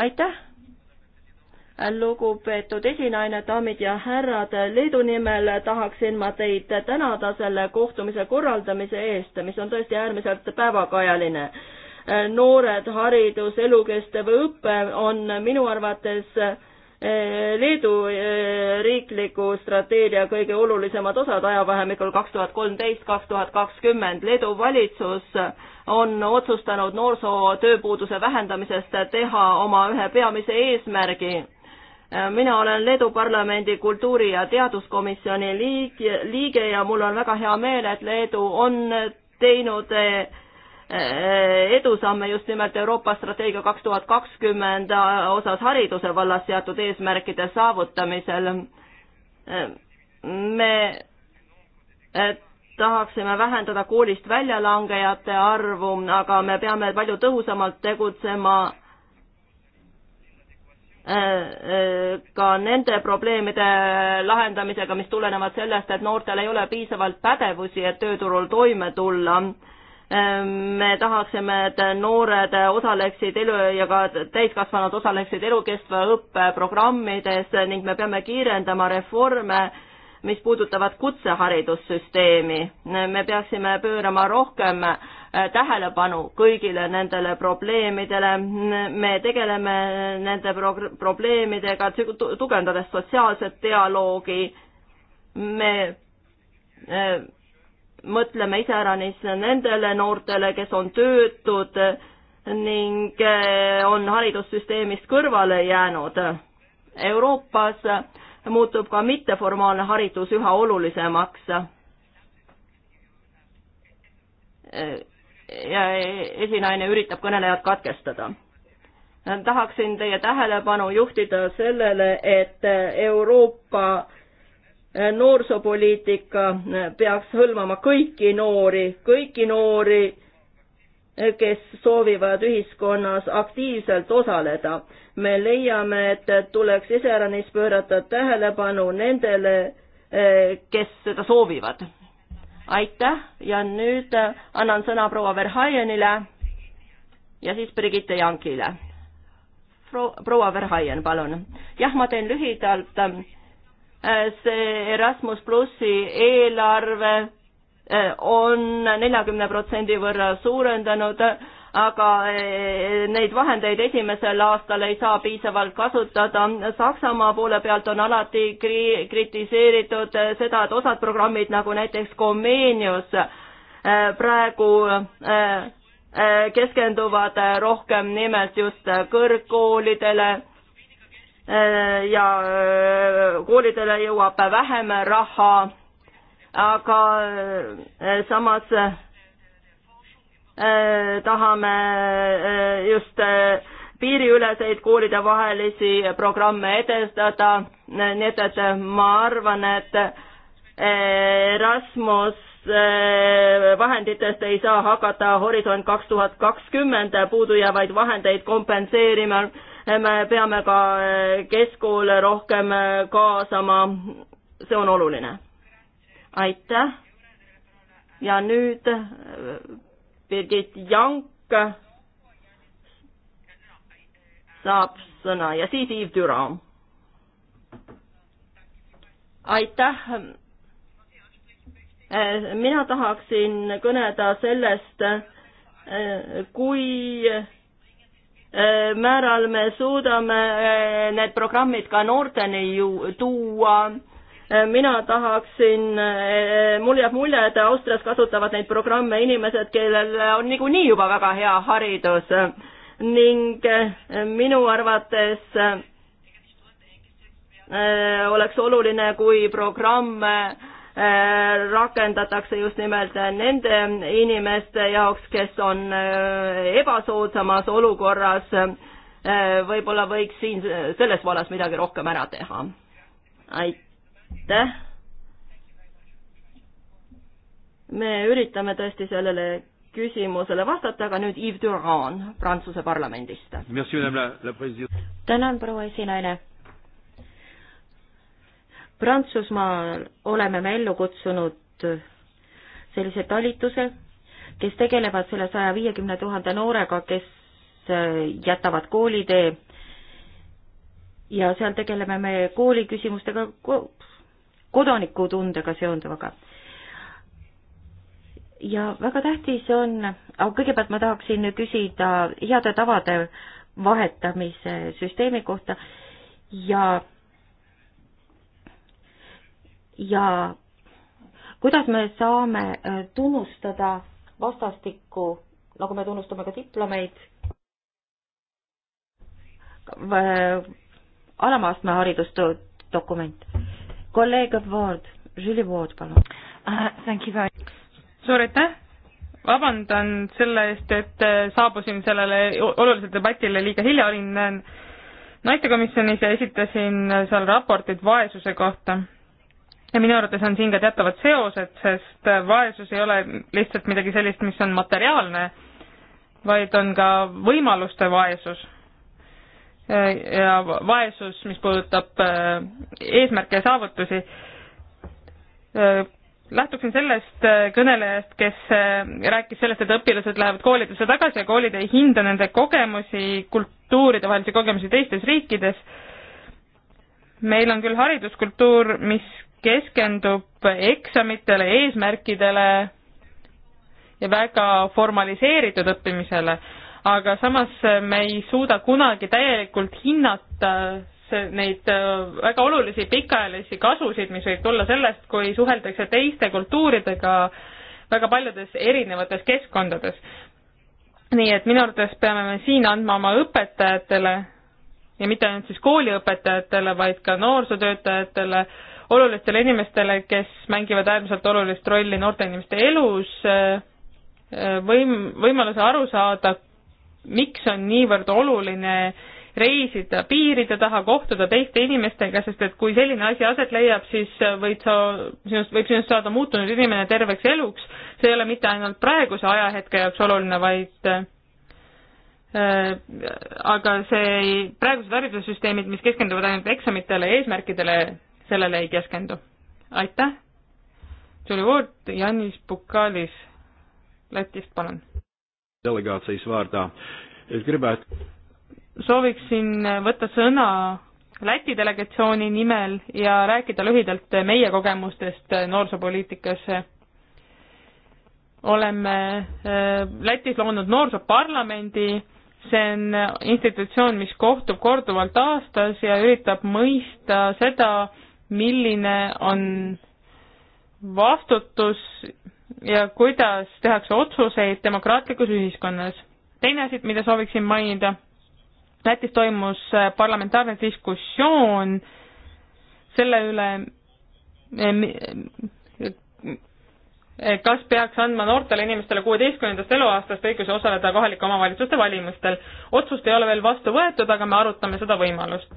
S1: aitäh, lugupeetud esinaine, daamid ja härrad, Leedu nimel tahaksin ma teid tänada selle kohtumise korraldamise eest, mis on tõesti äärmiselt päevakajaline noored, haridus, elukestev õpe on minu arvates Äh, Leedu äh, riikliku strateegia kõige olulisemad osad ajavahemikul kaks tuhat kolmteist, kaks tuhat kakskümmend. Leedu valitsus on otsustanud noorsootööpuuduse vähendamisest teha oma ühe peamise eesmärgi. Äh, mina olen Leedu parlamendi kultuuri- ja teaduskomisjoni liige, liige ja mul on väga hea meel, et Leedu on teinud Äh, edusamme just nimelt Euroopa strateegia kaks tuhat kakskümmend äh, osas hariduse vallas seatud eesmärkide saavutamisel. Äh, me tahaksime vähendada koolist väljalangejate arvu, aga me peame palju tõhusamalt tegutsema ka nende probleemide lahendamisega, mis tulenevad sellest, et noortel ei ole piisavalt pädevusi, et tööturul toime tulla Ehm, me tahaksime, et noored osaleksid elu ja ka täiskasvanud osaleksid elukestva õppe programmides ning me peame kiirendama reforme, mis puudutavad kutseharidussüsteemi. me peaksime pöörama rohkem eh, tähelepanu kõigile nendele probleemidele. me tegeleme nende pro-, probleemidega, tugevdades sotsiaalset dialoogi. me eh, mõtleme iseäranis nendele noortele, kes on töötud ning eh, on haridussüsteemist kõrvale jäänud. Euroopas muutub ka mitteformaalne haridus üha olulisemaks. Eh, ja esinaine üritab kõnelejat katkestada. tahaksin teie tähelepanu juhtida sellele, et Euroopa Äh, noorsoopoliitika äh, peaks hõlmama kõiki noori, kõiki noori, äh, kes soovivad ühiskonnas aktiivselt osaleda. me leiame, et tuleks iseäranis pöörata tähelepanu nendele, kes seda soovivad. aitäh ja nüüd annan sõna proua Verhaienile ja siis Brigitte Jankile. proua Verhaien, palun. jah, ma teen lühidalt ähm, Äh, see Erasmus plussi eelarve äh, on neljakümne protsendi võrra suurendanud, aga äh, neid vahendeid esimesel aastal ei saa piisavalt kasutada. Saksamaa poole pealt on alati kri-, kritiseeritud seda, et osad programmid, nagu näiteks Comenius, praegu keskenduvad rohkem nimelt just kõrgkoolidele Äh, ja äh, koolidele jõuab vähem raha, aga äh, samas tahame just piiriüleseid koolidevahelisi programme edestada, nii et, et ma arvan, et Erasmus vahenditest ei saa hakata Horisont kaks tuhat kakskümmend puudujäävaid vahendeid kompenseerima me peame ka eh, keskkoole rohkem eh, kaasama, see on oluline. aitäh. ja nüüd eh, Birgit Jank saab sõna ja siis Yves Düran. aitäh. mina tahaksin kõneda sellest, kui Äh, määral me suudame äh, need programmid ka noorteni ju tuua äh, mina tahaksin, mul jääb mulje, et Austrias kasutavad neid programme inimesed, kellel on niikuinii juba väga hea haridus ning minu arvates oleks oluline, kui programm Äh, rakendatakse just nimelt nende inimeste jaoks, kes on äh, ebasoodsamas olukorras. Äh, võib-olla võiks siin selles vallas midagi rohkem ära teha. aitäh. me üritame tõesti sellele küsimusele vastata, aga nüüd Yves Durand Prantsuse parlamendist. tänan, proua esinaine
S2: Prantsusmaal oleme me ellu kutsunud sellise talituse, kes tegelevad selle saja viiekümne tuhande noorega, kes äh, jätavad koolitee ja seal tegeleme me kooliküsimustega, kodanikutundega seonduvaga. ja väga tähtis on, aga kõigepealt ma tahaksin küsida heade tavade vahetamise süsteemi kohta ja ja kuidas me saame äh, tunnustada vastastikku, nagu me tunnustame ka diplomeid, äh, alama astme haridusdokument. kolleeg Ward, Julie Ward, palun uh,. Thank you
S4: very much. suur aitäh, vabandan selle eest, et äh, saabusin sellele olulisele debatile liiga hilja, olin naitekomisjonis ja esitasin seal raportit vaesuse kohta ja minu arvates on siin ka teatavad seosed, sest vaesus ei ole lihtsalt midagi sellist, mis on materiaalne, vaid on ka võimaluste vaesus. ja vaesus, mis puudutab äh, eesmärke ja saavutusi. Äh, lähtuksin sellest äh, kõnelejast, kes rääkis sellest, et õpilased lähevad koolidesse tagasi ja koolid ei hinda nende kogemusi, kultuuride vahelisi kogemusi teistes riikides. meil on küll hariduskultuur, mis keskendub eksamitele, eesmärkidele ja väga formaliseeritud õppimisele, aga samas me ei suuda kunagi täielikult hinnata neid äh, väga olulisi pikaajalisi kasusid, mis võib tulla sellest, kui suheldakse teiste kultuuridega väga paljudes erinevates keskkondades. nii et minu arvates peame me siin andma oma õpetajatele ja mitte ainult siis kooliõpetajatele, vaid ka noorsootöötajatele äh, olulistele inimestele, kes mängivad äärmiselt olulist rolli noorte inimeste elus, äh, võim-, võimaluse aru saada, miks on niivõrd oluline reisida piiride taha, kohtuda teiste inimestega, sest et kui selline asi aset leiab, siis võid sa, sinust, võib sinust saada muutunud inimene terveks eluks. see ei ole mitte ainult praeguse ajahetke jaoks oluline, vaid äh, aga see, praegused haridussüsteemid, mis keskenduvad ainult eksamitele ja eesmärkidele, sellele ei keskendu. aitäh! Julie Ward, Janis Pukalis Lätist, palun!
S3: delegaatsionis Vaarda, et kõigepealt
S4: sooviksin võtta sõna Läti delegatsiooni nimel ja rääkida lühidalt meie kogemustest noorsoopoliitikas. oleme äh, Lätis loonud noorsooparlamendi, see on institutsioon, mis kohtub korduvalt aastas ja üritab mõista seda, milline on vastutus ja kuidas tehakse otsuseid demokraatlikus ühiskonnas. teine asi, mida sooviksin mainida, Lätis toimus äh, parlamentaarne diskussioon selle üle, äh, äh, kas peaks andma noortele inimestele kuueteistkümnendast eluaastast õiguse osaleda kohalike omavalitsuste valimistel. otsust ei ole veel vastu võetud, aga me arutame seda võimalust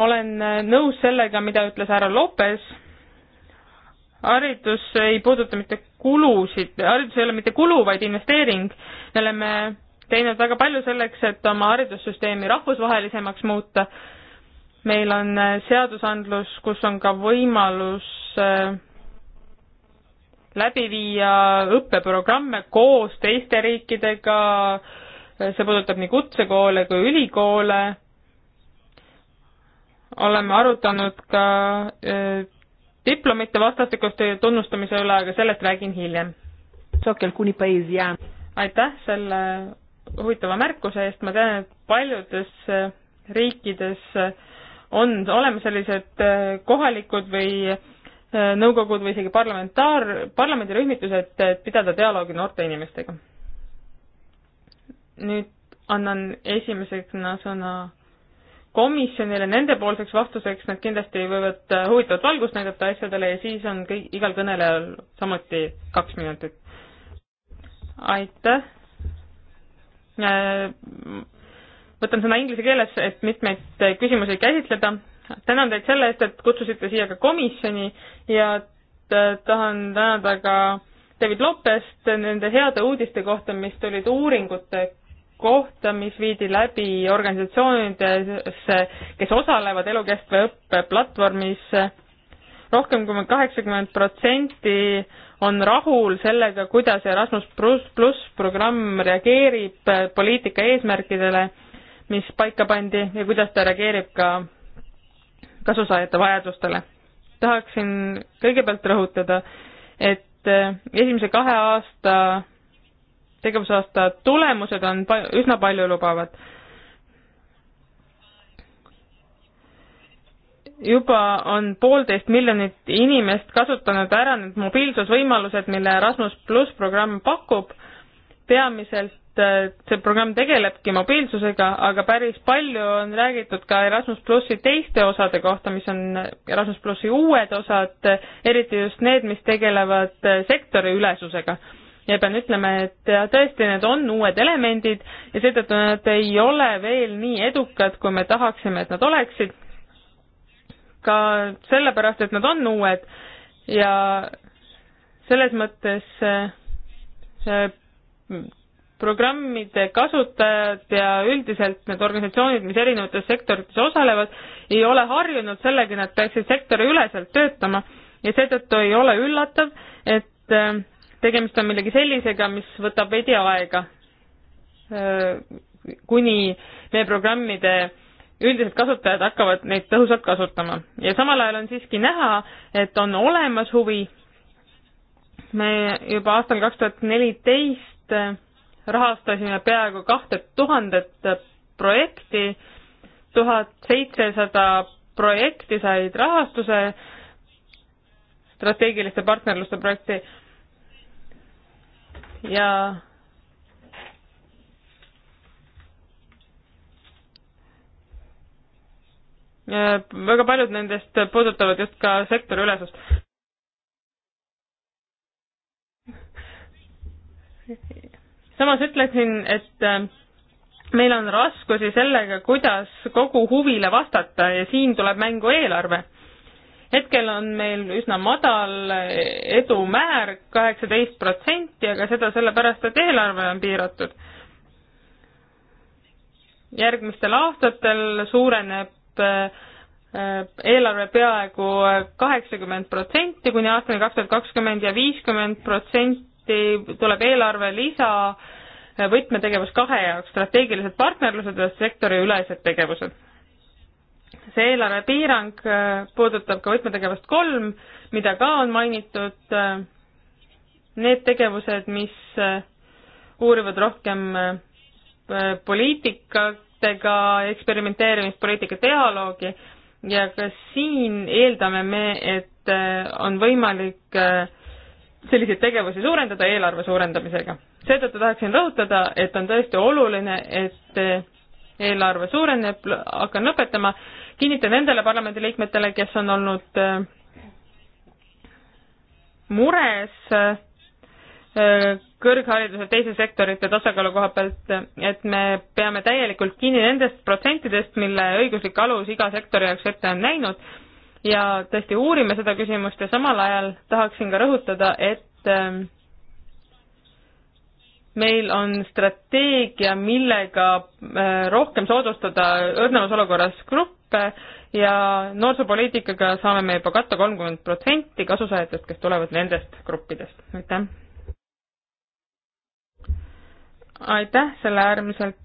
S4: olen äh, nõus sellega, mida ütles härra Lopes, haridus ei puuduta mitte kulusid, haridus ei ole mitte kulu, vaid investeering. me oleme teinud väga palju selleks, et oma haridussüsteemi rahvusvahelisemaks muuta. meil on äh, seadusandlus, kus on ka võimalus äh, läbi viia õppeprogramme koos teiste riikidega, see puudutab nii kutsekoole kui ülikoole oleme arutanud ka öö, äh, diplomite vastastikust tunnustamise üle, aga sellest räägin hiljem. aitäh selle huvitava märkuse eest, ma tean, et paljudes äh, riikides äh, on olemas sellised kohalikud või nõukogud või isegi parlamentaar, parlamendirühmitused, et pidada dialoogi noorte inimestega. nüüd annan esimesena sõna komisjonile nendepoolseks vastuseks, nad kindlasti võivad äh, huvitavat valgust näidata asjadele ja siis on kõik, igal kõnelejal samuti kaks minutit. aitäh. Äh, võtan sõna inglise keeles, et mitmeid küsimusi käsitleda. tänan teid selle eest, et kutsusite siia ka komisjoni ja äh, tahan tänada ka David Lopest nende heade uudiste kohta, mis tulid uuringute kohta, mis viidi läbi organisatsioonidesse, kes osalevad elukestva õppe platvormis. rohkem kui kaheksakümmend protsenti on rahul sellega, kuidas Erasmus pluss pluss programm reageerib poliitika eesmärkidele, mis paika pandi ja kuidas ta reageerib ka kasusaajate vajadustele. tahaksin kõigepealt rõhutada, et esimese kahe aasta tegevusaasta tulemused on pa üsna paljulubavad. juba on poolteist miljonit inimest kasutanud ära need mobiilsusvõimalused, mille Erasmus pluss programm pakub. peamiselt äh, see programm tegelebki mobiilsusega, aga päris palju on räägitud ka Erasmus plussi teiste osade kohta, mis on Erasmus plussi uued osad, eriti just need, mis tegelevad äh, sektoriülesusega ja pean ütlema, et äh, tõesti, need on uued elemendid ja seetõttu nad ei ole veel nii edukad, kui me tahaksime, et nad oleksid. ka sellepärast, et nad on uued ja selles mõttes äh, äh, programmide kasutajad ja üldiselt need organisatsioonid, mis erinevates sektorites osalevad, ei ole harjunud sellega, nad peaksid sektoriüleselt töötama ja seetõttu ei ole üllatav, et tegemist on millegi sellisega, mis võtab veidi aega, kuni meie programmide üldised kasutajad hakkavad neid tõhusalt kasutama ja samal ajal on siiski näha, et on olemas huvi. me juba aastal kaks tuhat neliteist rahastasime peaaegu kahte tuhandet projekti, tuhat seitsesada projekti said rahastuse, strateegiliste partnerluste projekti ja väga paljud nendest puudutavad just ka sektoriülesust. samas ütleksin, et äh, meil on raskusi sellega, kuidas kogu huvile vastata ja siin tuleb mängu eelarve hetkel on meil üsna madal edumäär, kaheksateist protsenti, aga seda sellepärast, et eelarve on piiratud. järgmistel aastatel suureneb äh, eelarve peaaegu kaheksakümmend protsenti kuni aastani kaks tuhat kakskümmend ja viiskümmend protsenti tuleb eelarve lisa äh, võtmetegevus kahe jaoks, strateegilised partnerlused ja sektoriülesed tegevused see eelarve piirang äh, puudutab ka võtmetegevust kolm, mida ka on mainitud. Äh, need tegevused, mis äh, uurivad rohkem poliitikatega eksperimenteerimist, poliitika dialoogi ja ka siin eeldame me, et on võimalik selliseid tegevusi suurendada eelarve suurendamisega. seetõttu tahaksin rõhutada, et on tõesti oluline, et eelarve suureneb, hakkan lõpetama, kinnitan nendele parlamendiliikmetele, kes on olnud äh, mures äh, kõrghariduse teise sektorite tasakaalu koha pealt, et me peame täielikult kinni nendest protsentidest, mille õiguslik alus iga sektori jaoks ette on näinud ja tõesti uurime seda küsimust ja samal ajal tahaksin ka rõhutada, et äh, meil on strateegia, millega rohkem soodustada õrnemas olukorras grupp, õppe ja noorsoopoliitikaga saame me juba katta kolmkümmend protsenti kasusaajatest, kes tulevad nendest gruppidest. aitäh! aitäh selle äärmiselt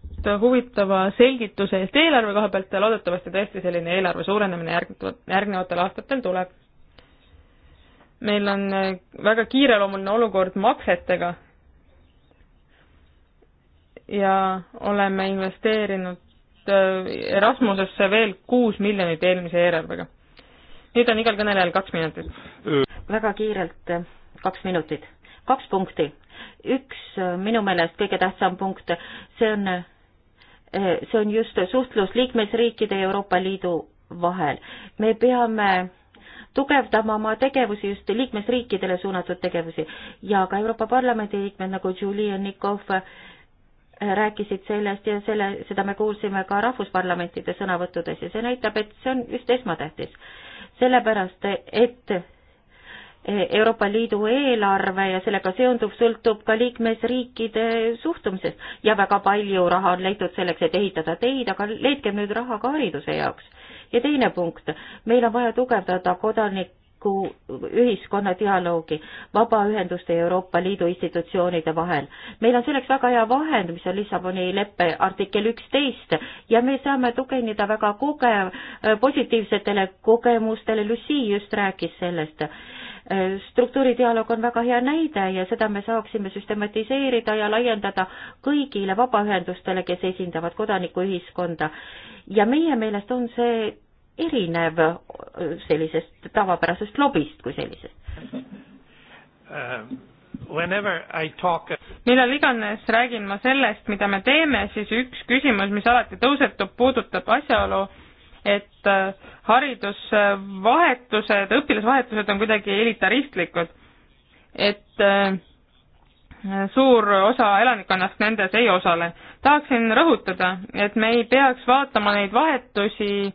S4: huvitava selgituse eest eelarve koha pealt ja loodetavasti tõesti selline eelarve suurenemine järgnevat, järgnevatel aastatel tuleb. meil on äh, väga kiireloomuline olukord maksetega ja oleme investeerinud Äh, Erasmusesse veel kuus miljonit eelmise eelarvega. nüüd on igal kõnelejal kaks minutit. väga kiirelt äh, kaks minutit,
S2: kaks punkti. üks äh, minu meelest kõige tähtsam punkt, see on, see on just suhtlus liikmesriikide ja Euroopa Liidu vahel. me peame tugevdama oma tegevusi, just liikmesriikidele suunatud tegevusi ja ka Euroopa Parlamendi liikmed nagu Julian Nikov rääkisid sellest ja selle, seda me kuulsime ka rahvusparlamentide sõnavõttudes ja see näitab, et see on just esmatähtis. sellepärast, et Euroopa Liidu eelarve ja sellega seonduv sõltub ka liikmesriikide suhtumisest ja väga palju raha on leitud selleks, et ehitada teid, aga leidkem nüüd raha ka hariduse jaoks. ja teine punkt, meil on vaja tugevdada kodanik, kodanikuühisku, ühiskonna dialoogi vabaühenduste ja Euroopa Liidu institutsioonide vahel. meil on selleks väga hea vahend, mis on Lissaboni leppe artikkel üksteist ja me saame tugineda väga koge-, positiivsetele kogemustele, Lucy just rääkis sellest struktuuridialoog on väga hea näide ja seda me saaksime süstematiseerida ja laiendada kõigile vabaühendustele, kes esindavad kodanikuühiskonda. ja meie meelest on see erinev sellisest tavapärasest lobist kui sellisest?
S4: Uh, talk... millal iganes räägin ma sellest, mida me teeme, siis üks küsimus, mis alati tõusetub, puudutab asjaolu, et äh, haridusvahetused, õpilasvahetused on kuidagi elitaristlikud. et äh, suur osa elanikkonnast nendes ei osale. tahaksin rõhutada, et me ei peaks vaatama neid vahetusi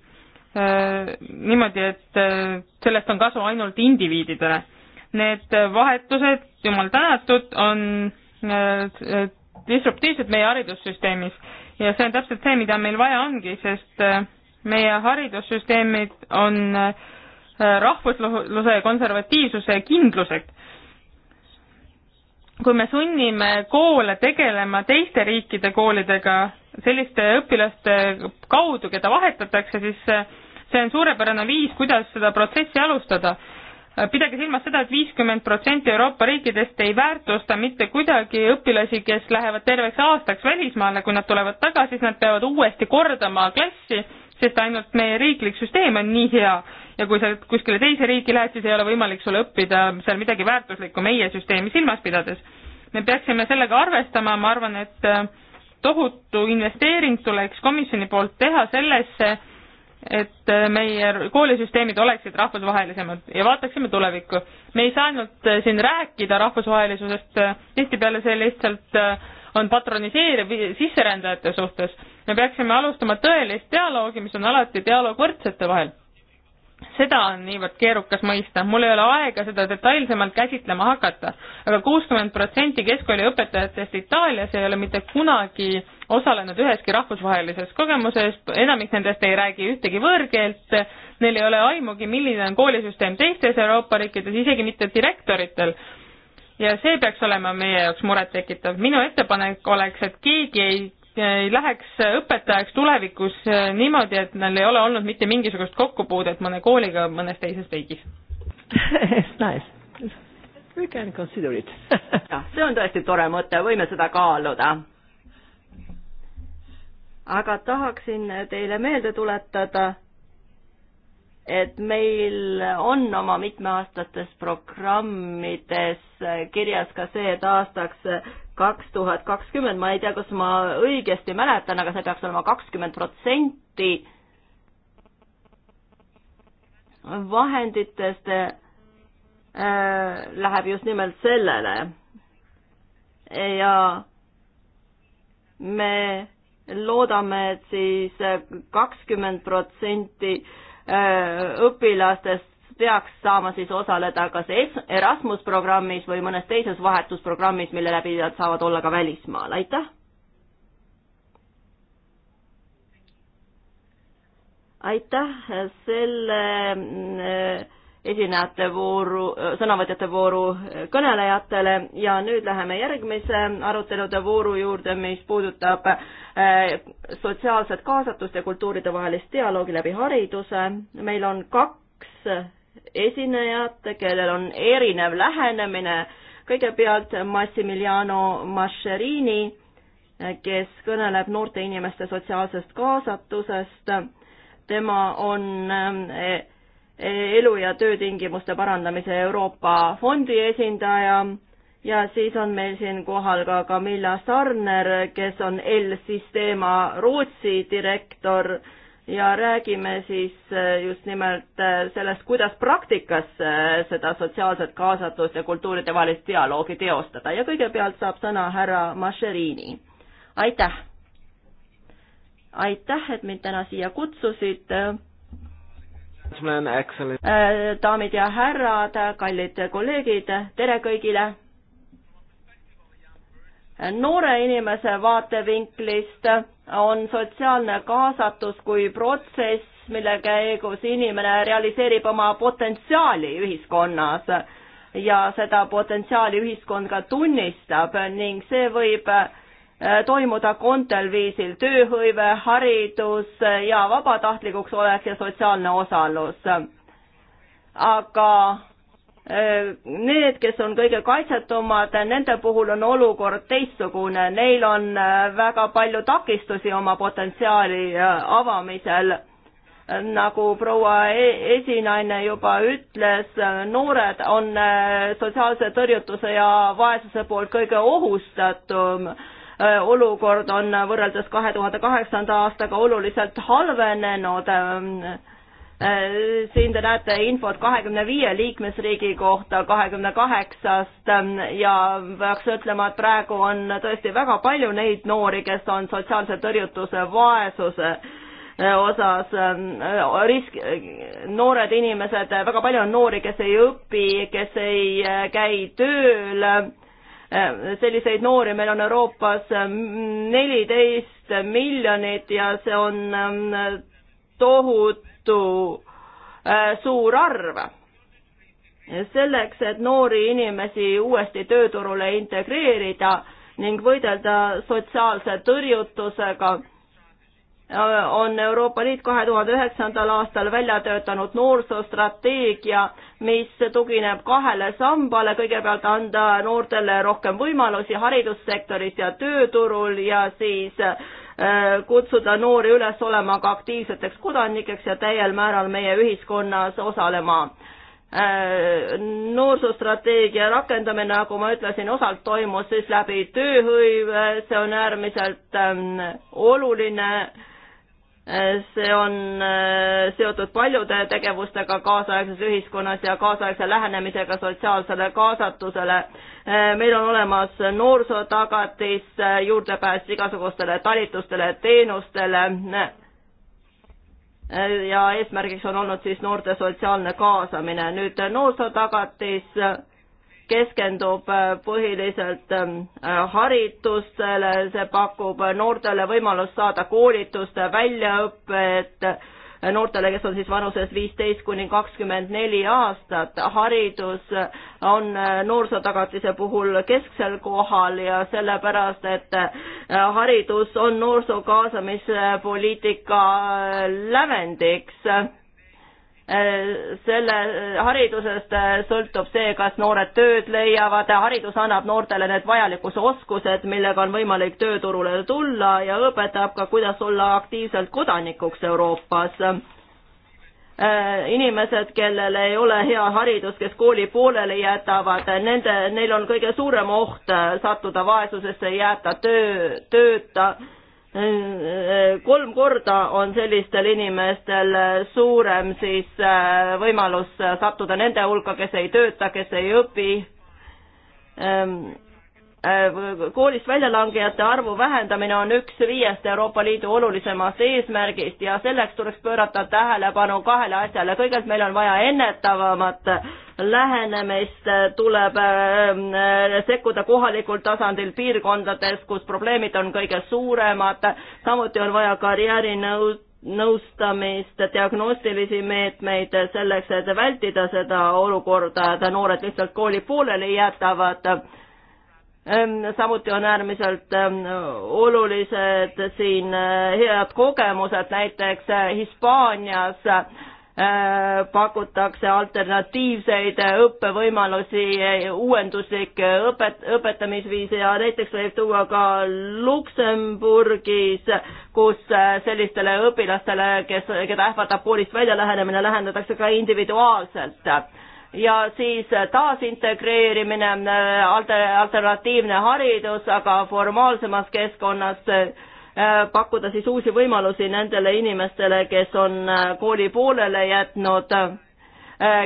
S4: niimoodi, et äh, sellest on kasu ainult indiviididele. Need vahetused, jumal tänatud, on äh, disruptiivsed meie haridussüsteemis ja see on täpselt see, mida meil vaja ongi, sest äh, meie haridussüsteemid on rahvusluse ja konservatiivsuse kindlused kui me sunnime koole tegelema teiste riikide koolidega selliste õpilaste kaudu, keda vahetatakse, siis äh, see on suurepärane viis, kuidas seda protsessi alustada. Äh, pidage silmas seda et, et viiskümmend protsenti Euroopa riikidest ei väärtusta mitte kuidagi õpilasi, kes lähevad terveks aastaks välismaale, kui nad tulevad tagasi, siis nad peavad uuesti kordama klassi, sest ainult meie riiklik süsteem on nii hea ja kui sa kuskile teise riiki lähed, siis ei ole võimalik sul õppida seal midagi väärtuslikku meie süsteemi silmas pidades. me peaksime sellega arvestama, ma arvan, et äh, tohutu investeering tuleks komisjoni poolt teha sellesse, et äh, meie koolisüsteemid oleksid rahvusvahelisemad ja vaataksime tulevikku. me ei saa ainult äh, siin rääkida rahvusvahelisusest, tihtipeale see lihtsalt on patroniseeriv sisserändajate suhtes. me peaksime alustama tõelist dialoogi, mis on alati dialoog võrdsete vahel seda on niivõrd keerukas mõista, mul ei ole aega seda detailsemalt käsitlema hakata aga, aga kuuskümmend protsenti keskkooli õpetajatest Itaalias ei ole mitte kunagi osalenud üheski rahvusvahelises kogemuses, enamik nendest ei räägi ühtegi võõrkeelt, neil ei ole aimugi, milline on koolisüsteem teistes Euroopa riikides, isegi mitte direktoritel. ja see peaks olema meie jaoks murettekitav. minu ettepanek oleks, et keegi ei ei läheks õpetajaks tulevikus niimoodi, et neil ei ole olnud mitte mingisugust kokkupuudet mõne kooliga mõnes teises riigis
S1: It's
S5: nice. We can consider it
S1: jah, see on tõesti tore mõte, võime seda kaaluda. aga tahaksin teile meelde tuletada, et meil on oma mitmeaastastes programmides kirjas ka see, et aastaks kaks tuhat kakskümmend, ma ei tea, kas ma õigesti mäletan, aga see peaks olema kakskümmend protsenti vahenditest äh, läheb just nimelt sellele. ja me loodame, et siis kakskümmend protsenti äh, õpilastest peaks saama siis osaleda kas Erasmus programmis või mõnes teises vahetusprogrammis, mille läbi nad saavad olla ka välismaal, aitäh! aitäh selle mm, esinejate vooru, sõnavõtjate vooru kõnelejatele ja nüüd läheme järgmise arutelude vooru juurde, mis puudutab eh, sotsiaalset kaasatust ja kultuuride vahelist dialoogi läbi hariduse. meil on kaks esinejad, kellel on erinev lähenemine. kõigepealt Massimiliano Mascherini, kes kõneleb noorte inimeste sotsiaalsest kaasatusest. tema on eh, eh, elu- ja töötingimuste parandamise Euroopa fondi esindaja ja siis on meil siin kohal ka Camilla Sarner, kes on El Sistema Rootsi direktor ja räägime siis eh, just nimelt eh, sellest, kuidas praktikas eh, seda sotsiaalset kaasatust ja kultuuridevahelist dialoogi teostada ja kõigepealt saab sõna härra Mascherini. aitäh! aitäh, et mind täna siia kutsusite daamid ja härrad, kallid kolleegid, tere kõigile! noore inimese vaatevinklist on sotsiaalne kaasatus kui protsess, mille käigus inimene realiseerib oma potentsiaali ühiskonnas ja seda potentsiaali ühiskond ka tunnistab ning see võib äh, toimuda koontel viisil tööhõive, haridus ja vabatahtlikuks olek ja sotsiaalne osalus. aga Need, kes on kõige kaitsetumad, nende puhul on olukord teistsugune, neil on äh, väga palju takistusi oma potentsiaali äh, avamisel. nagu proua e-, esinaine juba ütles, äh, noored on sotsiaalse tõrjutuse ja vaesuse poolt kõige ohustatum olukord on võrreldes kahe tuhande kaheksanda aastaga oluliselt halvenenud ähm, Äh, siin te näete infot kahekümne viie liikmesriigi kohta kahekümne kaheksast ähm, ja peaks ütlema, et praegu on tõesti väga palju neid noori, kes on sotsiaalse tõrjutuse, vaesuse äh, osas ähm, äh, risk, noored inimesed, väga palju on noori, kes ei õpi, kes ei käi tööl, selliseid noori meil on Euroopas ähm, neliteist miljonit ja see on tohutu tohutu äh, suur arv. selleks, et noori inimesi uuesti tööturule integreerida ning võidelda sotsiaalse tõrjutusega, äh, on Euroopa Liit kahe tuhande üheksandal aastal välja töötanud noorsoostrateegia, mis tugineb kahele sambale, kõigepealt anda noortele rohkem võimalusi haridussektoris ja tööturul ja siis äh, Äh, kutsuda noori üles olema ka aktiivseteks kodanikeks ja täiel määral meie ühiskonnas osalema. Äh, noorsoostrateegia rakendamine, nagu ma ütlesin, osalt toimus siis läbi tööhõive, see on äärmiselt ähm, oluline Äh, see on äh, seotud paljude tegevustega kaasaegses ühiskonnas ja kaasaegse lähenemisega sotsiaalsele kaasatusele. Äh, meil on olemas noorsootagatis, juurdepääs igasugustele talitustele, teenustele ja eesmärgiks on olnud siis noorte sotsiaalne kaasamine. nüüd noorsootagatis keskendub äh, põhiliselt ähm, äh, haritustele, see pakub äh, noortele võimalust saada koolitust, väljaõpet, noortele, kes on siis vanuses viisteist kuni kakskümmend neli aastat. haridus on noorsootagatise puhul kesksel kohal ja sellepärast, et haridus on noorsoo kaasamispoliitika lävendiks selle haridusest sõltub see, kas noored tööd leiavad, haridus annab noortele need vajalikud oskused, millega on võimalik tööturule tulla ja õpetab ka, kuidas olla aktiivselt kodanikuks Euroopas. inimesed, kellel ei ole hea haridus, kes kooli pooleli jätavad, nende, neil on kõige suurem oht sattuda vaesusesse, jääda töö, tööta kolm korda on sellistel inimestel suurem siis äh, võimalus sattuda nende hulka, kes ei tööta, kes ei õpi ehm, Äh, koolist väljalangejate arvu vähendamine on üks viiest Euroopa Liidu olulisemast eesmärgist ja selleks tuleks pöörata tähelepanu kahele asjale. kõigepealt meil on vaja ennetavamat lähenemist, tuleb äh, sekkuda kohalikul tasandil piirkondades, kus probleemid on kõige suuremad, samuti on vaja karjäärinõud, nõustamist, diagnostilisi meetmeid selleks, et vältida seda olukorda, et noored lihtsalt kooli pooleli jätavad Ehm, samuti on äärmiselt ehm, olulised siin eh, head kogemused, näiteks eh, Hispaanias eh, pakutakse alternatiivseid õppevõimalusi, uuenduslikke õpet-, õpetamisviise ja näiteks võib tuua ka Luksemburgis, kus sellistele õpilastele, kes, keda ähvardab koolist väljalähenemine, lähendatakse ka individuaalselt ja siis taasintegreerimine, äh, alternatiivne haridus, aga formaalsemas keskkonnas äh, pakkuda siis uusi võimalusi nendele inimestele, kes on äh, kooli poolele jätnud,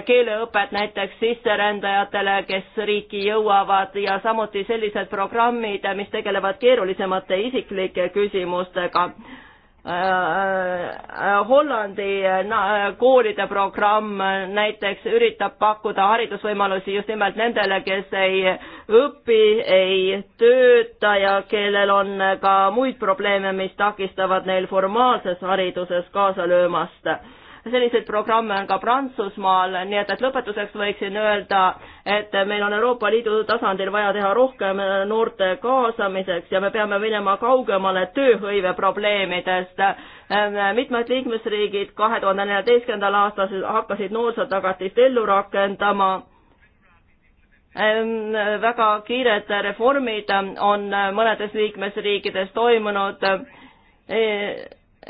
S1: keeleõpet näiteks sisserändajatele, kes riiki jõuavad ja samuti sellised programmid, mis tegelevad keerulisemate isiklike küsimustega Äh, äh, Hollandi äh, koolide programm näiteks üritab pakkuda haridusvõimalusi just nimelt nendele, kes ei õpi, ei tööta ja kellel on ka muid probleeme, mis takistavad neil formaalses hariduses kaasa löömast selliseid programme on ka Prantsusmaal, nii et, et lõpetuseks võiksin öelda, et meil on Euroopa Liidu tasandil vaja teha rohkem noorte kaasamiseks ja me peame minema kaugemale tööhõive probleemidest. Ehm, mitmed liikmesriigid kahe tuhande neljateistkümnendal aastal hakkasid noorsootagatist ellu rakendama ehm, väga kiired reformid on mõnedes liikmesriikides toimunud ehm,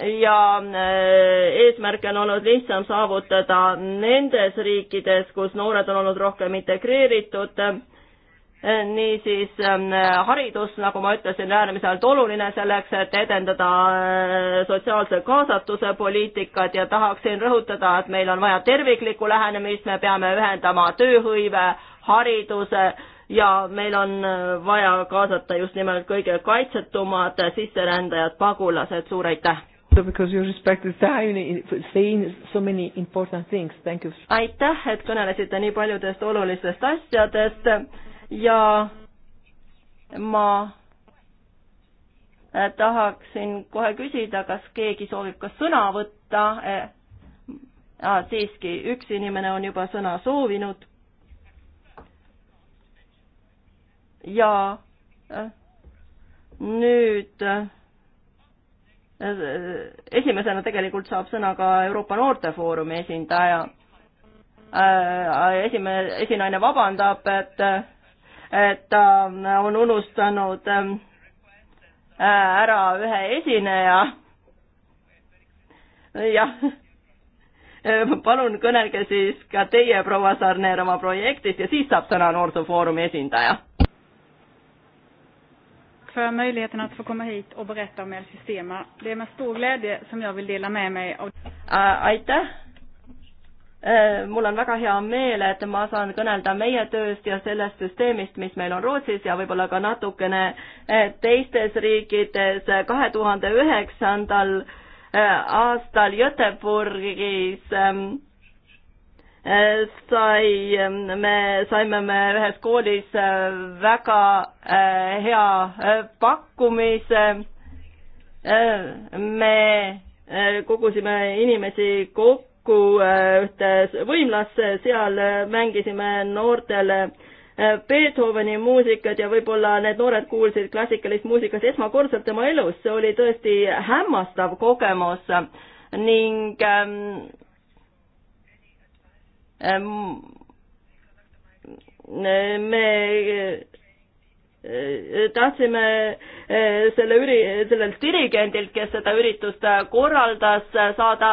S1: ja äh, eesmärk on olnud lihtsam saavutada nendes riikides, kus noored on olnud rohkem integreeritud. Äh, niisiis ähm, haridus, nagu ma ütlesin, äärmiselt oluline selleks, et edendada äh, sotsiaalse kaasatuse poliitikat ja tahaksin rõhutada, et meil on vaja terviklikku lähenemist, me peame ühendama tööhõive, hariduse ja meil on vaja kaasata just nimelt kõige kaitsetumad sisserändajad, pagulased, suur aitäh!
S5: Because you respect the time saying so many important things, thank you.
S1: aitäh, et kõnelesite nii paljudest olulistest asjadest ja ma äh, tahaksin kohe küsida, kas keegi soovib ka sõna võtta eh,. Ah, siiski, üks inimene on juba sõna soovinud. ja eh, nüüd eh, esimesena tegelikult saab sõna ka Euroopa Noortefoorumi esindaja. Äh, esime-, esinaine vabandab, et, et ta on unustanud ähm, ära ühe esineja. jah, palun kõnelge siis ka teie, proua Sarner, oma projektist ja siis saab sõna Noorsoofoorumi esindaja
S4: för möjligheten att få komma hit och berätta om El er Sistema. Det är med stor glädje som jag vill dela med mig av äh,. aitäh äh,!
S1: mul on väga hea meel, et ma saan kõnelda meie tööst ja sellest süsteemist, mis meil on Rootsis ja võib-olla ka natukene eh, teistes riikides. kahe tuhande üheksandal eh, aastal Göteborgis ähm, sai, me saime me ühes koolis äh, väga äh, hea äh, pakkumise. me kogusime inimesi kokku ühte võimlasse, seal mängisime noortele Beethoveni muusikat ja võib-olla need noored kuulsid klassikalist muusikat esmakordselt tema elus, see oli tõesti hämmastav kogemus ning ähm, Ähm, me äh, tahtsime äh, selle üri-, sellelt dirigendilt, kes seda üritust äh, korraldas, saada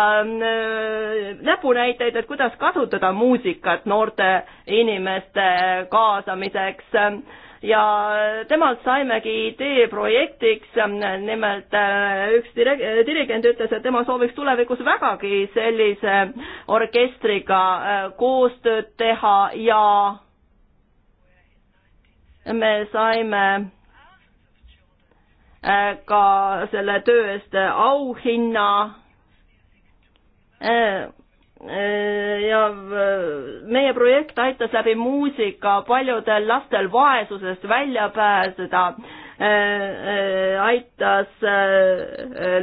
S1: näpunäiteid, et kuidas kasutada muusikat noorte inimeste kaasamiseks ja temalt saimegi idee projektiks, nimelt äh, üks äh, dirigent ütles, et tema sooviks tulevikus vägagi sellise orkestriga äh, koostööd teha ja me saime ka selle töö eest auhinna Äh, ja äh, meie projekt aitas läbi muusika paljudel lastel vaesusest välja pääseda, äh, aitas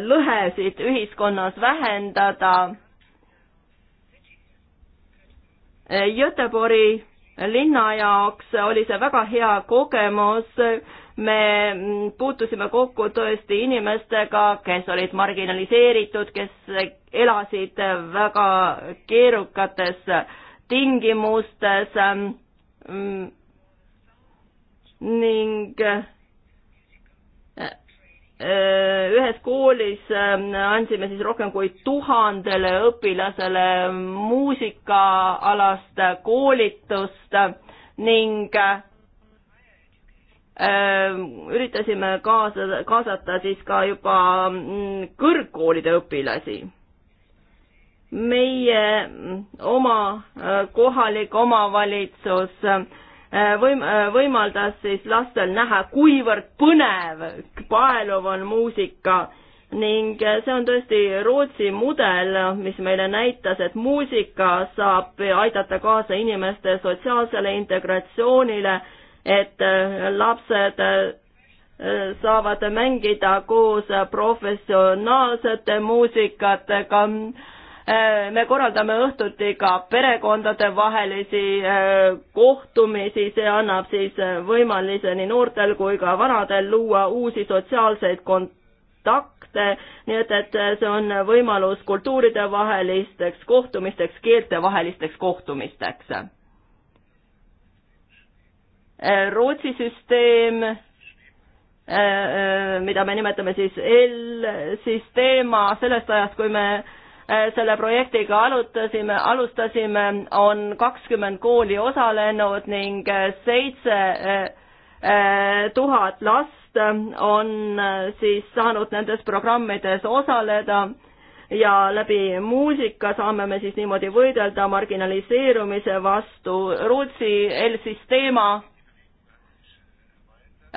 S1: lõhesid ühiskonnas vähendada. Göteborgi linna jaoks oli see väga hea kogemus me puutusime kokku tõesti inimestega, kes olid marginaliseeritud, kes elasid väga keerukates tingimustes ning äh, ühes koolis äh, andsime siis rohkem kui tuhandele õpilasele muusikaalast koolitust ning äh, Äh, üritasime kaasa, kaasata siis ka juba mm, kõrgkoolide õpilasi. meie mm, oma äh, kohalik omavalitsus äh, võim-, võimaldas siis lastel näha, kuivõrd põnev, paeluv on muusika ning see on tõesti Rootsi mudel, mis meile näitas, et muusika saab aidata kaasa inimeste sotsiaalsele integratsioonile et äh, lapsed äh, saavad mängida koos professionaalsete muusikatega. Äh, me korraldame õhtuti ka perekondadevahelisi kohtumisi, see annab siis võimalise nii noortel kui ka vanadel luua uusi sotsiaalseid kontakte, nii et, et see on võimalus kultuuridevahelisteks kohtumisteks, keeltevahelisteks kohtumisteks Äh, Rootsi süsteem, äh, äh, mida me nimetame siis L-süsteema, sellest ajast, kui me selle projektiga alutasime, alustasime, on kakskümmend kooli osalenud ning seitse tuhat last on siis saanud nendes programmides osaleda ja läbi muusika saame me siis niimoodi võidelda marginaliseerumise vastu. Rootsi El Sistema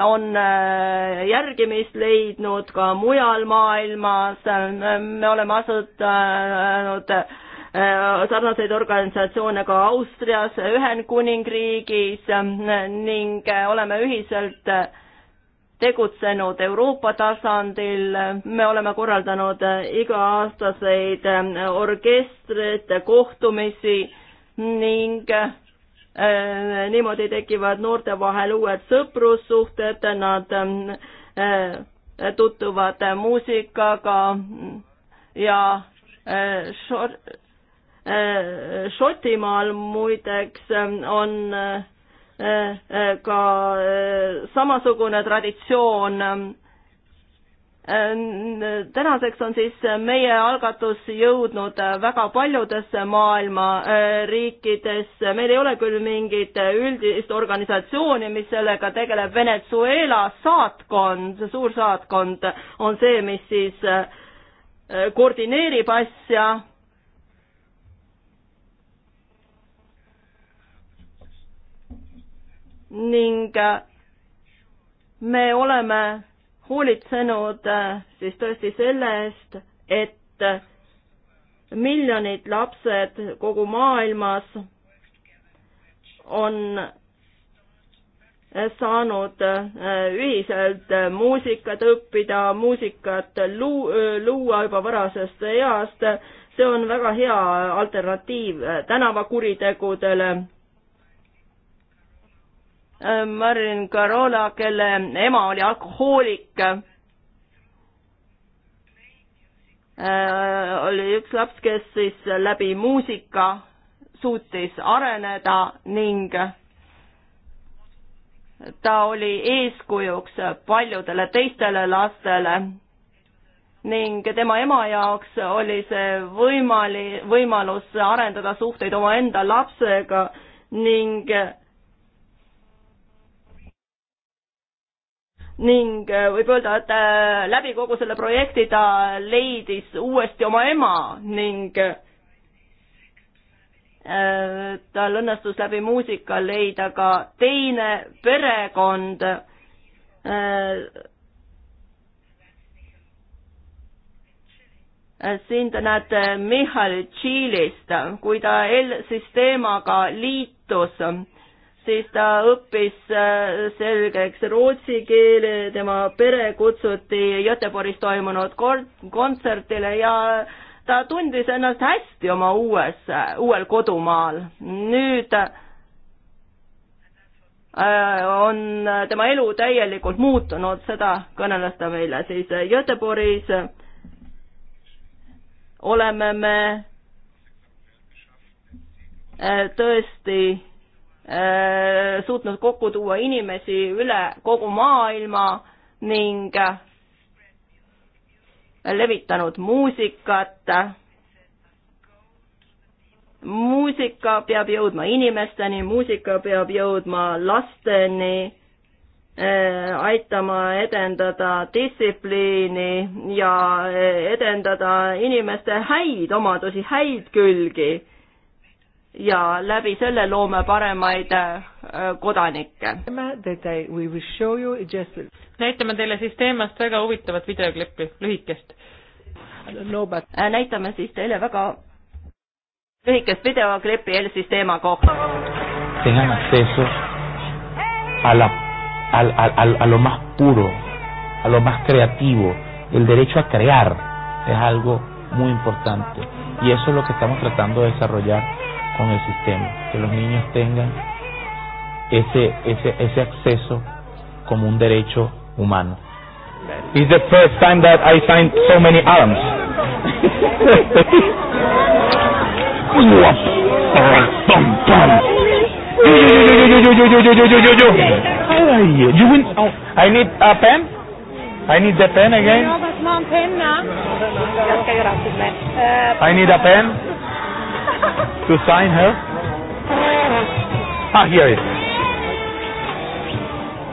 S1: on äh, järgimist leidnud ka mujal maailmas, me oleme asutanud äh, sarnaseid organisatsioone ka Austrias, Ühendkuningriigis ning äh, oleme ühiselt tegutsenud Euroopa tasandil, me oleme korraldanud iga-aastaseid orkestreid, kohtumisi ning Äh, niimoodi tekivad noorte vahel uued sõprussuhted, nad äh, tutvuvad muusikaga ja äh, Šotimaal muideks on ka samasugune traditsioon tänaseks on siis meie algatus jõudnud väga paljudesse maailma äh, riikidesse, meil ei ole küll mingit üldist organisatsiooni, mis sellega tegeleb, Venezuela saatkond, suursaatkond on see, mis siis äh, koordineerib asja ning äh, me oleme hoolitsenud äh, siis tõesti selle eest, et äh, miljonid lapsed kogu maailmas on äh, saanud ühiselt muusikat õppida, muusikat luu-, luua juba varasest east, see on väga hea alternatiiv tänavakuritegudele Äh, Marin Karola, kelle ema oli alkohoolik, äh, oli üks laps, kes siis läbi muusika suutis areneda ning ta oli eeskujuks paljudele teistele lastele ning tema ema jaoks oli see võimali-, võimalus arendada suhteid omaenda lapsega ning äh, ning äh, võib öelda, et äh, läbi kogu selle projekti ta leidis uuesti oma ema ning äh, tal õnnestus läbi muusika leida ka teine perekond. siin te näete Michal Tšiilist, kui ta El-Sistemaga liitus siis ta õppis äh, selgeks rootsi keele, tema pere kutsuti Göteborgis toimunud kontserdile ja ta tundis ennast hästi oma uues, uuel kodumaal. nüüd äh, on tema elu täielikult muutunud, seda kõneles ta meile siis Göteborgis. oleme me äh, tõesti Äh, suutnud kokku tuua inimesi üle kogu maailma ning äh, levitanud muusikat. muusika peab jõudma inimesteni, muusika peab jõudma lasteni, äh, aitama edendada distsipliini ja edendada inimeste häid omadusi, häid külgi ja läbi selle loome paremaid äh, kodanikke.
S4: näitame teile siis teemast väga huvitavat videoklippi, lühikest.
S1: Äh, näitame siis teile väga
S4: lühikest videoklipi Elsis
S1: teema kohta.
S5: tengan acceso a la a, a, a, a lo más puro, a lo más creativo, el derecho a crear es algo muy importante y eso es lo que estamos tratando de desarrollar con el sistema, que los niños tengan ese, ese, ese acceso como un derecho humano. It's the first time that I signed so many arms. you win. Oh, I need a pen. I need the pen again. No,
S4: but not pen now. I need a pen
S5: to sign her?
S3: Ah, here it is.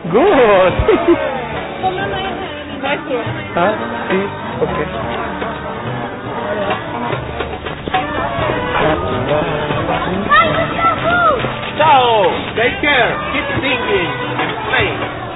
S3: Good.
S5: huh? See? Okay. Ciao! Take care! Keep singing and playing!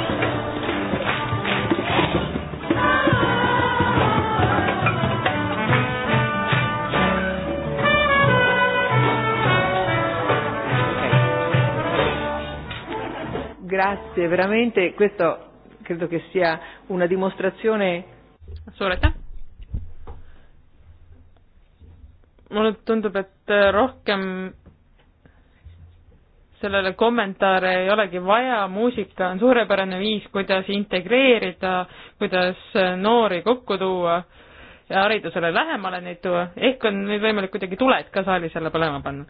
S5: grazie, veramente questo credo che sia una dimostrazione.
S4: suur aitäh! mulle tundub, et äh, rohkem sellele kommentaare ei olegi vaja, muusika on suurepärane viis, kuidas integreerida, kuidas äh, noori kokku tuua ja haridusele lähemale neid tuua, ehk on nüüd võimalik kuidagi tuled ka saali selle põlema panna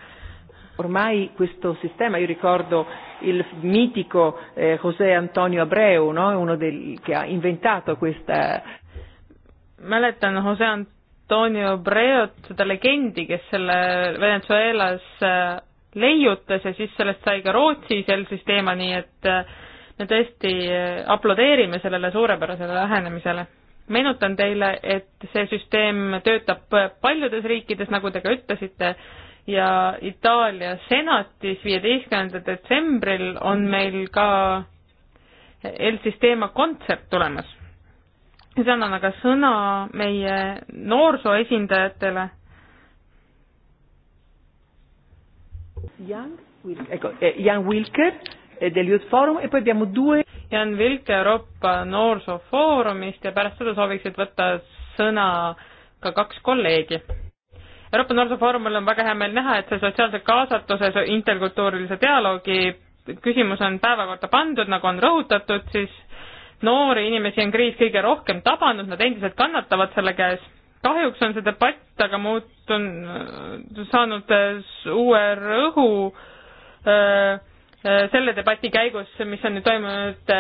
S5: ormai questo sistema, io ricordo il mitico eh, José Antonio Abreu, no? uno del, che ha inventato questa.
S4: mäletan Jose Antonio Abreut, seda legendi, kes selle Venezuelas äh, leiutas ja siis sellest sai ka Rootsis EL-süsteema, nii et äh, me tõesti äh, aplodeerime sellele suurepärasele lähenemisele meenutan teile, et see süsteem töötab paljudes riikides, nagu te ka ütlesite, ja Itaalia senatis viieteistkümnendal detsembril on meil ka El Sistema kontsert tulemas. see annan aga sõna meie noorsoo esindajatele.
S5: Jan Wilker eh, eh, eh, del Youth Forum e poi abbiamo due
S4: Jan Wilke Euroopa Noorsoo Foorumist ja pärast seda sooviksid võtta sõna ka kaks kolleegi Euroopa Noorsoofoorumil on väga hea meel näha, et see sotsiaalse kaasatuse, interkultuurilise dialoogi küsimus on päevakorda pandud, nagu on rõhutatud, siis noori inimesi on kriis kõige rohkem tabanud, nad endiselt kannatavad selle käes. kahjuks on see debatt aga muutunud, saanud uue rõhu öö, selle debati käigus, mis on nüüd toimunud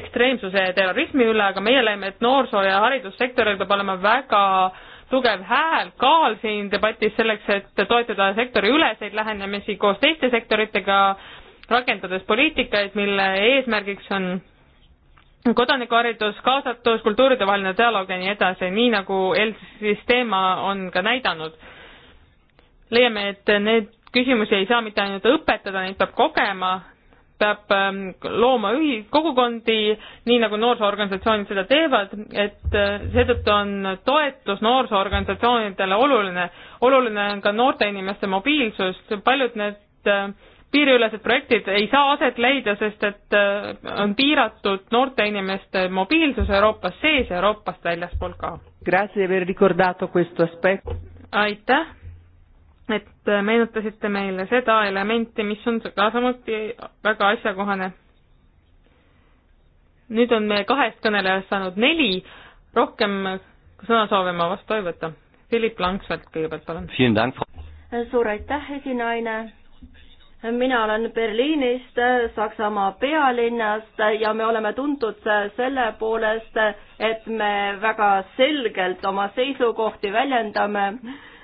S4: ekstreemsuse ja terrorismi üle, aga meie leiame, et noorsoo- ja haridussektoril peab olema väga äh, tugev hääl, kaal siin debatis selleks, et toetada sektoriüleseid lähenemisi koos teiste sektoritega, rakendades poliitikaid, mille eesmärgiks on kodanikuharidus, kaasatus, kultuuridevaheline dialoog ja nii edasi, nii nagu ELS-is teema on ka näidanud. leiame, et need küsimusi ei saa mitte ainult õpetada, neid peab kogema peab ähm, looma ühi-, kogukondi, nii nagu noorsoorganisatsioonid seda teevad, et äh, seetõttu on toetus noorsoorganisatsioonidele oluline. oluline on ka noorte inimeste mobiilsus, paljud need äh, piiriülesed projektid ei saa aset leida, sest et äh, on piiratud noorte inimeste mobiilsus Euroopas sees ja Euroopast väljaspool ka. aitäh et meenutasite meile seda elementi, mis on ka samuti väga asjakohane. nüüd on meie kahest kõnelejast saanud neli, rohkem sõnasoove ma vastu ei võta. Philip Langsvelt kõigepealt, palun.
S1: suur aitäh, esinaine. mina olen Berliinist, Saksamaa pealinnast ja me oleme tuntud selle poolest, et me väga selgelt oma seisukohti väljendame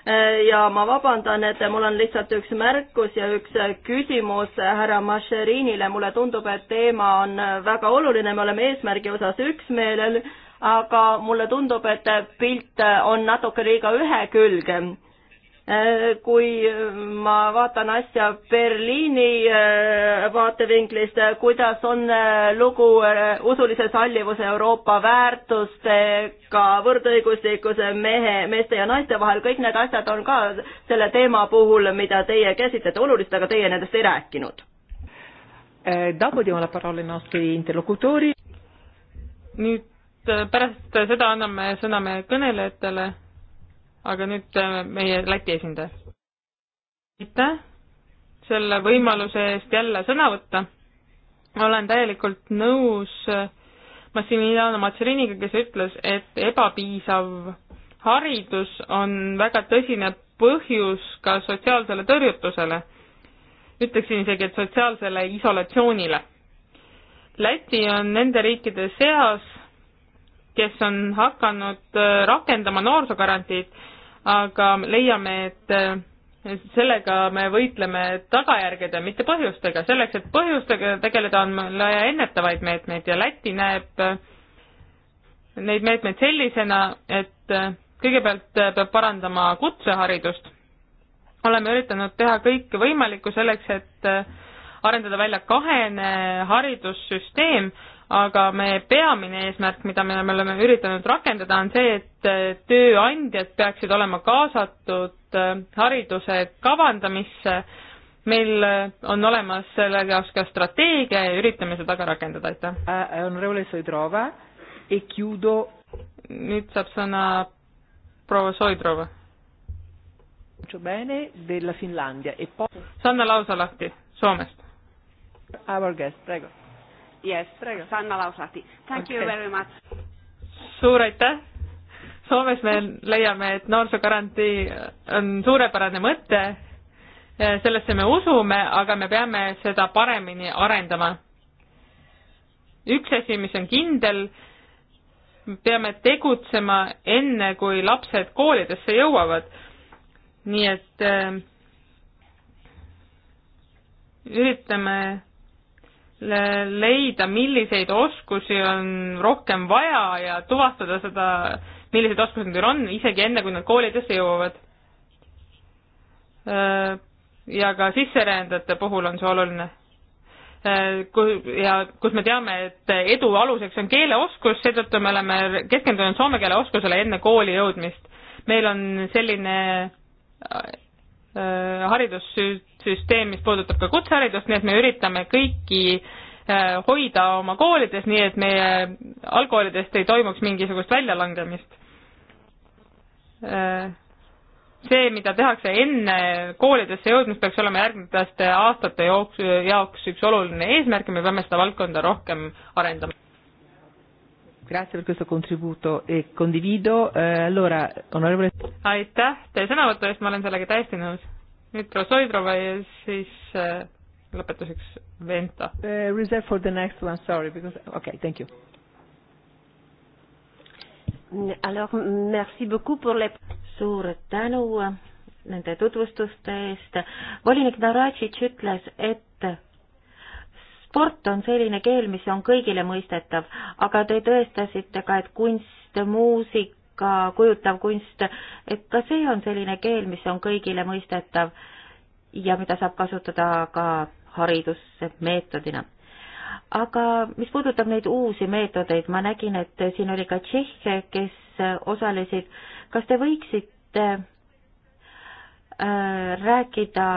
S1: Äh, ja ma vabandan, et mul on lihtsalt üks märkus ja üks äh, küsimus härra Mašerinile, mulle tundub, et teema on äh, väga oluline, me oleme eesmärgi osas üksmeelel, aga mulle tundub, et pilt on natuke liiga ühekülge Äh, kui ma vaatan asja Berliini äh, vaatevinklist, äh, kuidas on lugu usulise sallivuse Euroopa väärtustega, võrdõiguslikkuse mehe, meeste ja naiste vahel, kõik need asjad on ka selle teema puhul, mida teie käsitlete olulised, aga
S4: teie nendest ei rääkinud. Eh, nüüd pärast seda anname sõna meie kõnelejatele aga nüüd äh, meie Läti esindaja. aitäh selle võimaluse eest jälle sõna võtta. olen täielikult nõus äh, Massimiliano Mazariniga, kes ütles, et ebapiisav haridus on väga tõsine põhjus ka sotsiaalsele tõrjutusele. ütleksin isegi, et sotsiaalsele isolatsioonile. Läti on nende riikide seas, kes on hakanud äh, rakendama noorsoogarantiid aga leiame, et äh, sellega me võitleme tagajärgede, mitte põhjustega. selleks, et põhjustega tegeleda, on meil vaja ennetavaid meetmeid ja Läti näeb äh, neid meetmeid sellisena, et äh, kõigepealt peab parandama kutseharidust. oleme üritanud teha kõike võimalikku selleks, et arendada välja kahene haridussüsteem aga meie peamine eesmärk, mida me oleme üritanud rakendada, on see, et äh, tööandjad peaksid olema kaasatud äh, hariduse kavandamisse. meil äh, on olemas selle jaoks ka strateegia ja üritame seda ka rakendada, aitäh. E nüüd saab sõna proua
S5: Soidrova. E
S4: Sanna Lausalahti Soomest. Our guest, praegu Yes, Sanna Lauslahti.
S2: Thank okay. you very much.
S4: suur aitäh. Soomes me leiame, et noorsoogarantii on suurepärane mõte. sellesse me usume, aga me peame seda paremini arendama. üks asi, mis on kindel, peame tegutsema enne, kui lapsed koolidesse jõuavad. nii et äh, üritame leida, milliseid oskusi on rohkem vaja ja tuvastada seda, millised oskused neil on, isegi enne, kui nad koolidesse jõuavad. ja ka sisserändajate puhul on see oluline. ja kus me teame, et edu aluseks on keeleoskus, seetõttu me oleme keskendunud soome keele oskusele enne kooli jõudmist. meil on selline haridussüü-, süsteem, mis puudutab ka kutseharidust, nii et me üritame kõiki äh, hoida oma koolides, nii et meie algkoolidest ei toimuks mingisugust väljalangemist. Äh, see, mida tehakse enne koolidesse jõudmist, peaks olema järgmiste aastate jooks, jaoks üks oluline eesmärk ja me peame seda valdkonda rohkem arendama.
S5: Grazie per questo contributo e condivido eh, allora onorevole
S4: aitäh teie sõnavõtu eest, ma olen sellega täiesti nõus nüüd Prosoidrova ja siis äh, lõpetuseks Venta
S5: uh,. Reserve for the next one, sorry, because okei okay,, thank you.
S2: Alors merci beaucoup pour les suur tänu äh, nende tutvustuste eest. volinik Naratšitš ütles, et sport on selline keel, mis on kõigile mõistetav, aga te tõestasite ka, et kunst, muusika, ka kujutav kunst, et ka see on selline keel, mis on kõigile mõistetav ja mida saab kasutada ka haridusmeetodina. aga mis puudutab neid uusi meetodeid, ma nägin, et siin oli ka tšehhe, kes osalesid. kas te võiksite äh, rääkida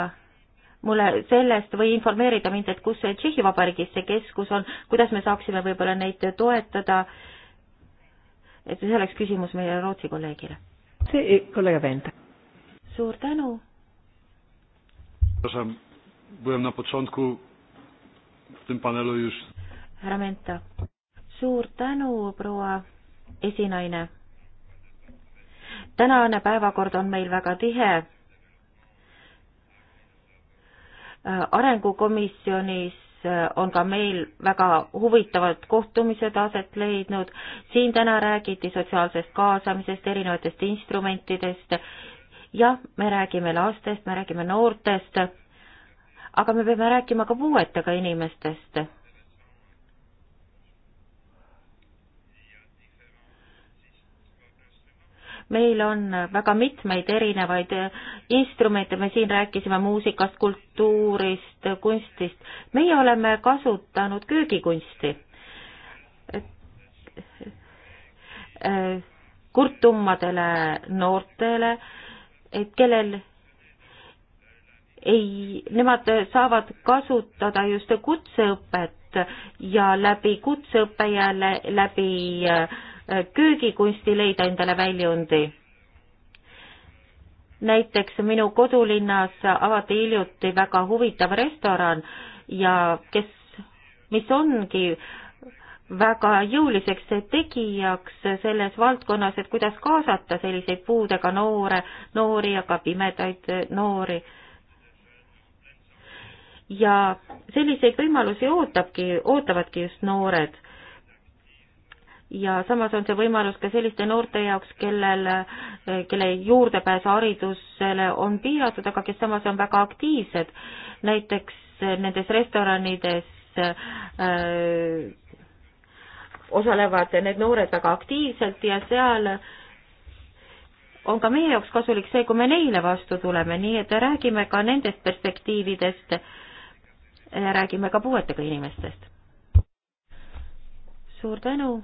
S2: mulle sellest või informeerida mind, et kus Tšehhi Vabariigis see keskus on, kuidas me saaksime võib-olla neid toetada äh, et see oleks küsimus meie Rootsi kolleegile. see, eh, kolleeg Venta. suur tänu. härra Venta, suur tänu, proua esinaine. tänane päevakord on meil väga tihe äh, arengukomisjonis on ka meil väga huvitavad kohtumised aset leidnud. siin täna räägiti sotsiaalsest kaasamisest, erinevatest instrumentidest. jah, me räägime lastest, me räägime noortest, aga me peame rääkima ka puuetega inimestest meil on väga mitmeid erinevaid instrumente, me siin rääkisime muusikast, kultuurist, kunstist. meie oleme kasutanud köögikunsti. kurtummadele noortele, et kellel ei, nemad saavad kasutada just kutseõpet ja läbi kutseõppe ja läbi äh, köögikunsti leida endale väljundi. näiteks minu kodulinnas avati hiljuti väga huvitav restoran ja kes, mis ongi väga jõuliseks tegijaks selles valdkonnas, et kuidas kaasata selliseid puudega noore, noori ja ka pimedaid noori. ja selliseid võimalusi ootabki, ootavadki just noored ja samas on see võimalus ka selliste noorte jaoks, kellel, kelle juurdepääs haridusele on piiratud, aga kes samas on väga aktiivsed. näiteks nendes restoranides öö, äh, osalevad need noored väga aktiivselt ja seal on ka meie jaoks kasulik see, kui me neile vastu tuleme, nii et räägime ka nendest perspektiividest, räägime ka puuetega inimestest. suur tänu!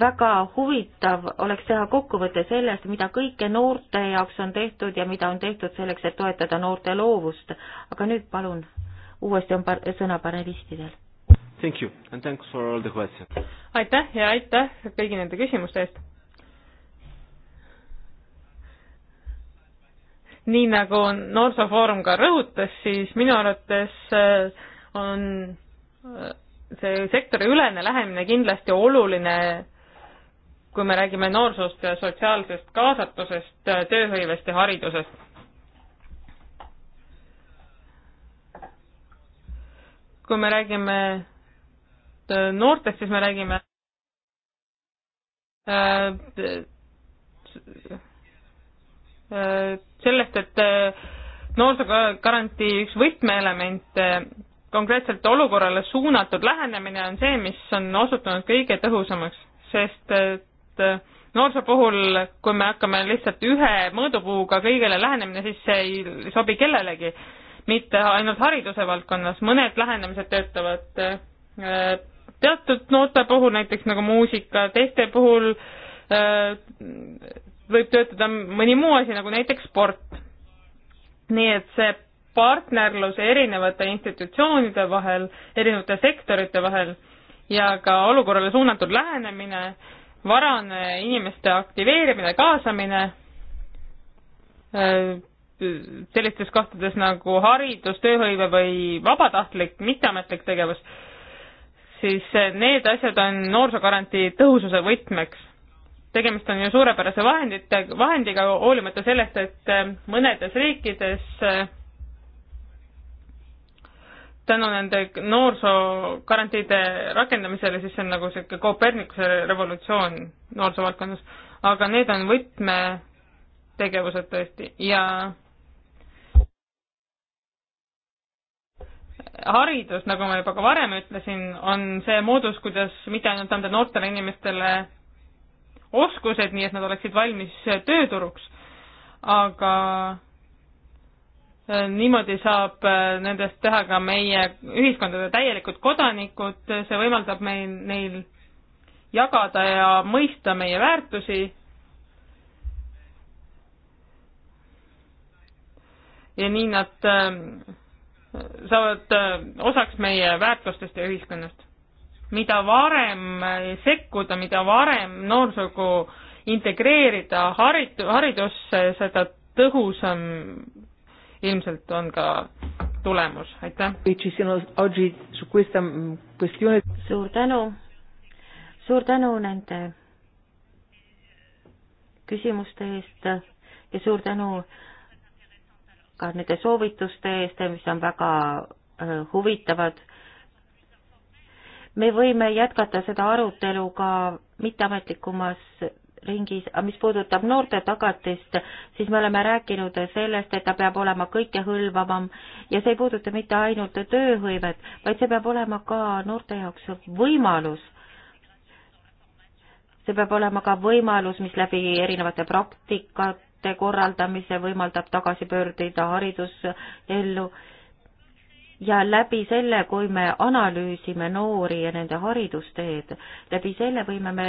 S2: väga huvitav oleks teha kokkuvõte sellest, mida kõike noorte jaoks on tehtud ja mida on tehtud selleks, et toetada noorte loovust. aga nüüd palun, uuesti
S3: on
S4: par sõna panelistidel.
S3: Thank you and thanks for all the questions.
S4: aitäh ja aitäh kõigi nende küsimuste eest. nii nagu Noorsoofoorum ka rõhutas, siis minu arvates äh, on äh, see sektoriülene lähenemine kindlasti oluline kui me räägime noorsoost ja sotsiaalsest kaasatusest, äh, tööhõivest ja haridusest. kui me räägime äh, noortest, siis me räägime äh, sellest, et noorsoogarantii üks võtmeelemente konkreetselt olukorrale suunatud lähenemine on see, mis on osutunud kõige tõhusamaks, sest et äh, noorsoo puhul, kui me hakkame lihtsalt ühe mõõdupuuga kõigele lähenema, siis see ei sobi kellelegi. mitte ainult hariduse valdkonnas, mõned lähenemised töötavad äh, teatud noorte puhul, näiteks nagu muusika, teiste puhul äh, võib töötada mõni muu asi, nagu näiteks sport. nii et see partnerlus erinevate institutsioonide vahel, erinevate sektorite vahel ja ka olukorrale suunatud lähenemine äh, varane inimeste aktiveerimine, kaasamine äh, sellistes kohtades nagu haridus, tööhõive või vabatahtlik, mitteametlik tegevus, siis äh, need asjad on noorsoogarantii tõhususe võtmeks. tegemist on ju suurepärase vahendite, vahendiga, hoolimata sellest, et äh, mõnedes riikides äh, tänu nende noorsoogarantiide rakendamisele, siis see on nagu sihuke Kopernikuse revolutsioon noorsoovaldkonnas, aga need on võtmetegevused tõesti ja haridus, nagu ma juba ka varem ütlesin, on see moodus, kuidas mitte ainult anda noortele inimestele oskused, nii et nad oleksid valmis tööturuks, aga Äh, niimoodi saab äh, nendest teha ka meie ühiskondade täielikud kodanikud, see võimaldab meil, neil jagada ja mõista meie väärtusi. ja nii nad äh, saavad osaks meie väärtustest ja ühiskonnast. mida varem sekkuda, mida varem noorsugu integreerida haritu-, haridusse, seda tõhusam ilmselt on ka tulemus, aitäh.
S2: Mm, suur tänu, suur tänu nende küsimuste eest ja suur tänu ka nende soovituste eest, mis on väga äh, huvitavad. me võime jätkata seda arutelu ka mitteametlikumas ringis, aga mis puudutab noorte tagatist, siis me oleme rääkinud sellest, et ta peab olema kõikehõlvavam ja see ei puuduta mitte ainult tööhõivet, vaid see peab olema ka noorte jaoks võimalus see peab olema ka võimalus, mis läbi erinevate praktikate korraldamise võimaldab tagasi pöörduda haridusellu ja läbi selle, kui me analüüsime noori ja nende haridusteed, läbi selle võime me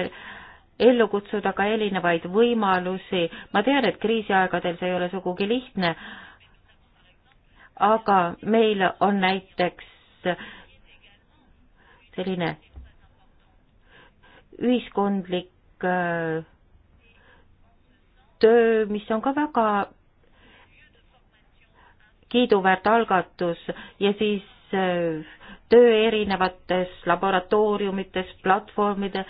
S2: ellu kutsuda ka erinevaid võimalusi. ma tean, et kriisiaegadel see ei ole sugugi lihtne, aga meil on näiteks selline ühiskondlik äh, töö, mis on ka väga kiiduväärt algatus ja siis äh, töö erinevates laboratooriumites, platvormide äh,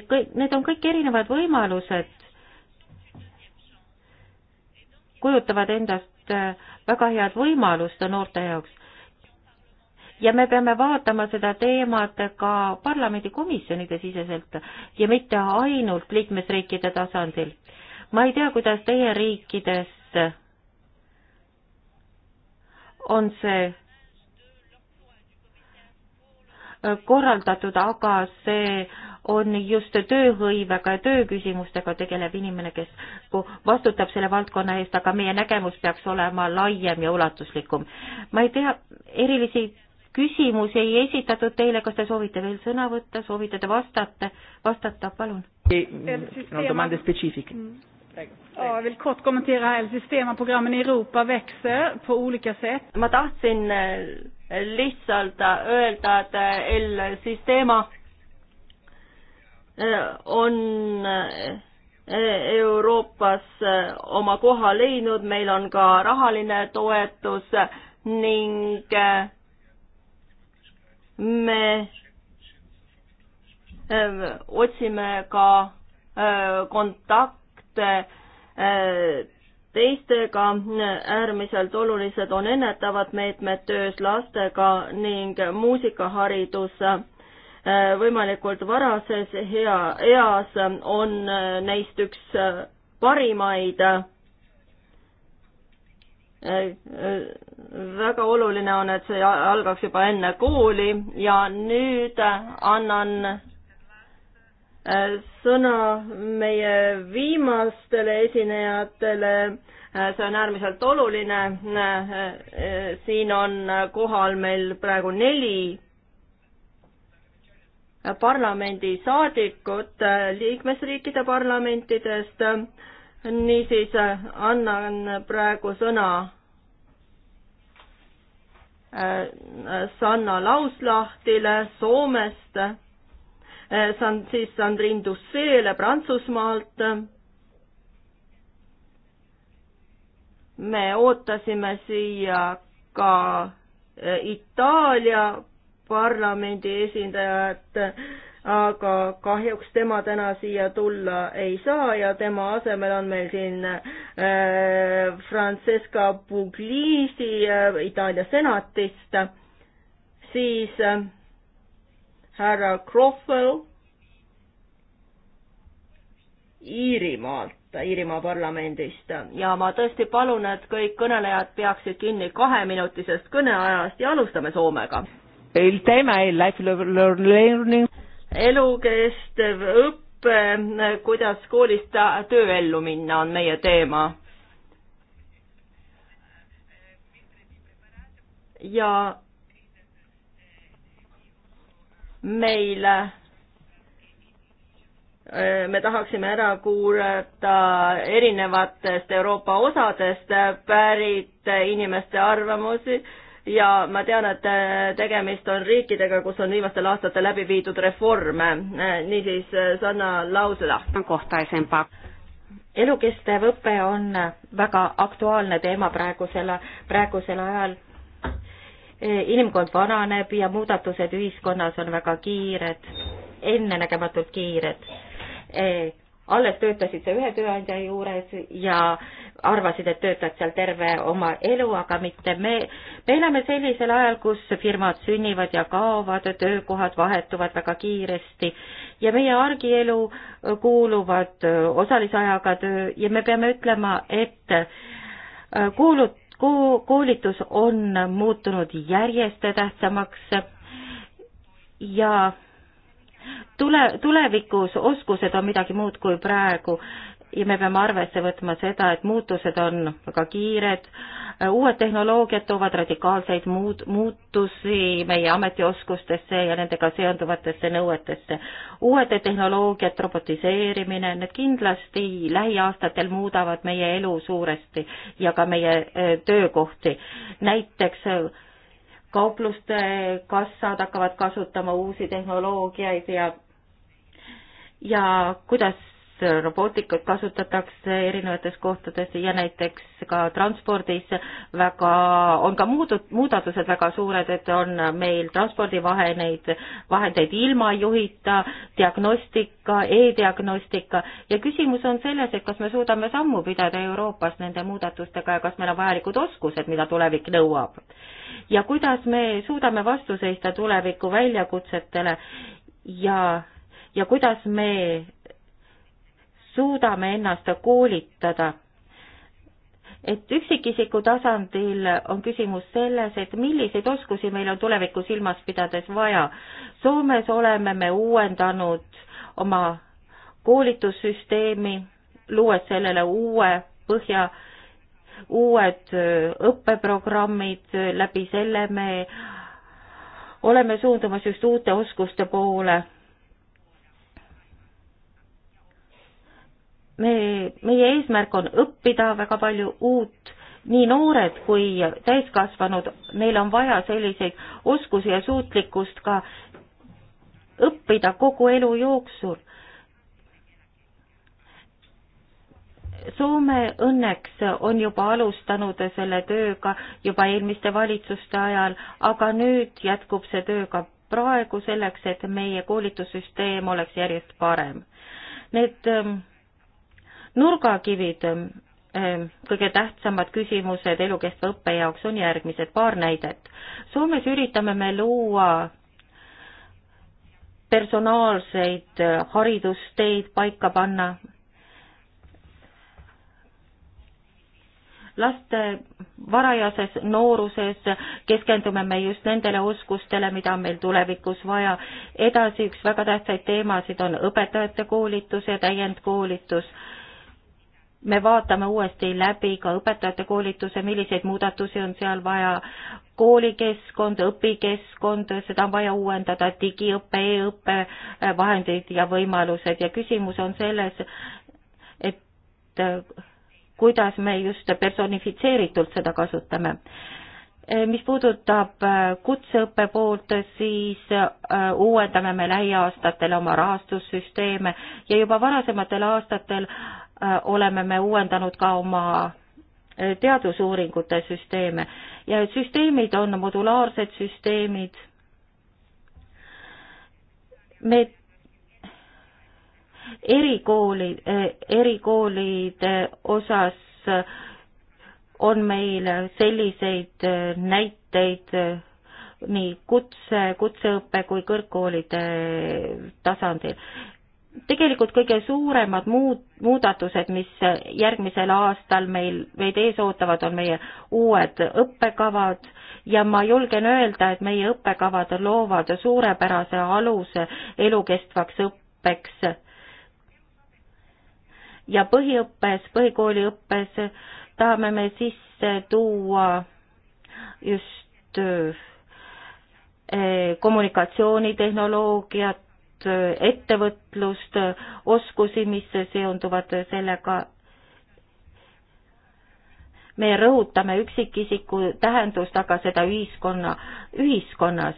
S2: kõik, need on kõik erinevad võimalused, kujutavad endast äh, väga head võimalust noorte jaoks. ja me peame vaatama seda teemat ka parlamendikomisjonide siseselt ja mitte ainult liikmesriikide tasandil. ma ei tea, kuidas teie riikides on see korraldatud, aga see on just tööhõivega ja tööküsimustega tegelev inimene, kes vastutab selle valdkonna eest, aga meie nägemus peaks olema laiem ja ulatuslikum. ma ei tea, erilisi küsimusi ei esitatud teile, kas te soovite veel sõna võtta, soovite te vastata, vastata,
S1: palun? Ja, vill kort kommentera här. Systemaprogrammen i Euroopa växer på olika sätt. Ma tahtsin eh, lihtsalt eh, öelda, et El eh, Sistema on Euroopas oma koha leidnud, meil on ka rahaline toetus ning me otsime ka kontakt Äh, teistega. Äh, äärmiselt olulised on ennetavad meetmed töös lastega ning muusikaharidus äh, võimalikult varases hea eas on neist üks parimaid väga oluline on, et see algaks juba enne kooli ja nüüd annan Äh, sõna meie viimastele esinejatele, äh, see on äärmiselt oluline. Äh, siin on kohal meil praegu neli parlamendisaadikut liikmesriikide parlamentidest. niisiis annan praegu sõna Sanna Lauslahtile Soomest Eh, siis Sandrine Dusseele Prantsusmaalt. me ootasime siia ka eh, Itaalia parlamendi esindajat, aga kahjuks tema täna siia tulla ei saa ja tema asemel on meil siin äh, Francesca Puglisi äh, Itaalia senatist, siis äh, härra Krohvel Iirimaalt, Iirimaa parlamendist ja ma tõesti palun, et kõik kõnelejad peaksid kinni kaheminutisest kõneajast ja alustame Soomega. elukestev õpe, kuidas koolist tööellu minna, on meie teema. ja meil, äh, me tahaksime ära kuulata erinevatest Euroopa osadest pärit inimeste arvamusi ja ma tean, et äh, tegemist on riikidega, kus on viimastel aastatel läbi viidud reforme. Äh, niisiis, Sanna Lausla. kohtaisempaa. elukestev õpe on väga
S2: aktuaalne teema praegusel, praegusel ajal inimkond vananeb ja muudatused ühiskonnas on väga kiired, ennenägematult kiired. E, alles töötasid sa ühe tööandja juures ja arvasid, et töötad seal terve oma elu, aga mitte me, me elame sellisel ajal, kus firmad sünnivad ja kaovad, töökohad vahetuvad väga kiiresti ja meie argielu kuuluvad osalise ajaga töö ja me peame ütlema, et kuulut-, koolitus on muutunud järjest tähtsamaks ja tule, tulevikus oskused on midagi muud kui praegu ja me peame arvesse võtma seda, et muutused on väga kiired, uued tehnoloogiad toovad radikaalseid muud, muutusi meie ametioskustesse ja nendega seonduvatesse nõuetesse. uued tehnoloogiad, robotiseerimine, need kindlasti lähiaastatel muudavad meie elu suuresti ja ka meie e, töökohti. näiteks e, kaupluste kassad hakkavad kasutama uusi tehnoloogiaid ja ja kuidas robootikat kasutatakse erinevates kohtades ja näiteks ka transpordis väga, on ka muudud, muudatused väga suured, et on meil transpordivaheneid, vahendeid ilma juhita, diagnostika e, e-diagnostika ja küsimus on selles, et kas me suudame sammu pidada Euroopas nende muudatustega ja kas meil on vajalikud oskused, mida tulevik nõuab. ja kuidas me suudame vastu seista tuleviku väljakutsetele ja ja kuidas me suudame ennast koolitada. et üksikisiku tasandil on küsimus selles, et milliseid oskusi meil on tuleviku silmas pidades vaja. Soomes oleme me uuendanud oma koolitussüsteemi, luues sellele uue põhja uued õppeprogrammid, läbi selle me oleme suundumas just uute oskuste poole me, meie eesmärk on õppida väga palju uut, nii noored kui täiskasvanud, neil on vaja selliseid oskusi ja suutlikkust ka õppida kogu elu jooksul. Soome õnneks on juba alustanud selle tööga juba eelmiste valitsuste ajal, aga nüüd jätkub see töö ka praegu selleks, et meie koolitussüsteem oleks järjest parem. Need ähm, nurgakivid, eh, kõige tähtsamad küsimused elukestva õppe jaoks on järgmised, paar näidet. Soomes üritame me luua personaalseid eh, haridusteid paika panna, laste varajases nooruses keskendume me just nendele oskustele, mida on meil tulevikus vaja. edasi üks väga tähtsaid teemasid on õpetajate koolitus ja täiendkoolitus me vaatame uuesti läbi ka õpetajate koolituse, milliseid muudatusi on seal vaja, koolikeskkond, õpikeskkond, seda on vaja uuendada, digiõpe e, e-õppe vahendid ja võimalused ja küsimus on selles, et äh, kuidas me just personifitseeritult seda kasutame. Äh, mis puudutab äh, kutseõppe poolt, siis uuendame me lähiaastatel oma rahastussüsteeme ja juba varasematel aastatel Äh, oleme me uuendanud ka oma äh, teadusuuringute süsteeme ja süsteemid on modulaarsed süsteemid. me erikooli, äh, erikoolide osas on meil selliseid näiteid nii kutse, kutseõppe kui kõrgkoolide tasandil tegelikult kõige suuremad muud, muudatused, mis järgmisel aastal meil meid ees ootavad, on meie uued õppekavad ja ma julgen öelda, et meie õppekavad loovad suurepärase aluse elukestvaks õppeks. ja põhiõppes, põhikooli õppes tahame me sisse tuua just eh, kommunikatsioonitehnoloogiat, Äh, ettevõtlust, äh, oskusi, mis seonduvad sellega. me rõhutame üksikisiku tähendust, aga seda ühiskonna, ühiskonnas.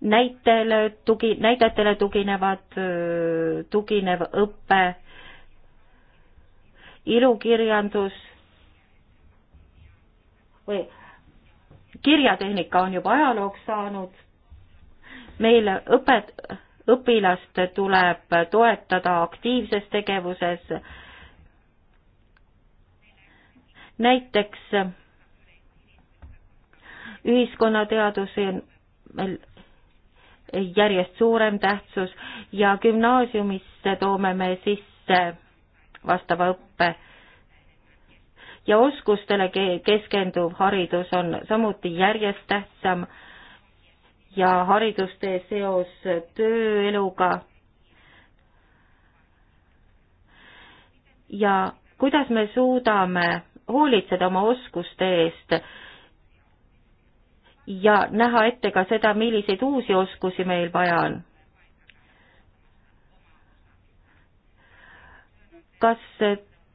S2: näitele tugi, näidetele tuginevad, äh, tuginev õpe, ilukirjandus või kirjatehnika on juba ajalooks saanud meil õpet-, õpilast tuleb toetada aktiivses tegevuses, näiteks ühiskonnateadusi on meil järjest suurem tähtsus ja gümnaasiumisse toome me sisse vastava õppe ja oskustele keskenduv haridus on samuti järjest tähtsam ja haridustee seos tööeluga. ja kuidas me suudame hoolitseda oma oskuste eest ja näha ette ka seda, milliseid uusi oskusi meil vaja on. kas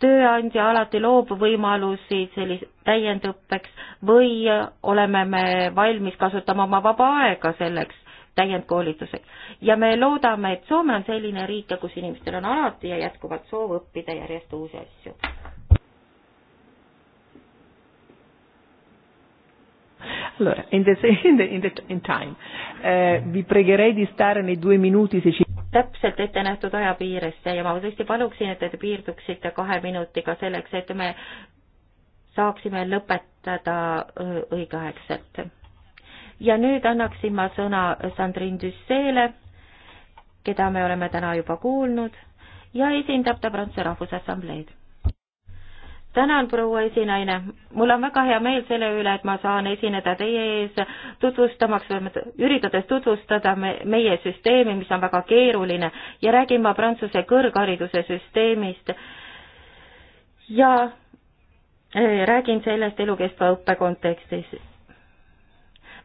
S2: tööandja alati loob võimalusi sellise täiendõppeks või oleme me valmis kasutama oma vaba aega selleks täiendkoolituseks. ja me loodame, et Soome on selline riik, kus inimestel on alati ja jätkuvalt soov õppida järjest uusi asju.
S5: Allora, in, the, in, the, in, the, in time, eh, vi pregherei di stare nei due minuti se ci
S2: täpselt ette nähtud aja piiresse ja ma tõesti paluksin, et te piirduksite kahe minutiga selleks, et me saaksime lõpetada õigeaegselt. ja nüüd annaksin ma sõna Sandrine Düsseele, keda me oleme täna juba kuulnud ja esindab ta Prantsuse Rahvusassambleed tänan, proua esinaine. mul on väga hea meel selle üle, et ma saan esineda teie ees tutvustamaks või üritades tutvustada me, meie süsteemi, mis on väga keeruline ja räägin ma Prantsuse kõrghariduse süsteemist ja eh, räägin sellest elukestva õppe kontekstis.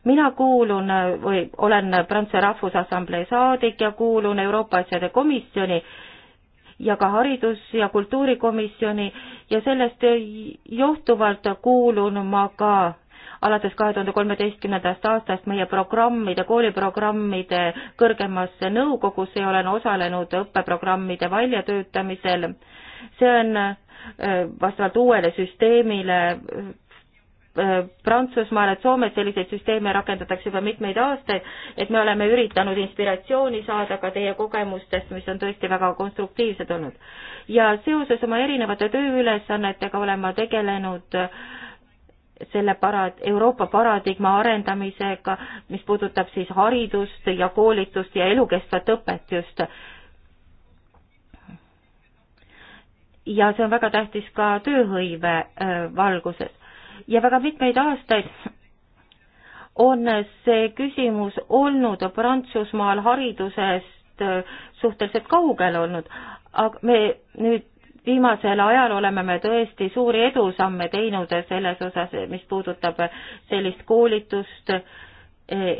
S2: mina kuulun või olen Prantsuse Rahvusassamblee saadik ja kuulun Euroopa Asjade Komisjoni ja ka haridus- ja kultuurikomisjoni ja sellest johtuvalt kuulun ma ka alates kahe tuhande kolmeteistkümnendast aastast meie programmide, kooliprogrammide kõrgemasse nõukogusse ja olen osalenud õppeprogrammide väljatöötamisel. see on äh, vastavalt uuele süsteemile Äh, Prantsusmaal, et Soomes selliseid süsteeme rakendatakse juba mitmeid aastaid, et me oleme üritanud inspiratsiooni saada ka teie kogemustest, mis on tõesti väga konstruktiivsed olnud. ja seoses oma erinevate tööülesannetega olen ma tegelenud äh, selle parad-, Euroopa paradigma arendamisega, mis puudutab siis haridust ja koolitust ja elukestvat õpet just ja see on väga tähtis ka tööhõive äh, valguses ja väga mitmeid aastaid on see küsimus olnud Prantsusmaal haridusest äh, suhteliselt kaugel olnud, aga me nüüd viimasel ajal oleme me tõesti suuri edusamme teinud selles osas, mis puudutab sellist koolitust, äh,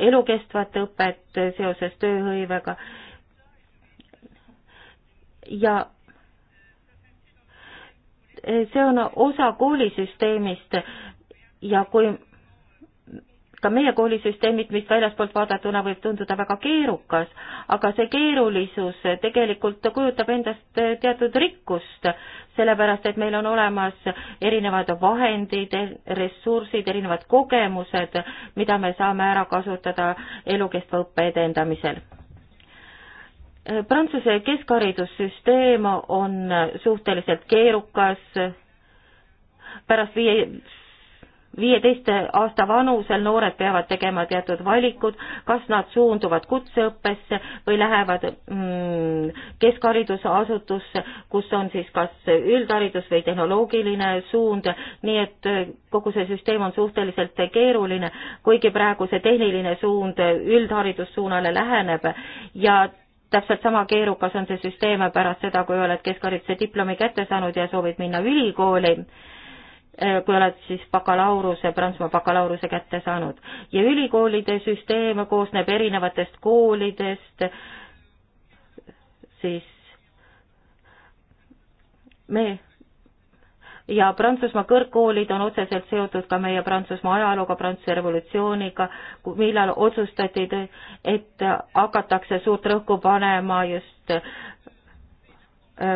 S2: elukestvat õpet äh, seoses tööhõivega ja see on osa koolisüsteemist ja kui ka meie koolisüsteemid, mis väljaspoolt vaadatuna võib tunduda väga keerukas, aga see keerulisus tegelikult kujutab endast teatud rikkust, sellepärast et meil on olemas erinevad vahendid, ressursid, erinevad kogemused, mida me saame ära kasutada elukestva õppe edendamisel. Prantsuse keskharidussüsteem on suhteliselt keerukas, pärast viie, viieteist aasta vanusel noored peavad tegema teatud valikud, kas nad suunduvad kutseõppesse või lähevad mm, keskharidusasutusse, kus on siis kas üldharidus või tehnoloogiline suund, nii et kogu see süsteem on suhteliselt keeruline, kuigi praegu see tehniline suund üldharidussuunale läheneb ja täpselt sama keerukas on see süsteem pärast seda, kui oled keskhariduse diplomi kätte saanud ja soovid minna ülikooli Äh, kui oled siis bakalaureuse, Prantsusmaa bakalaureuse kätte saanud. ja ülikoolide süsteem koosneb erinevatest koolidest, siis me ja Prantsusmaa kõrgkoolid on otseselt seotud ka meie Prantsusmaa ajalooga, Prantsuse revolutsiooniga, millal otsustati, et hakatakse suurt rõhku panema just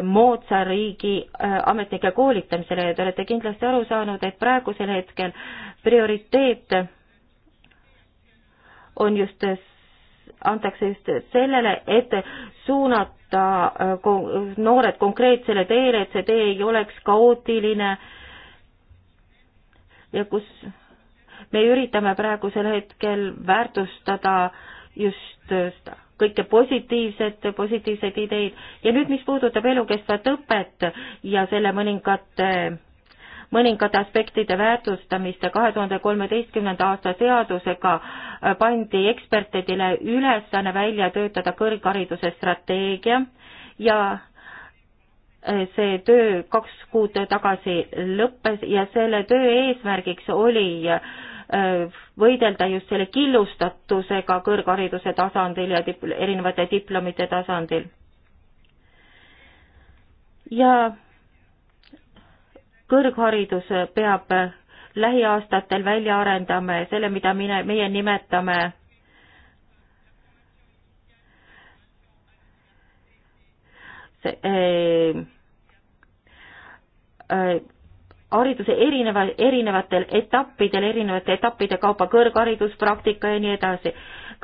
S2: moodsa riigi äh, ametnike koolitamisele ja te olete kindlasti aru saanud, et praegusel hetkel prioriteet on just, antakse just sellele, et suunata äh, noored konkreetsele teele, et see tee ei oleks kaootiline ja kus me üritame praegusel hetkel väärtustada just äh, seda kõike positiivset, positiivseid ideid. ja nüüd, mis puudutab elukestvat õpet ja selle mõningate mõningate aspektide väärtustamist kahe tuhande kolmeteistkümnenda aasta seadusega äh, pandi ekspertidele ülesanne välja töötada kõrghariduse strateegia ja äh, see töö kaks kuud tagasi lõppes ja selle töö eesmärgiks oli äh, Äh, võidelda just selle killustatusega kõrghariduse tasandil ja dip-, erinevate diplomite tasandil. ja kõrgharidus peab lähiaastatel välja arendama selle, mida mine, meie nimetame see, äh, äh, hariduse erineva, erinevatel etappidel, erinevate etappide kaupa, kõrgharidus, praktika ja nii edasi.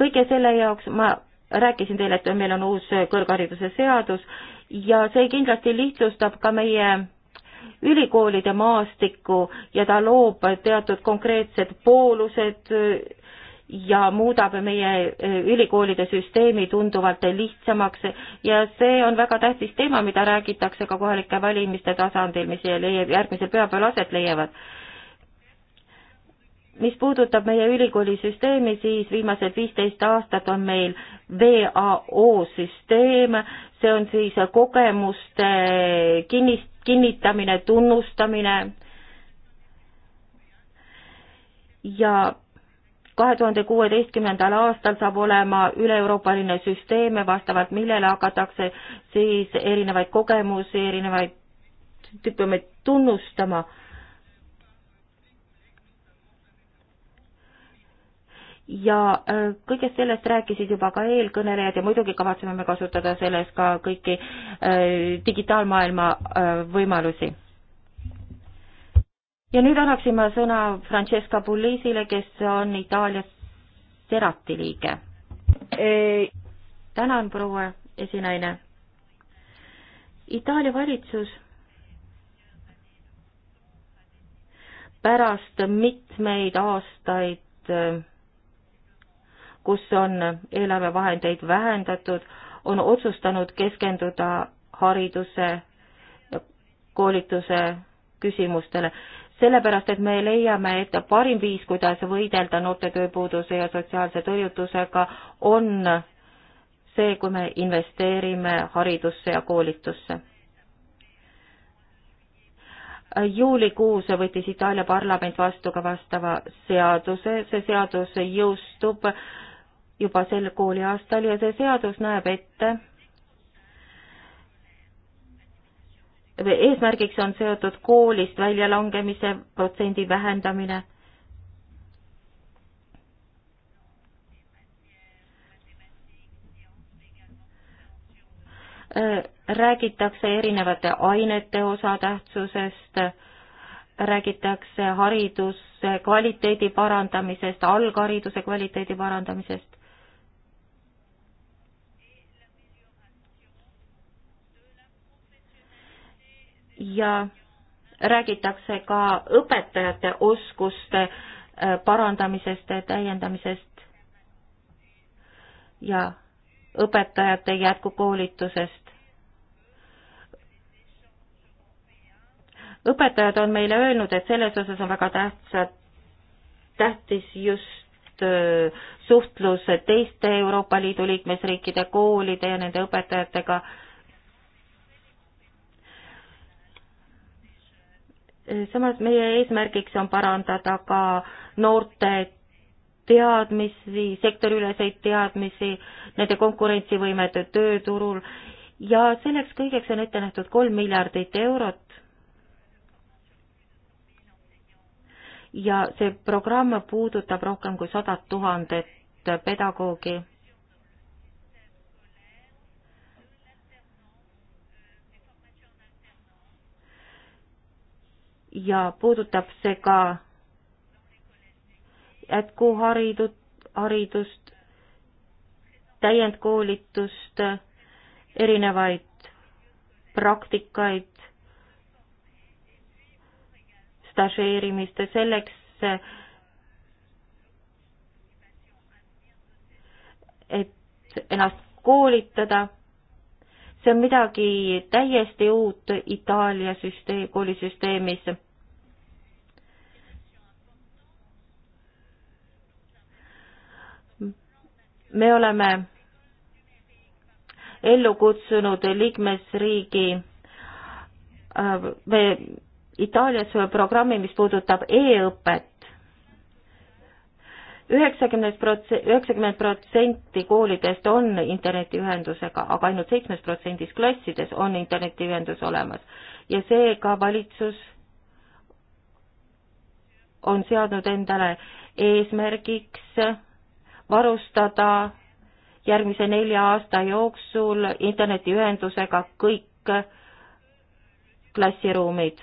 S2: kõige selle jaoks ma rääkisin teile, et meil on uus kõrghariduse seadus ja see kindlasti lihtsustab ka meie ülikoolide maastikku ja ta loob teatud konkreetsed poolused ja muudab meie eh, ülikoolide süsteemi tunduvalt lihtsamaks ja see on väga tähtis teema, mida räägitakse ka kohalike valimiste tasandil, mis leiab, järgmisel pühapäeval aset leiavad. mis puudutab meie ülikoolisüsteemi, siis viimased viisteist aastat on meil VAO süsteem, see on siis kogemuste kinnis, kinnitamine, tunnustamine ja kahe tuhande kuueteistkümnendal aastal saab olema üle-euroopaline süsteem, vastavalt millele hakatakse siis erinevaid kogemusi, erinevaid diplomeid tunnustama. ja äh, kõigest sellest rääkisid juba ka eelkõnelejad ja muidugi kavatseme me kasutada selles ka kõiki äh, digitaalmaailma äh, võimalusi ja nüüd annaksin ma sõna Francesca Pullisile, kes on Itaalia Serati liige. tänan, proua esinaine. Itaalia valitsus pärast mitmeid aastaid, kus on eelarvevahendeid vähendatud, on otsustanud keskenduda hariduse ja koolituse küsimustele sellepärast, et me leiame, et parim viis, kuidas võidelda noorte tööpuuduse ja sotsiaalse tõrjutusega, on see, kui me investeerime haridusse ja koolitusse. juulikuus võttis Itaalia parlament vastu ka vastava seaduse, see seadus jõustub juba sel kooliaastal ja see seadus näeb ette, eesmärgiks on seotud koolist väljalangemise protsendi vähendamine. räägitakse erinevate ainete osatähtsusest, räägitakse hariduse kvaliteedi parandamisest, alghariduse kvaliteedi parandamisest. ja räägitakse ka õpetajate oskuste äh, parandamisest, täiendamisest ja õpetajate jätkukoolitusest. õpetajad on meile öelnud, et selles osas on väga tähtsad, tähtis just äh, suhtlus teiste Euroopa Liidu liikmesriikide koolide ja nende õpetajatega äh, samas meie eesmärgiks on parandada ka noorte teadmisi, sektoriüleseid teadmisi, nende konkurentsivõimet tööturul ja selleks kõigeks on ette nähtud kolm miljardit eurot. ja see programm puudutab rohkem kui sadat tuhandet pedagoogi ja puudutab see ka jätkuharidut, haridust, täiendkoolitust, erinevaid praktikaid, stažeerimist ja selleks, et ennast koolitada see on midagi täiesti uut Itaalia süsteem, koolisüsteemis. me oleme ellu kutsunud liikmesriigi, äh, me Itaalias programmi, mis puudutab e-õpet üheksakümnes prots-, üheksakümmend protsenti koolidest on internetiühendusega, aga ainult seitsmes protsendis klassides on internetiühendus olemas. ja seega valitsus on seadnud endale eesmärgiks varustada järgmise nelja aasta jooksul internetiühendusega kõik klassiruumid.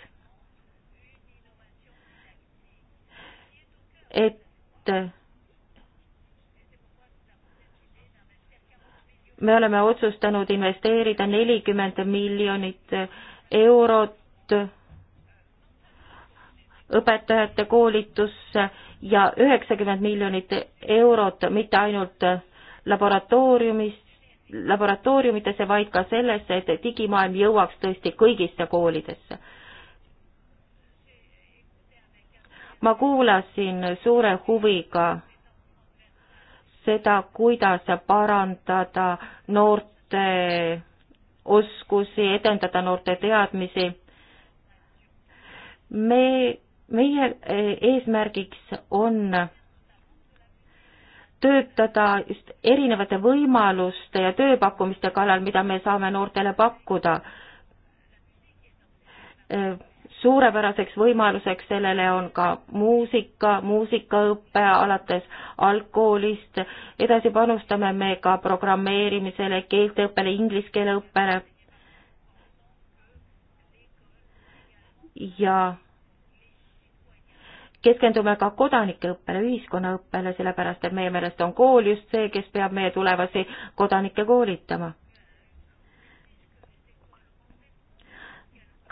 S2: et me oleme otsustanud investeerida nelikümmend miljonit eurot õpetajate koolitusse ja üheksakümmend miljonit eurot mitte ainult laboratooriumis, laboratooriumitesse, vaid ka sellesse, et digimaailm jõuaks tõesti kõigisse koolidesse. ma kuulasin suure huviga seda, kuidas parandada noorte oskusi, edendada noorte teadmisi. me, meie eesmärgiks on töötada just erinevate võimaluste ja tööpakkumiste kallal, mida me saame noortele pakkuda suurepäraseks võimaluseks sellele on ka muusika, muusikaõpe alates algkoolist, edasi panustame me ka programmeerimisele, keelteõppele, inglise keele õppele ja keskendume ka kodanikeõppele, ühiskonnaõppele, sellepärast et meie meelest on kool just see, kes peab meie tulevasi kodanikke koolitama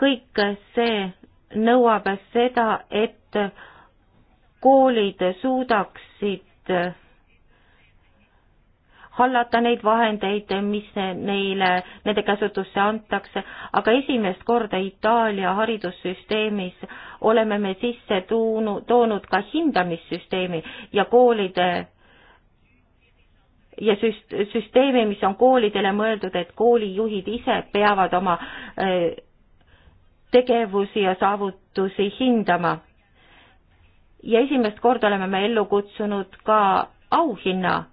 S2: kõik see nõuab seda, et koolid suudaksid hallata neid vahendeid, mis neile, nende käsutusse antakse, aga esimest korda Itaalia haridussüsteemis oleme me sisse tuunu, toonud ka hindamissüsteemi ja koolide ja süst-, süsteemi, mis on koolidele mõeldud, et koolijuhid ise peavad oma öö, tegevusi ja saavutusi hindama. ja esimest korda oleme me ellu kutsunud ka auhinna,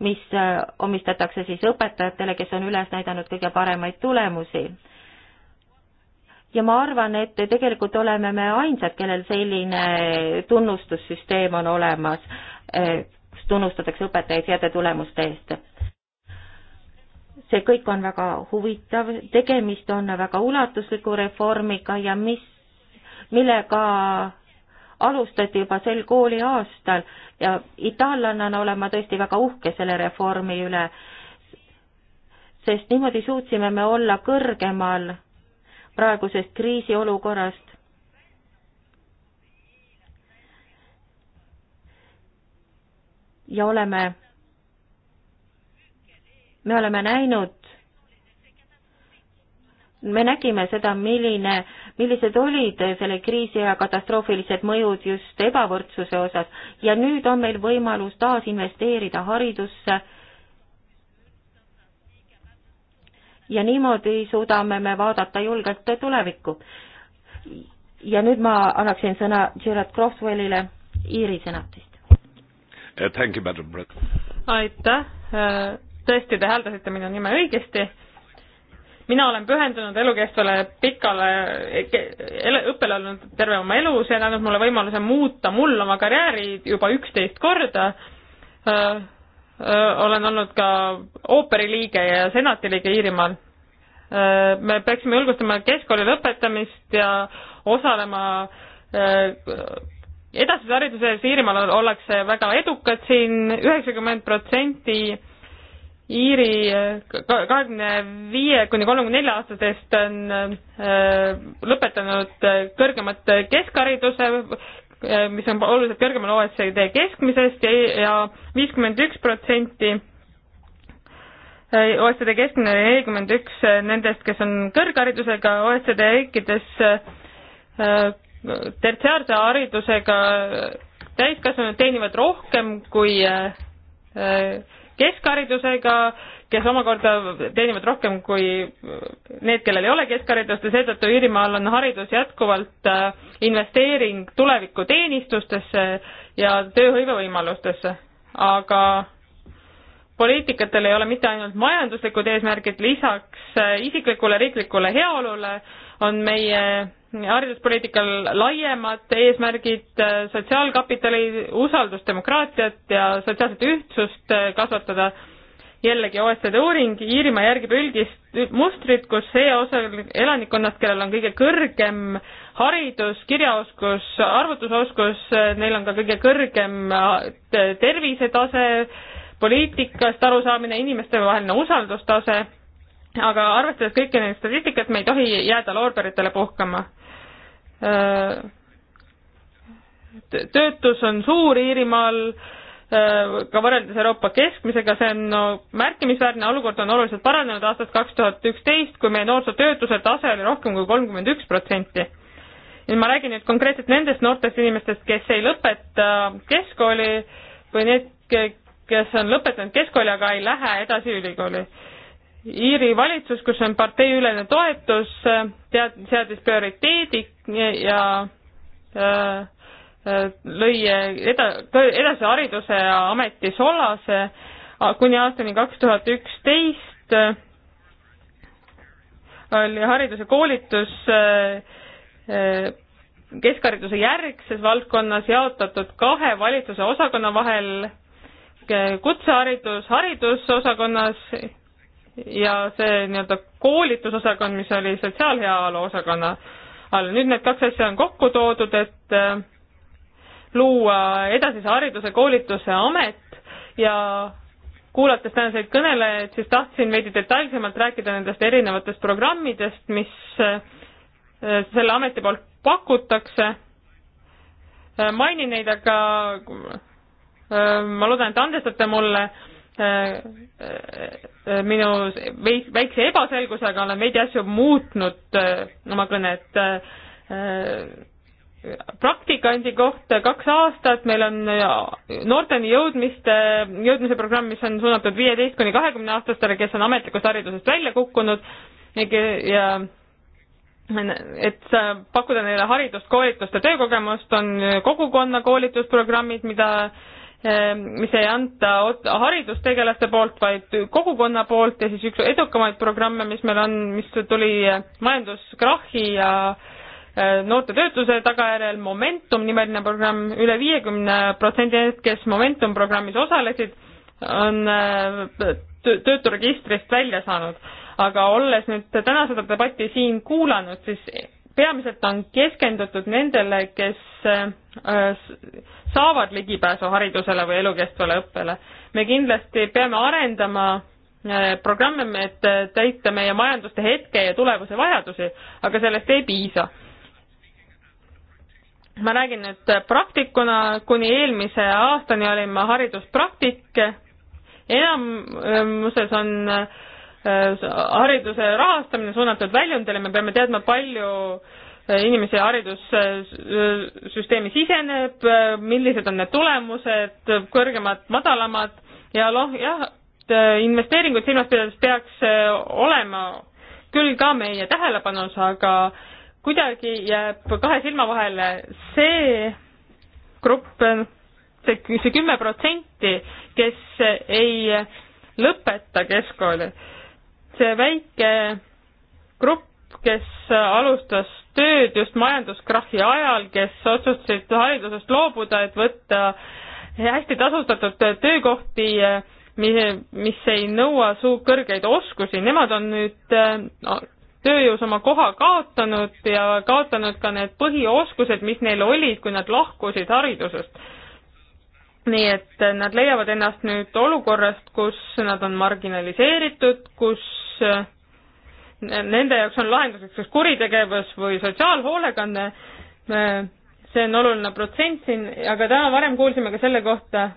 S2: mis äh, omistatakse siis õpetajatele, kes on üles näidanud kõige paremaid tulemusi. ja ma arvan, et tegelikult oleme me ainsad, kellel selline tunnustussüsteem on olemas, äh, kus tunnustatakse õpetajaid heade tulemuste eest see kõik on väga huvitav, tegemist on väga ulatusliku reformiga ja mis, millega alustati juba sel kooliaastal ja itaallannana olen ma tõesti väga uhke selle reformi üle, sest niimoodi suutsime me olla kõrgemal praegusest kriisiolukorrast. ja oleme me oleme näinud, me nägime seda, milline, millised olid selle kriisi ja katastroofilised mõjud just ebavõrdsuse osas ja nüüd on meil võimalus taas investeerida haridusse ja niimoodi suudame me vaadata julgelt tulevikku. ja nüüd ma annaksin sõna Gerard Croswellile Iiri senatist.
S3: Uh,
S4: aitäh, uh, tõesti, te hääldasite minu nime õigesti. mina olen pühendunud elukestvale pikale õppele olnud terve oma elu, see on andnud mulle võimaluse muuta mul oma karjääri juba üksteist korda olen olnud ka ooperiliige ja senati liige Iirimaal. me peaksime julgustama keskkooli lõpetamist ja osalema edasises hariduses, Iirimaal ollakse väga edukad siin, üheksakümmend protsenti Iiri kahekümne viie kuni kolmekümne nelja aastasest on äh, lõpetanud äh, kõrgemat keskhariduse, äh, mis on oluliselt kõrgemal OECD keskmisest ja viiskümmend üks protsenti OECD keskmine oli nelikümmend üks nendest, kes on kõrgharidusega OECD riikides tertsiaarse haridusega täiskasvanud teenivad rohkem kui keskharidusega, kes omakorda teenivad rohkem kui need, kellel ei ole keskharidust ja seetõttu Iirimaal on haridus jätkuvalt äh, investeering tuleviku teenistustesse ja tööhõivevõimalustesse. aga poliitikatel ei ole mitte ainult majanduslikud eesmärgid, lisaks äh, isiklikule riiklikule heaolule on meie hariduspoliitikal laiemad eesmärgid, sotsiaalkapitali usaldust, demokraatiat ja sotsiaalset ühtsust kasvatada. jällegi OECD uuring, Iirimaa järgib üldist mustrit, kus see osa elanikkonnast, kellel on kõige kõrgem haridus, kirjaoskus, arvutusoskus, neil on ka kõige kõrgem tervisetase, poliitikast arusaamine, inimestevaheline usaldustase aga arvestades kõiki neid statistikat, me ei tohi jääda loorberitele puhkama töötus on suur Iirimaal ka võrreldes Euroopa keskmisega, see on no, märkimisväärne, olukord on oluliselt paranenud aastast kaks tuhat üksteist, kui meie noorsootöötuse tase oli rohkem kui kolmkümmend üks protsenti. ja ma räägin nüüd konkreetselt nendest noortest inimestest, kes ei lõpeta keskkooli või need, kes on lõpetanud keskkooli, aga ei lähe edasi ülikooli Iiri valitsus, kus on parteiülene toetus, tead-, seadis prioriteedi ja äh, äh lõi eda-, edasi hariduse ja ameti Solase kuni aastani kaks tuhat üksteist äh, oli hariduse koolitus äh, äh, keskhariduse järgses valdkonnas jaotatud kahe valitsuse osakonna vahel, kutseharidus haridusosakonnas ja see nii-öelda koolitusosakond, mis oli sotsiaalheaolu osakonna all, nüüd need kaks asja on kokku toodud, et äh, luua edasise hariduse koolituse amet ja kuulates tänaseid kõnelejaid, siis tahtsin veidi detailsemalt rääkida nendest erinevatest programmidest, mis äh, selle ameti poolt pakutakse. Äh, mainin neid, aga äh, ma loodan, et andestate mulle Äh, äh, minu väikse ebaselgusega olen veidi asju muutnud äh, oma kõnet praktikandi kohta kaks aastat, meil on noorteni jõudmiste, jõudmise programm, mis on suunatud viieteist kuni kahekümne aastastele, kes on ametlikust haridusest välja kukkunud ja et pakkuda neile haridust, koolitust ja töökogemust, on kogukonnakoolitusprogrammid, mida äh, Ehm, mis ei anta haridustegelaste poolt, vaid kogukonna poolt ja siis üks edukamaid programme, mis meil on, mis tuli eh, majanduskrahhi ja eh, noorte töötuse tagajärjel Momentum nimeline programm üle, üle viiekümne protsendi need, kes Momentum programmis osalesid, on eh, tööturegistrist välja saanud. aga olles nüüd täna seda debatti siin kuulanud, siis peamiselt on keskendutud nendele, kes äh, saavad ligipääsu haridusele või elukestvale õppele. me kindlasti peame arendama äh, programme, et äh, täita meie majanduste hetke ja tulevuse vajadusi, aga sellest ei piisa. ma räägin nüüd praktikuna, kuni eelmise aastani olin ma hariduspraktik, enamuses on äh, Äh, hariduse rahastamine suunatud väljundile, me peame teadma, palju äh, inimese haridussüsteemi siseneb, äh, millised on need tulemused, kõrgemad, madalamad ja loh-, jah, investeeringuid silmas pidades peaks olema küll ka meie tähelepanus, aga kuidagi jääb kahe silma vahele see grupp, see, see kümme protsenti, kes ei lõpeta keskkooli see väike grupp, kes alustas tööd just majanduskrahhi ajal, kes otsustasid haridusest loobuda, et võtta hästi tasustatud töökohti, mis ei nõua suu kõrgeid oskusi, nemad on nüüd no, tööjõus oma koha kaotanud ja kaotanud ka need põhioskused, mis neil olid, kui nad lahkusid haridusest. nii et nad leiavad ennast nüüd olukorrast, kus nad on marginaliseeritud, kus jaoks, äh, nende jaoks on lahenduseks kas kuritegevus või sotsiaalhoolekanne, äh, see on oluline protsent siin, aga täna varem kuulsime ka selle kohta,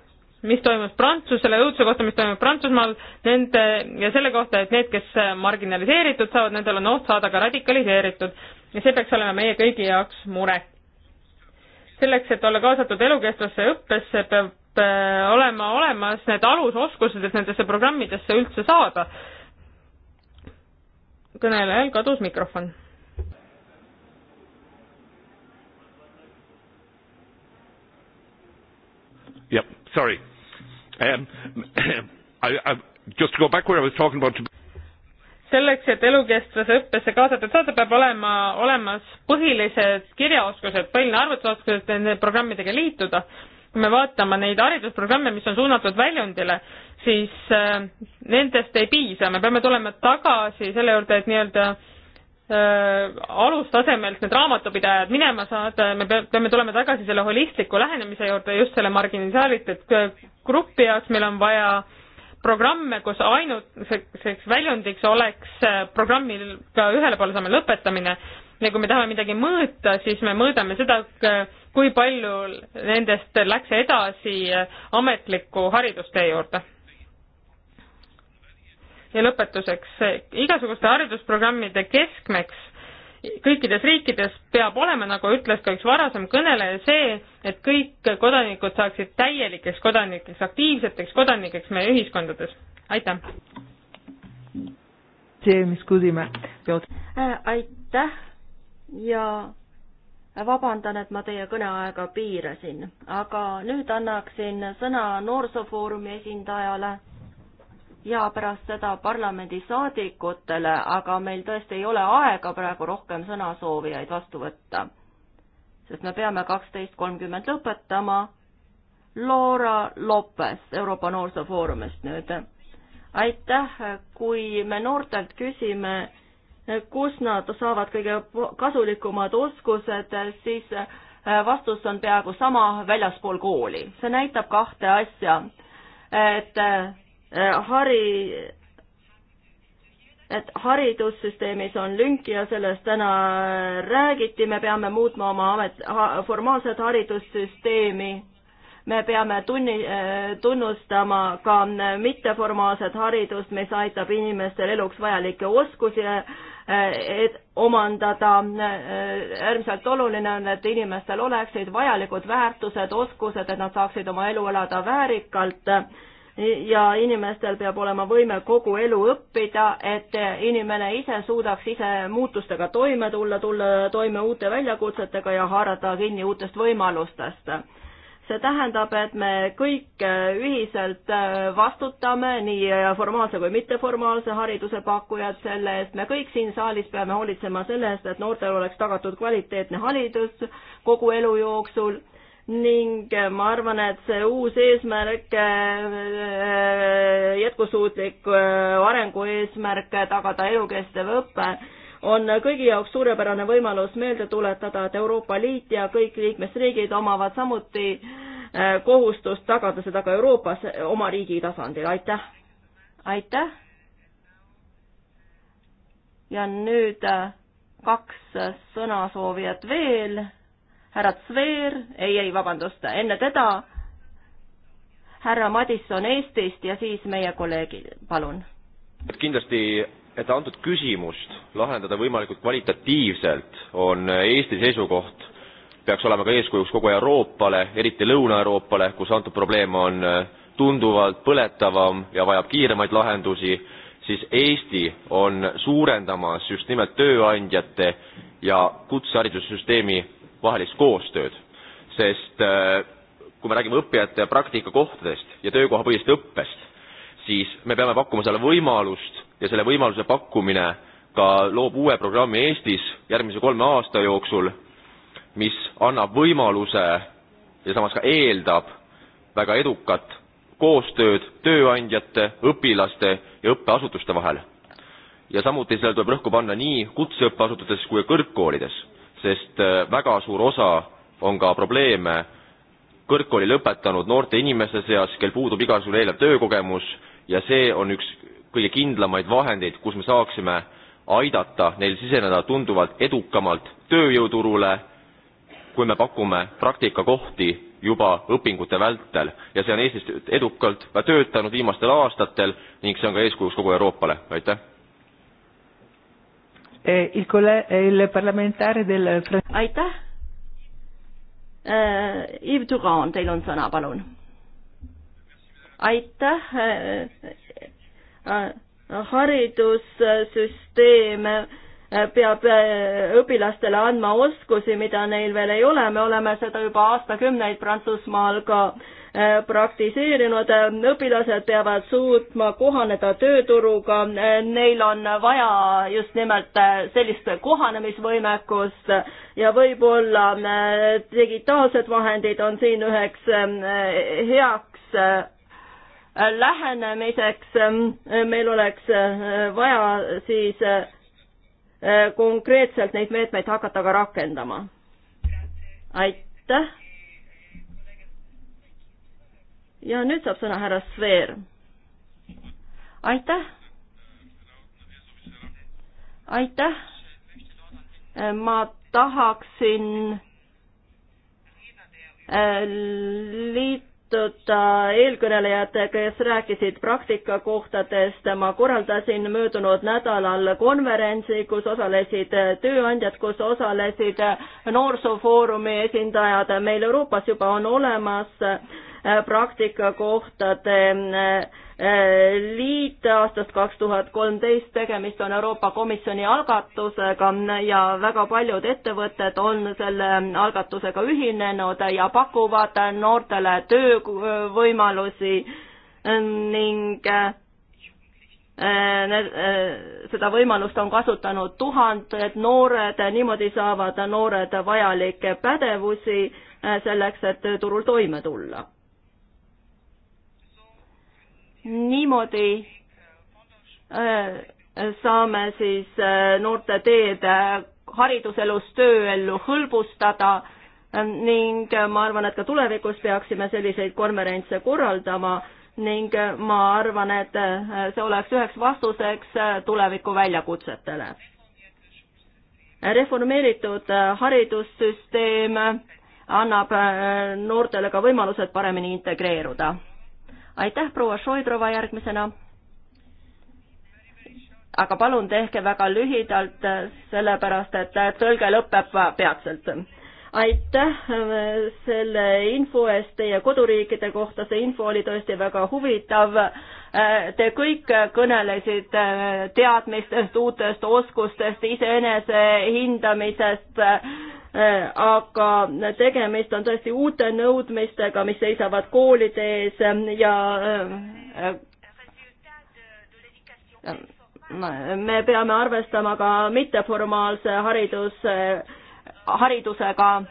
S4: mis toimus Prantsus, selle õuduse kohta, mis toimub Prantsusmaal, nende ja selle kohta, et need, kes äh, marginaliseeritud saavad, nendel on oht saada ka radikaliseeritud. ja see peaks olema meie kõigi jaoks mure. selleks, et olla kaasatud elukestvasse õppesse, peab olema olemas need alusoskused, et nendesse programmidesse üldse saada kõnelejal kadus mikrofon.
S3: jah, sorry um,. I, I, just to go back where I was talking about
S4: selleks, et elukestvuse õppesse kaasatud saada, peab olema olemas põhilised kirjaoskused, põhiline arvutusoskus, et nende programmidega liituda kui me vaatame neid haridusprogramme, mis on suunatud väljundile, siis äh, nendest ei piisa, me peame tulema tagasi selle juurde, et nii-öelda äh, alustasemelt need raamatupidajad minema saada, me peame tulema tagasi selle holistliku lähenemise juurde just selle marginaliseeritud äh, gruppi jaoks, meil on vaja programme, kus ainult selleks väljundiks oleks äh, programmil ka ühele poole saame lõpetamine ja kui me tahame midagi mõõta, siis me mõõdame seda, kui palju nendest läks edasi ametliku haridustee juurde. ja lõpetuseks, igasuguste haridusprogrammide keskmeks kõikides riikides peab olema, nagu ütles ka üks varasem kõneleja, see, et kõik kodanikud saaksid täielikeks kodanikeks, aktiivseteks kodanikeks meie ühiskondades. aitäh!
S5: see, mis küsime.
S1: Äh, aitäh ja vabandan, et ma teie kõneaega piirasin, aga nüüd annaksin sõna Noorsoofoorumi esindajale ja pärast seda parlamendisaadikutele, aga meil tõesti ei ole aega praegu rohkem sõnasoovijaid vastu võtta, sest me peame kaksteist kolmkümmend lõpetama. Laura Lopes Euroopa Noorsoofoorumist nüüd. aitäh, kui me noortelt küsime, kus nad saavad kõige kasulikumad oskused, siis äh, vastus on peaaegu sama väljaspool kooli. see näitab kahte asja, et äh, hari, et haridussüsteemis on lünki ja sellest täna räägiti, me peame muutma oma amet ha,, formaalset haridussüsteemi me peame tunni, äh, tunnustama ka mitteformaalset haridust, mis aitab inimestel eluks vajalikke oskusi et omandada. Äh, äärmiselt oluline on, et inimestel oleksid vajalikud väärtused, oskused, et nad saaksid oma elu elada väärikalt ja inimestel peab olema võime kogu elu õppida, et inimene ise suudaks ise muutustega toime tulla, tulla toime uute väljakutsetega ja haarata kinni uutest võimalustest see tähendab, et me kõik äh, ühiselt äh, vastutame, nii äh, formaalse kui mitteformaalse hariduse pakkujad selle eest, me kõik siin saalis peame hoolitsema selle eest, et noortel oleks tagatud kvaliteetne haridus kogu elu jooksul ning ma arvan, et see uus eesmärk, jätkusuutlik arengu eesmärk tagada elukestev õpe on kõigi jaoks suurepärane võimalus meelde tuletada, et Euroopa Liit ja kõik liikmesriigid omavad samuti äh, kohustust tagada seda ka Euroopas äh, oma riigi tasandil, aitäh! aitäh! ja nüüd äh, kaks sõnasoovijat veel, härra Zver, ei, ei, vabandust, enne teda härra Madisson Eestist ja siis meie kolleegid, palun.
S3: kindlasti et antud küsimust lahendada võimalikult kvalitatiivselt, on Eesti seisukoht, peaks olema ka eeskujuks kogu Euroopale, eriti Lõuna-Euroopale, kus antud probleem on äh, tunduvalt põletavam ja vajab kiiremaid lahendusi, siis Eesti on suurendamas just nimelt tööandjate ja kutseharidussüsteemi vahelist koostööd, sest äh, kui me räägime õppijate praktikakohtadest ja töökohapõhisest õppest, siis me peame pakkuma selle võimalust ja selle võimaluse pakkumine ka loob uue programmi Eestis järgmise kolme aasta jooksul, mis annab võimaluse ja samas ka eeldab väga edukat koostööd tööandjate, õpilaste ja õppeasutuste vahel. ja samuti sellele tuleb rõhku panna nii kutseõppeasutustes kui ka kõrgkoolides, sest äh, väga suur osa on ka probleeme kõrgkooli lõpetanud noorte inimeste seas, kel puudub igasugune eelnev töökogemus ja see on üks kõige kindlamaid vahendeid, kus me saaksime aidata neil siseneda tunduvalt edukamalt tööjõuturule, kui me pakume praktikakohti juba õpingute vältel ja see on Eestis edukalt töötanud viimastel aastatel ning see on ka eeskujuks kogu Euroopale, aitäh.
S5: E e aitäh.
S1: E, Yves Dugan, teil on sõna, palun. aitäh Äh, haridussüsteem peab äh, õpilastele andma oskusi, mida neil veel ei ole, me oleme seda juba aastakümneid Prantsusmaal ka äh, praktiseerinud, õpilased peavad suutma kohaneda tööturuga, neil on vaja just nimelt sellist kohanemisvõimekust ja võib-olla digitaalsed vahendid on siin üheks heaks Äh, lähenemiseks ähm, äh, meil oleks äh, vaja siis konkreetselt neid meetmeid hakata ka rakendama. aitäh. ja nüüd saab sõna härra Sveer. aitäh. aitäh. ma tahaksin liit-, nõustuda äh, eelkõnelejatega, kes rääkisid praktikakohtadest. ma korraldasin möödunud nädalal konverentsi, kus osalesid tööandjad, kus osalesid Noorsoofoorumi esindajad. meil Euroopas juba on olemas Äh, praktikakohtade äh, liit aastast kaks tuhat kolmteist, tegemist on Euroopa Komisjoni algatusega ja väga paljud ettevõtted on selle algatusega ühinenud ja pakuvad noortele töövõimalusi ähm, ning äh, seda võimalust on kasutanud tuhanded noored, niimoodi saavad noored vajalikke pädevusi selleks, et tööturul toime tulla niimoodi äh, saame siis äh, noorte teed äh, hariduselus tööellu hõlbustada ning ma arvan, et ka tulevikus peaksime selliseid konverentse korraldama ning ma arvan, et see oleks üheks vastuseks tuleviku väljakutsetele. reformeeritud haridussüsteem annab noortele ka võimalused paremini integreeruda aitäh, proua Šoidrova järgmisena. aga palun tehke väga lühidalt, sellepärast et tõlge lõpeb peatselt aitäh selle info eest teie koduriikide kohta, see info oli tõesti väga huvitav. Te kõik kõnelesite teadmistest, uutest oskustest, iseenese hindamisest aga tegemist on tõesti uute nõudmistega, mis seisavad koolide ees ja äh, me peame arvestama ka mitteformaalse hariduse, haridusega.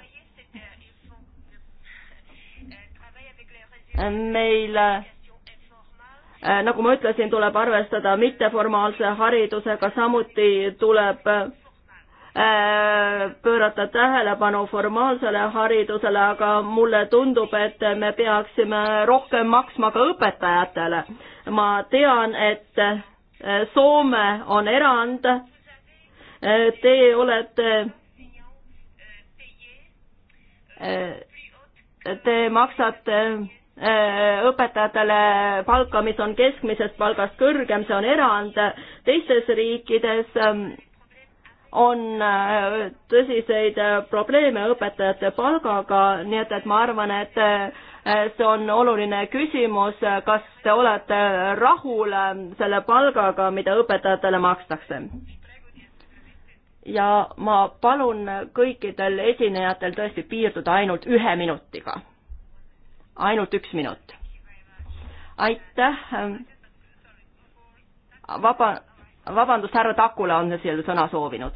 S1: meil, äh, nagu ma ütlesin, tuleb arvestada mitteformaalse haridusega, samuti tuleb Äh, pöörata tähelepanu formaalsele haridusele, aga mulle tundub, et me peaksime rohkem maksma ka õpetajatele. ma tean, et äh, Soome on erand. Äh, te olete te maksate õpetajatele palka, mis on keskmisest palgast kõrgem, see on erand. teistes riikides ähm, on äh, tõsiseid äh, probleeme õpetajate palgaga, nii et, et ma arvan, et äh, see on oluline küsimus, kas te olete rahul selle palgaga, mida õpetajatele makstakse? ja ma palun kõikidel esinejatel tõesti piirduda ainult ühe minutiga. ainult üks minut. aitäh. vaba vabandust, härra Takula on siia sõna soovinud.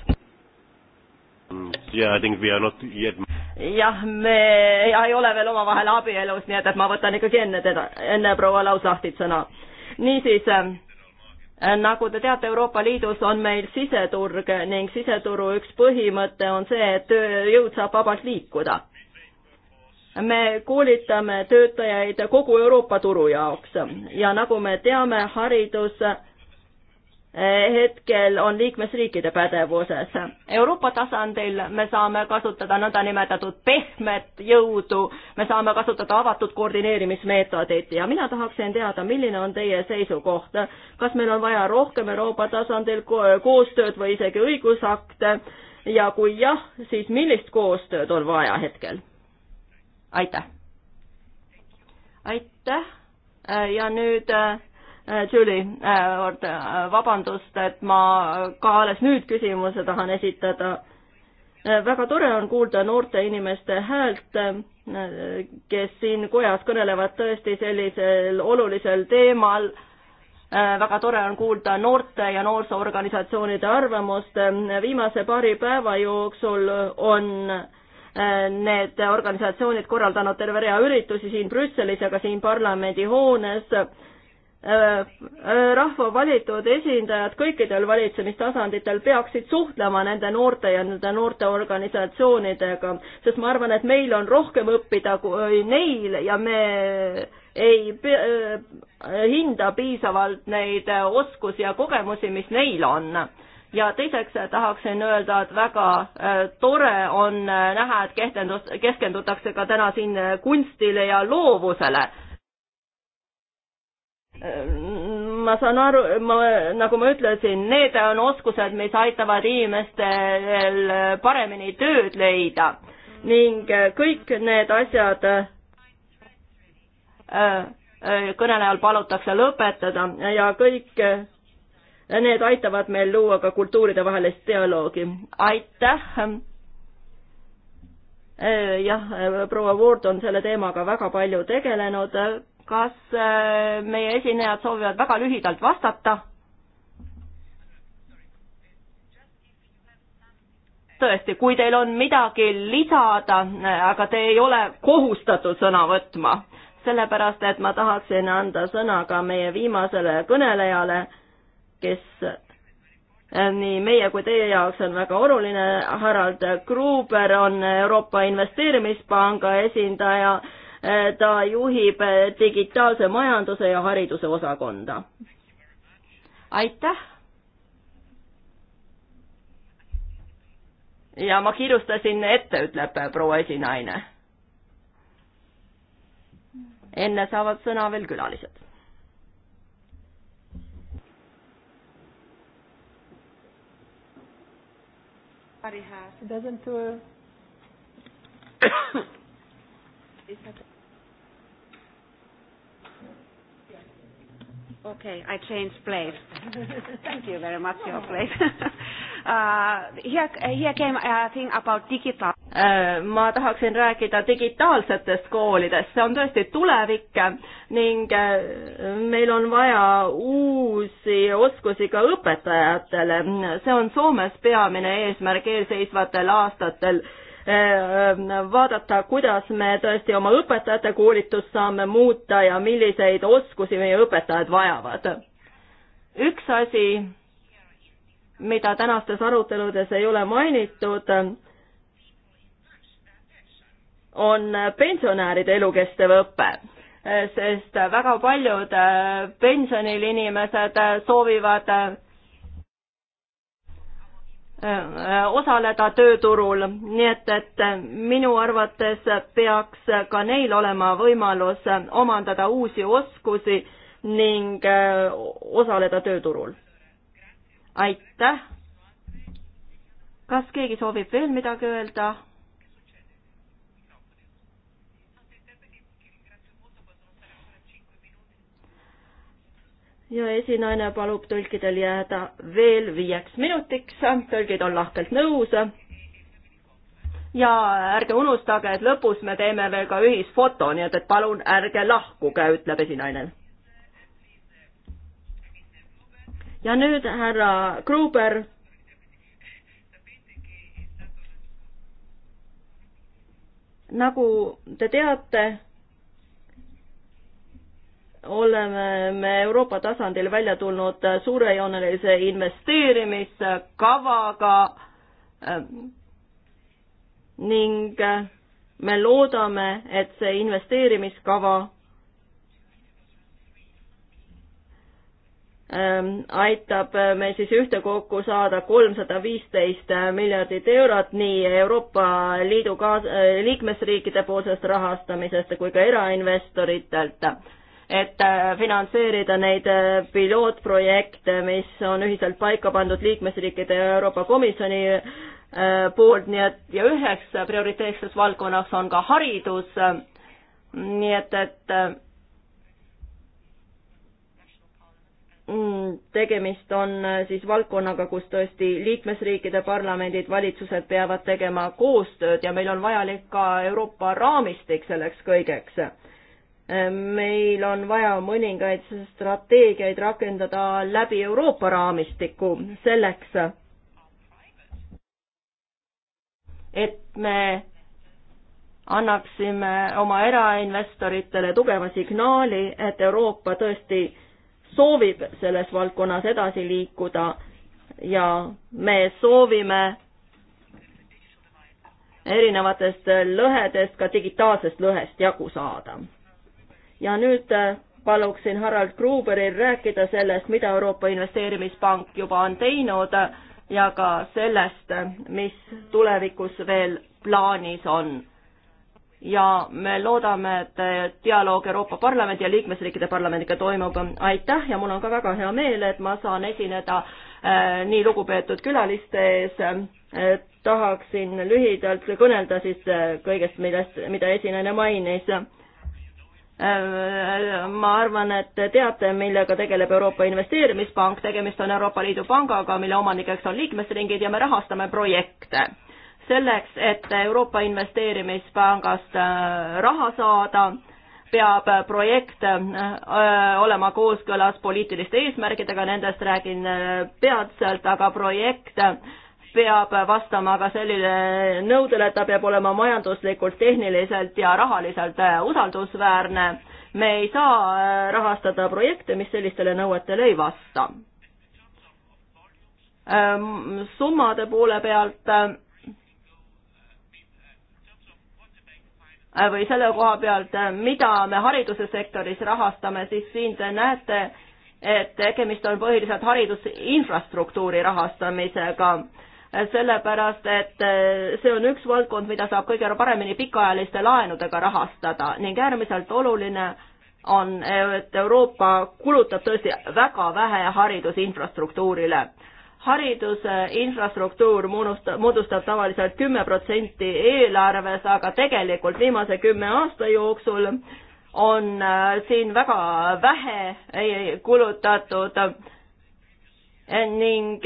S3: Yeah, I think we are not yet
S1: jah, me ei ole veel omavahel abielus, nii et, et ma võtan ikkagi enne teda, enne proua Lauslahtit sõna. niisiis äh,, nagu te teate, Euroopa Liidus on meil siseturg ning siseturu üks põhimõte on see, et tööjõud saab vabalt liikuda. me koolitame töötajaid kogu Euroopa turu jaoks ja nagu me teame, haridus äh, hetkel on liikmesriikide pädevuses. Euroopa tasandil me saame kasutada nõndanimetatud pehmet jõudu, me saame kasutada avatud koordineerimismeetodit ja mina tahaksin teada, milline on teie seisukoht, kas meil on vaja rohkem Euroopa tasandil koostööd või isegi õigusakte ja kui jah, siis millist koostööd on vaja hetkel? aitäh! aitäh ja nüüd äh, Äh, Julie, äh, äh, vabandust, et ma ka alles nüüd küsimuse tahan esitada. väga tore on kuulda noorte inimeste häält, kes siin kojas kõnelevad tõesti sellisel olulisel teemal väga tore on kuulda noorte ja noorsoorganisatsioonide arvamust. viimase paari päeva jooksul on need organisatsioonid korraldanud terve rea üritusi siin Brüsselis ja ka siin parlamendihoones Äh, äh, rahva valitud esindajad kõikidel valitsemistasanditel peaksid suhtlema nende noorte ja nende noorte organisatsioonidega, sest ma arvan, et meil on rohkem õppida kui neil ja me ei äh, hinda piisavalt neid oskusi ja kogemusi, mis neil on ja teiseks tahaksin öelda, et väga tore on näha, et kehtendus, keskendutakse ka täna siin kunstile ja loovusele ma saan aru, ma, nagu ma ütlesin, need on oskused, mis aitavad inimestel paremini tööd leida ning kõik need asjad äh, äh, kõnelejal palutakse lõpetada ja kõik need aitavad meil luua ka kultuuridevahelist dialoogi. aitäh! Äh, jah, proua Ward on selle teemaga väga palju tegelenud kas äh, meie esinejad soovivad väga lühidalt vastata? tõesti, kui teil on midagi lisada, äh, aga te ei ole kohustatud sõna võtma, sellepärast et ma tahaksin anda sõna ka meie viimasele kõnelejale, kes äh, nii meie kui teie jaoks on väga oluline. Harald Gruber on Euroopa Investeerimispanga esindaja ta juhib äh, digitaalse majanduse ja hariduse osakonda. aitäh! ja ma kiirustasin ette, ütleb proua esinaine. enne saavad sõna veel külalised.
S5: Doesn't uh,
S2: Okay, I changed place. Thank you very much, your place. uh,
S1: here, uh, here came a uh, thing about digital. Äh, ma tahaksin rääkida digitaalsetest koolidest, see on tõesti tulevik ning äh, meil on vaja uusi oskusi ka õpetajatele. see on Soomes peamine eesmärk eelseisvatel aastatel Äh, vaadata, kuidas me tõesti oma õpetajate koolitust saame muuta ja milliseid oskusi meie õpetajad vajavad. üks asi, mida tänastes aruteludes ei ole mainitud, on pensionäride elukestev õpe sest väga paljud pensionil inimesed soovivad Äh, osaleda tööturul, nii et, et minu arvates peaks ka neil olema võimalus omandada uusi oskusi ning äh, osaleda tööturul. aitäh. kas keegi soovib veel midagi öelda? ja esinaine palub tõlkidel jääda veel viieks minutiks, tõlgid on lahkelt nõus. ja ärge unustage, et lõpus me teeme veel ka ühisfoto, nii et, et palun ärge lahkuge, ütleb esinaine. ja nüüd härra Gruber nagu te teate, oleme me Euroopa tasandil välja tulnud suurejoonelise investeerimiskavaga ähm, ning äh, me loodame, et see investeerimiskava ähm, aitab äh, meil siis ühtekokku saada kolmsada viisteist äh, miljardit eurot nii Euroopa Liidu kaas-, liikmesriikide poolsest rahastamisest kui ka erainvestoritelt et äh, finantseerida neid äh, pilootprojekte, mis on ühiselt paika pandud liikmesriikide ja Euroopa Komisjoni äh, poolt, nii et ja üheks prioriteetseks valdkonnaks on ka haridus, nii et, et mm, tegemist on siis valdkonnaga, kus tõesti liikmesriikide parlamendid, valitsused peavad tegema koostööd ja meil on vajalik ka Euroopa raamistik selleks kõigeks meil on vaja mõningaid strateegiaid rakendada läbi Euroopa raamistiku selleks, et me annaksime oma erainvestoritele tugeva signaali, et Euroopa tõesti soovib selles valdkonnas edasi liikuda ja me soovime erinevatest lõhedest, ka digitaalsest lõhest jagu saada ja nüüd äh, paluksin Harald Gruberil rääkida sellest, mida Euroopa Investeerimispank juba on teinud äh, ja ka sellest, äh, mis tulevikus veel plaanis on. ja me loodame, et dialoog Euroopa Parlamendi ja liikmesriikide parlamendiga toimub. aitäh ja mul on ka väga hea meel, et ma saan esineda nii lugupeetud külaliste ees. tahaksin lühidalt kõnelda siis kõigest, millest, mida esinejana mainis Äh, ma arvan, et teate, millega tegeleb Euroopa Investeerimispank, tegemist on Euroopa Liidu pangaga, mille omanikeks on liikmesringid ja me rahastame projekte. selleks, et Euroopa Investeerimispangast äh, raha saada, peab projekt äh, olema kooskõlas poliitiliste eesmärkidega, nendest räägin peatselt, aga projekt peab vastama ka sellele nõudele, et ta peab olema majanduslikult, tehniliselt ja rahaliselt äh, usaldusväärne. me ei saa äh, rahastada projekte, mis sellistele nõuetele ei vasta. Ähm, summade poole pealt äh, või selle koha pealt, mida me hariduse sektoris rahastame, siis siin te näete, et tegemist on põhiliselt haridusinfrastruktuuri rahastamisega sellepärast et eh, see on üks valdkond, mida saab kõige paremini pikaajaliste laenudega rahastada ning äärmiselt oluline on, et Euroopa kulutab tõesti väga vähe haridusinfrastruktuurile. hariduse infrastruktuur moodustab, moodustab tavaliselt kümme protsenti eelarves, aga tegelikult viimase kümne aasta jooksul on eh, siin väga vähe eh, kulutatud ning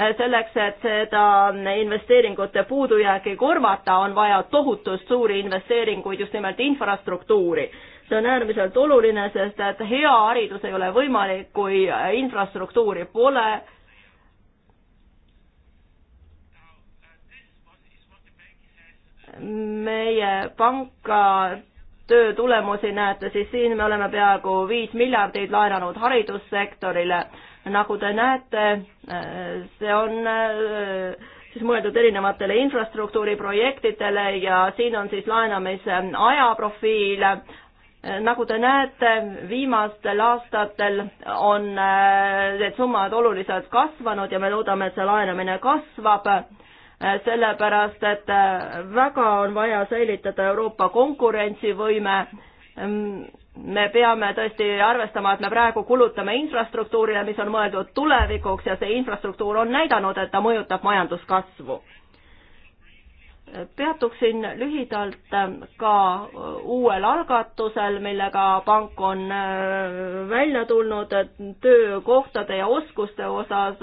S1: Äh, selleks, et seda investeeringute puudujääki korvata, on vaja tohutult suuri investeeringuid just nimelt infrastruktuuri. see on äärmiselt oluline, sest et hea haridus ei ole võimalik, kui infrastruktuuri pole meie panka töö tulemusi näete, siis siin me oleme peaaegu viis miljardit laenanud haridussektorile nagu te näete, see on äh, siis mõeldud erinevatele infrastruktuuriprojektidele ja siin on siis laenamise ajaprofiil. nagu te näete, viimastel aastatel on äh, need summad oluliselt kasvanud ja me loodame, et see laenamine kasvab äh, sellepärast, et väga on vaja säilitada Euroopa konkurentsivõime mm, me peame tõesti arvestama, et me praegu kulutame infrastruktuurile, mis on mõeldud tulevikuks ja see infrastruktuur on näidanud, et ta mõjutab majanduskasvu. peatuksin lühidalt ka uuel algatusel, millega pank on äh, välja tulnud töökohtade ja oskuste osas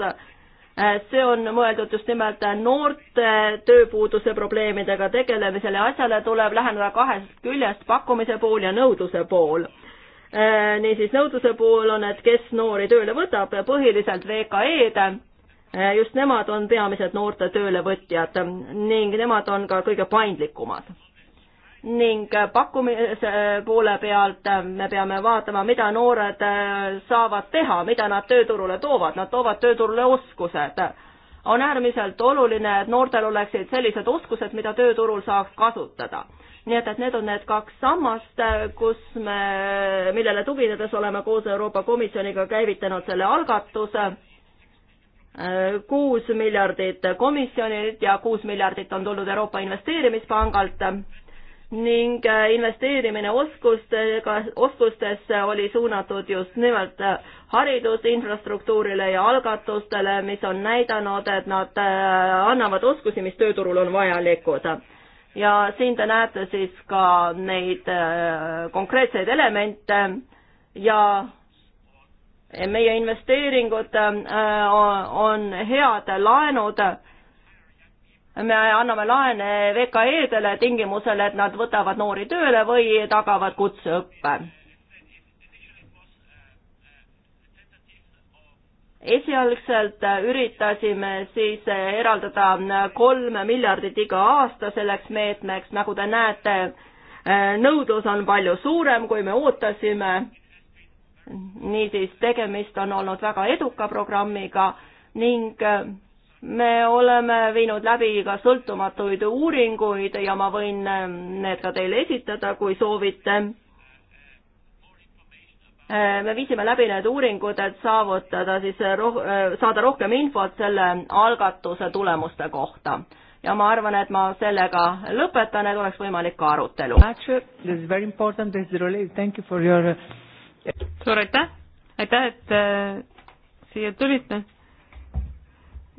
S1: Äh, see on mõeldud just nimelt äh, noorte tööpuuduse probleemidega tegelemisele, asjale tuleb läheneda kahest küljest, pakkumise pool ja nõudluse pool. Äh, niisiis, nõudluse pool on, et kes noori tööle võtab, põhiliselt VKE-d, just nemad on peamised noorte töölevõtjad ning nemad on ka kõige paindlikumad ning pakkumise poole pealt me peame vaatama, mida noored saavad teha, mida nad tööturule toovad, nad toovad tööturule oskused. on äärmiselt oluline, et noortel oleksid sellised oskused, mida tööturul saaks kasutada. nii et, et need on need kaks sammast, kus me, millele tuginedes oleme koos Euroopa Komisjoniga käivitanud selle algatuse kuus miljardit komisjonilt ja kuus miljardit on tulnud Euroopa Investeerimispangalt ning äh, investeerimine oskustega, oskustesse oli suunatud just nimelt äh, haridusinfrastruktuurile ja algatustele, mis on näidanud, et nad äh, annavad oskusi, mis tööturul on vajalikud. ja siin te näete siis ka neid konkreetseid elemente ja meie investeeringud on head laenud me anname laene VKE-dele tingimusel, et nad võtavad noori tööle või tagavad kutseõppe. esialgselt üritasime siis eraldada kolm miljardit iga aasta selleks meetmeks, nagu te näete, nõudlus on palju suurem, kui me ootasime. niisiis, tegemist on olnud väga eduka programmiga ning me oleme viinud läbi ka sõltumatuid uuringuid ja ma võin ähm, need ka teile esitada, kui soovite. Äh, me viisime läbi need uuringud, et saavutada siis roh-, äh, saada rohkem infot selle algatuse tulemuste kohta. ja ma arvan, et ma sellega lõpetan, et oleks võimalik ka arutelu.
S4: suur aitäh, aitäh, et äh, siia tulite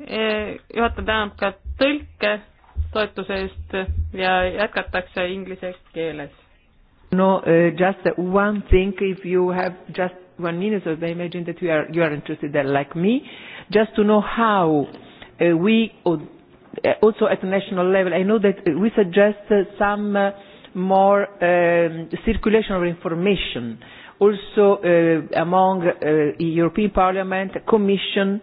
S4: juhataja tänab ka tõlke toetuse eest ja jätkatakse inglise keeles.
S5: No uh, just one thing if you have just one minute, so I imagine that you are, you are interested there like me, just to know how uh, we uh, also at national level, I know that we suggest uh, some uh, more um, circulation of information also uh, among uh, European Parliament, Commission,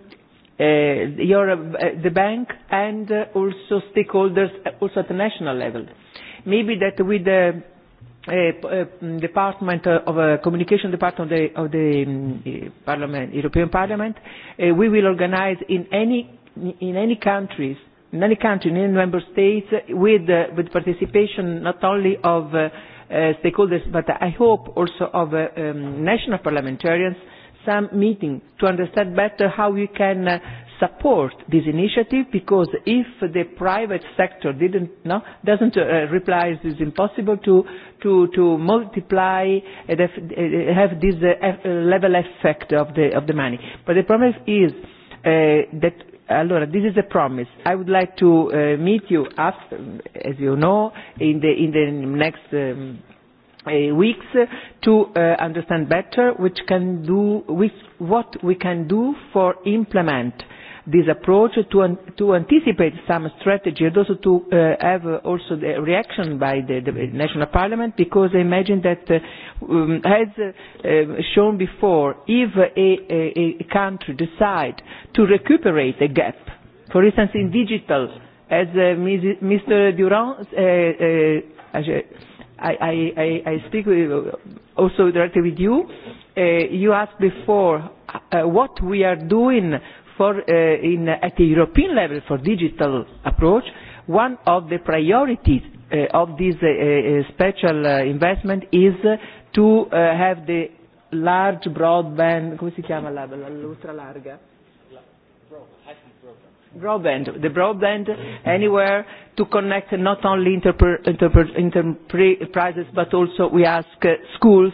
S5: uh, your, uh, the bank and uh, also stakeholders uh, also at the national level. Maybe that with the uh, uh, mm, department uh, of uh, communication department of the, of the um, parliament, European Parliament, uh, we will organize in any in any countries in any country, in any member states, with, uh, with participation not only of uh, uh, stakeholders, but I hope also of uh, um, national parliamentarians, uh, some meeting to understand better how we can uh, support this initiative because if the private sector didn't no doesn't uh, reply it is impossible to to to multiply and uh, uh, have this uh, uh, level effect of the of the money but the problem is uh, that Allora, this is a promise. I would like to uh, meet you, after, as you know, in the, in the next um, Uh, weeks to uh, understand better which can do, which, what we can do for implement this approach to, an, to anticipate some strategy and also to uh, have uh, also the reaction by the, the national parliament because I imagine that uh, um, as uh, uh, shown before, if a, a, a country decides to recuperate a gap, for instance in digital, as uh, Mrs. Mr. Durand uh, uh, uh I, I, I speak with, also directly with you. Uh, you asked before uh, what we are doing for, uh, in, at the European level for digital approach. One of the priorities uh, of this uh, uh, special uh, investment is uh, to uh, have the large broadband, come si chiama la, la, l'ultralarga? larga? broadband, the broadband anywhere to connect not only enterprises but also we ask uh, schools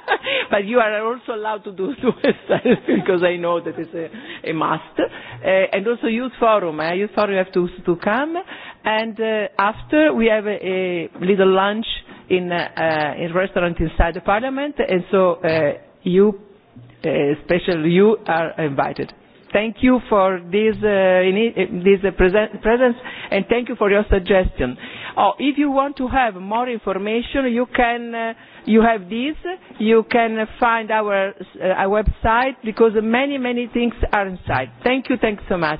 S5: but you are also allowed to do suicide because I know that it's a, a must. Uh, and also youth forum. Uh, youth forum you have to, to come. And uh, after we have a, a little lunch in uh, uh in restaurant inside the parliament. And so uh, you, uh, especially you, are invited thank you for this, uh, uh this uh, present, presence and thank you for your suggestion. Oh, if you want to have more information, you can, uh, you have this, you can find our, uh, our website because many, many things are inside. Thank you, thanks so much.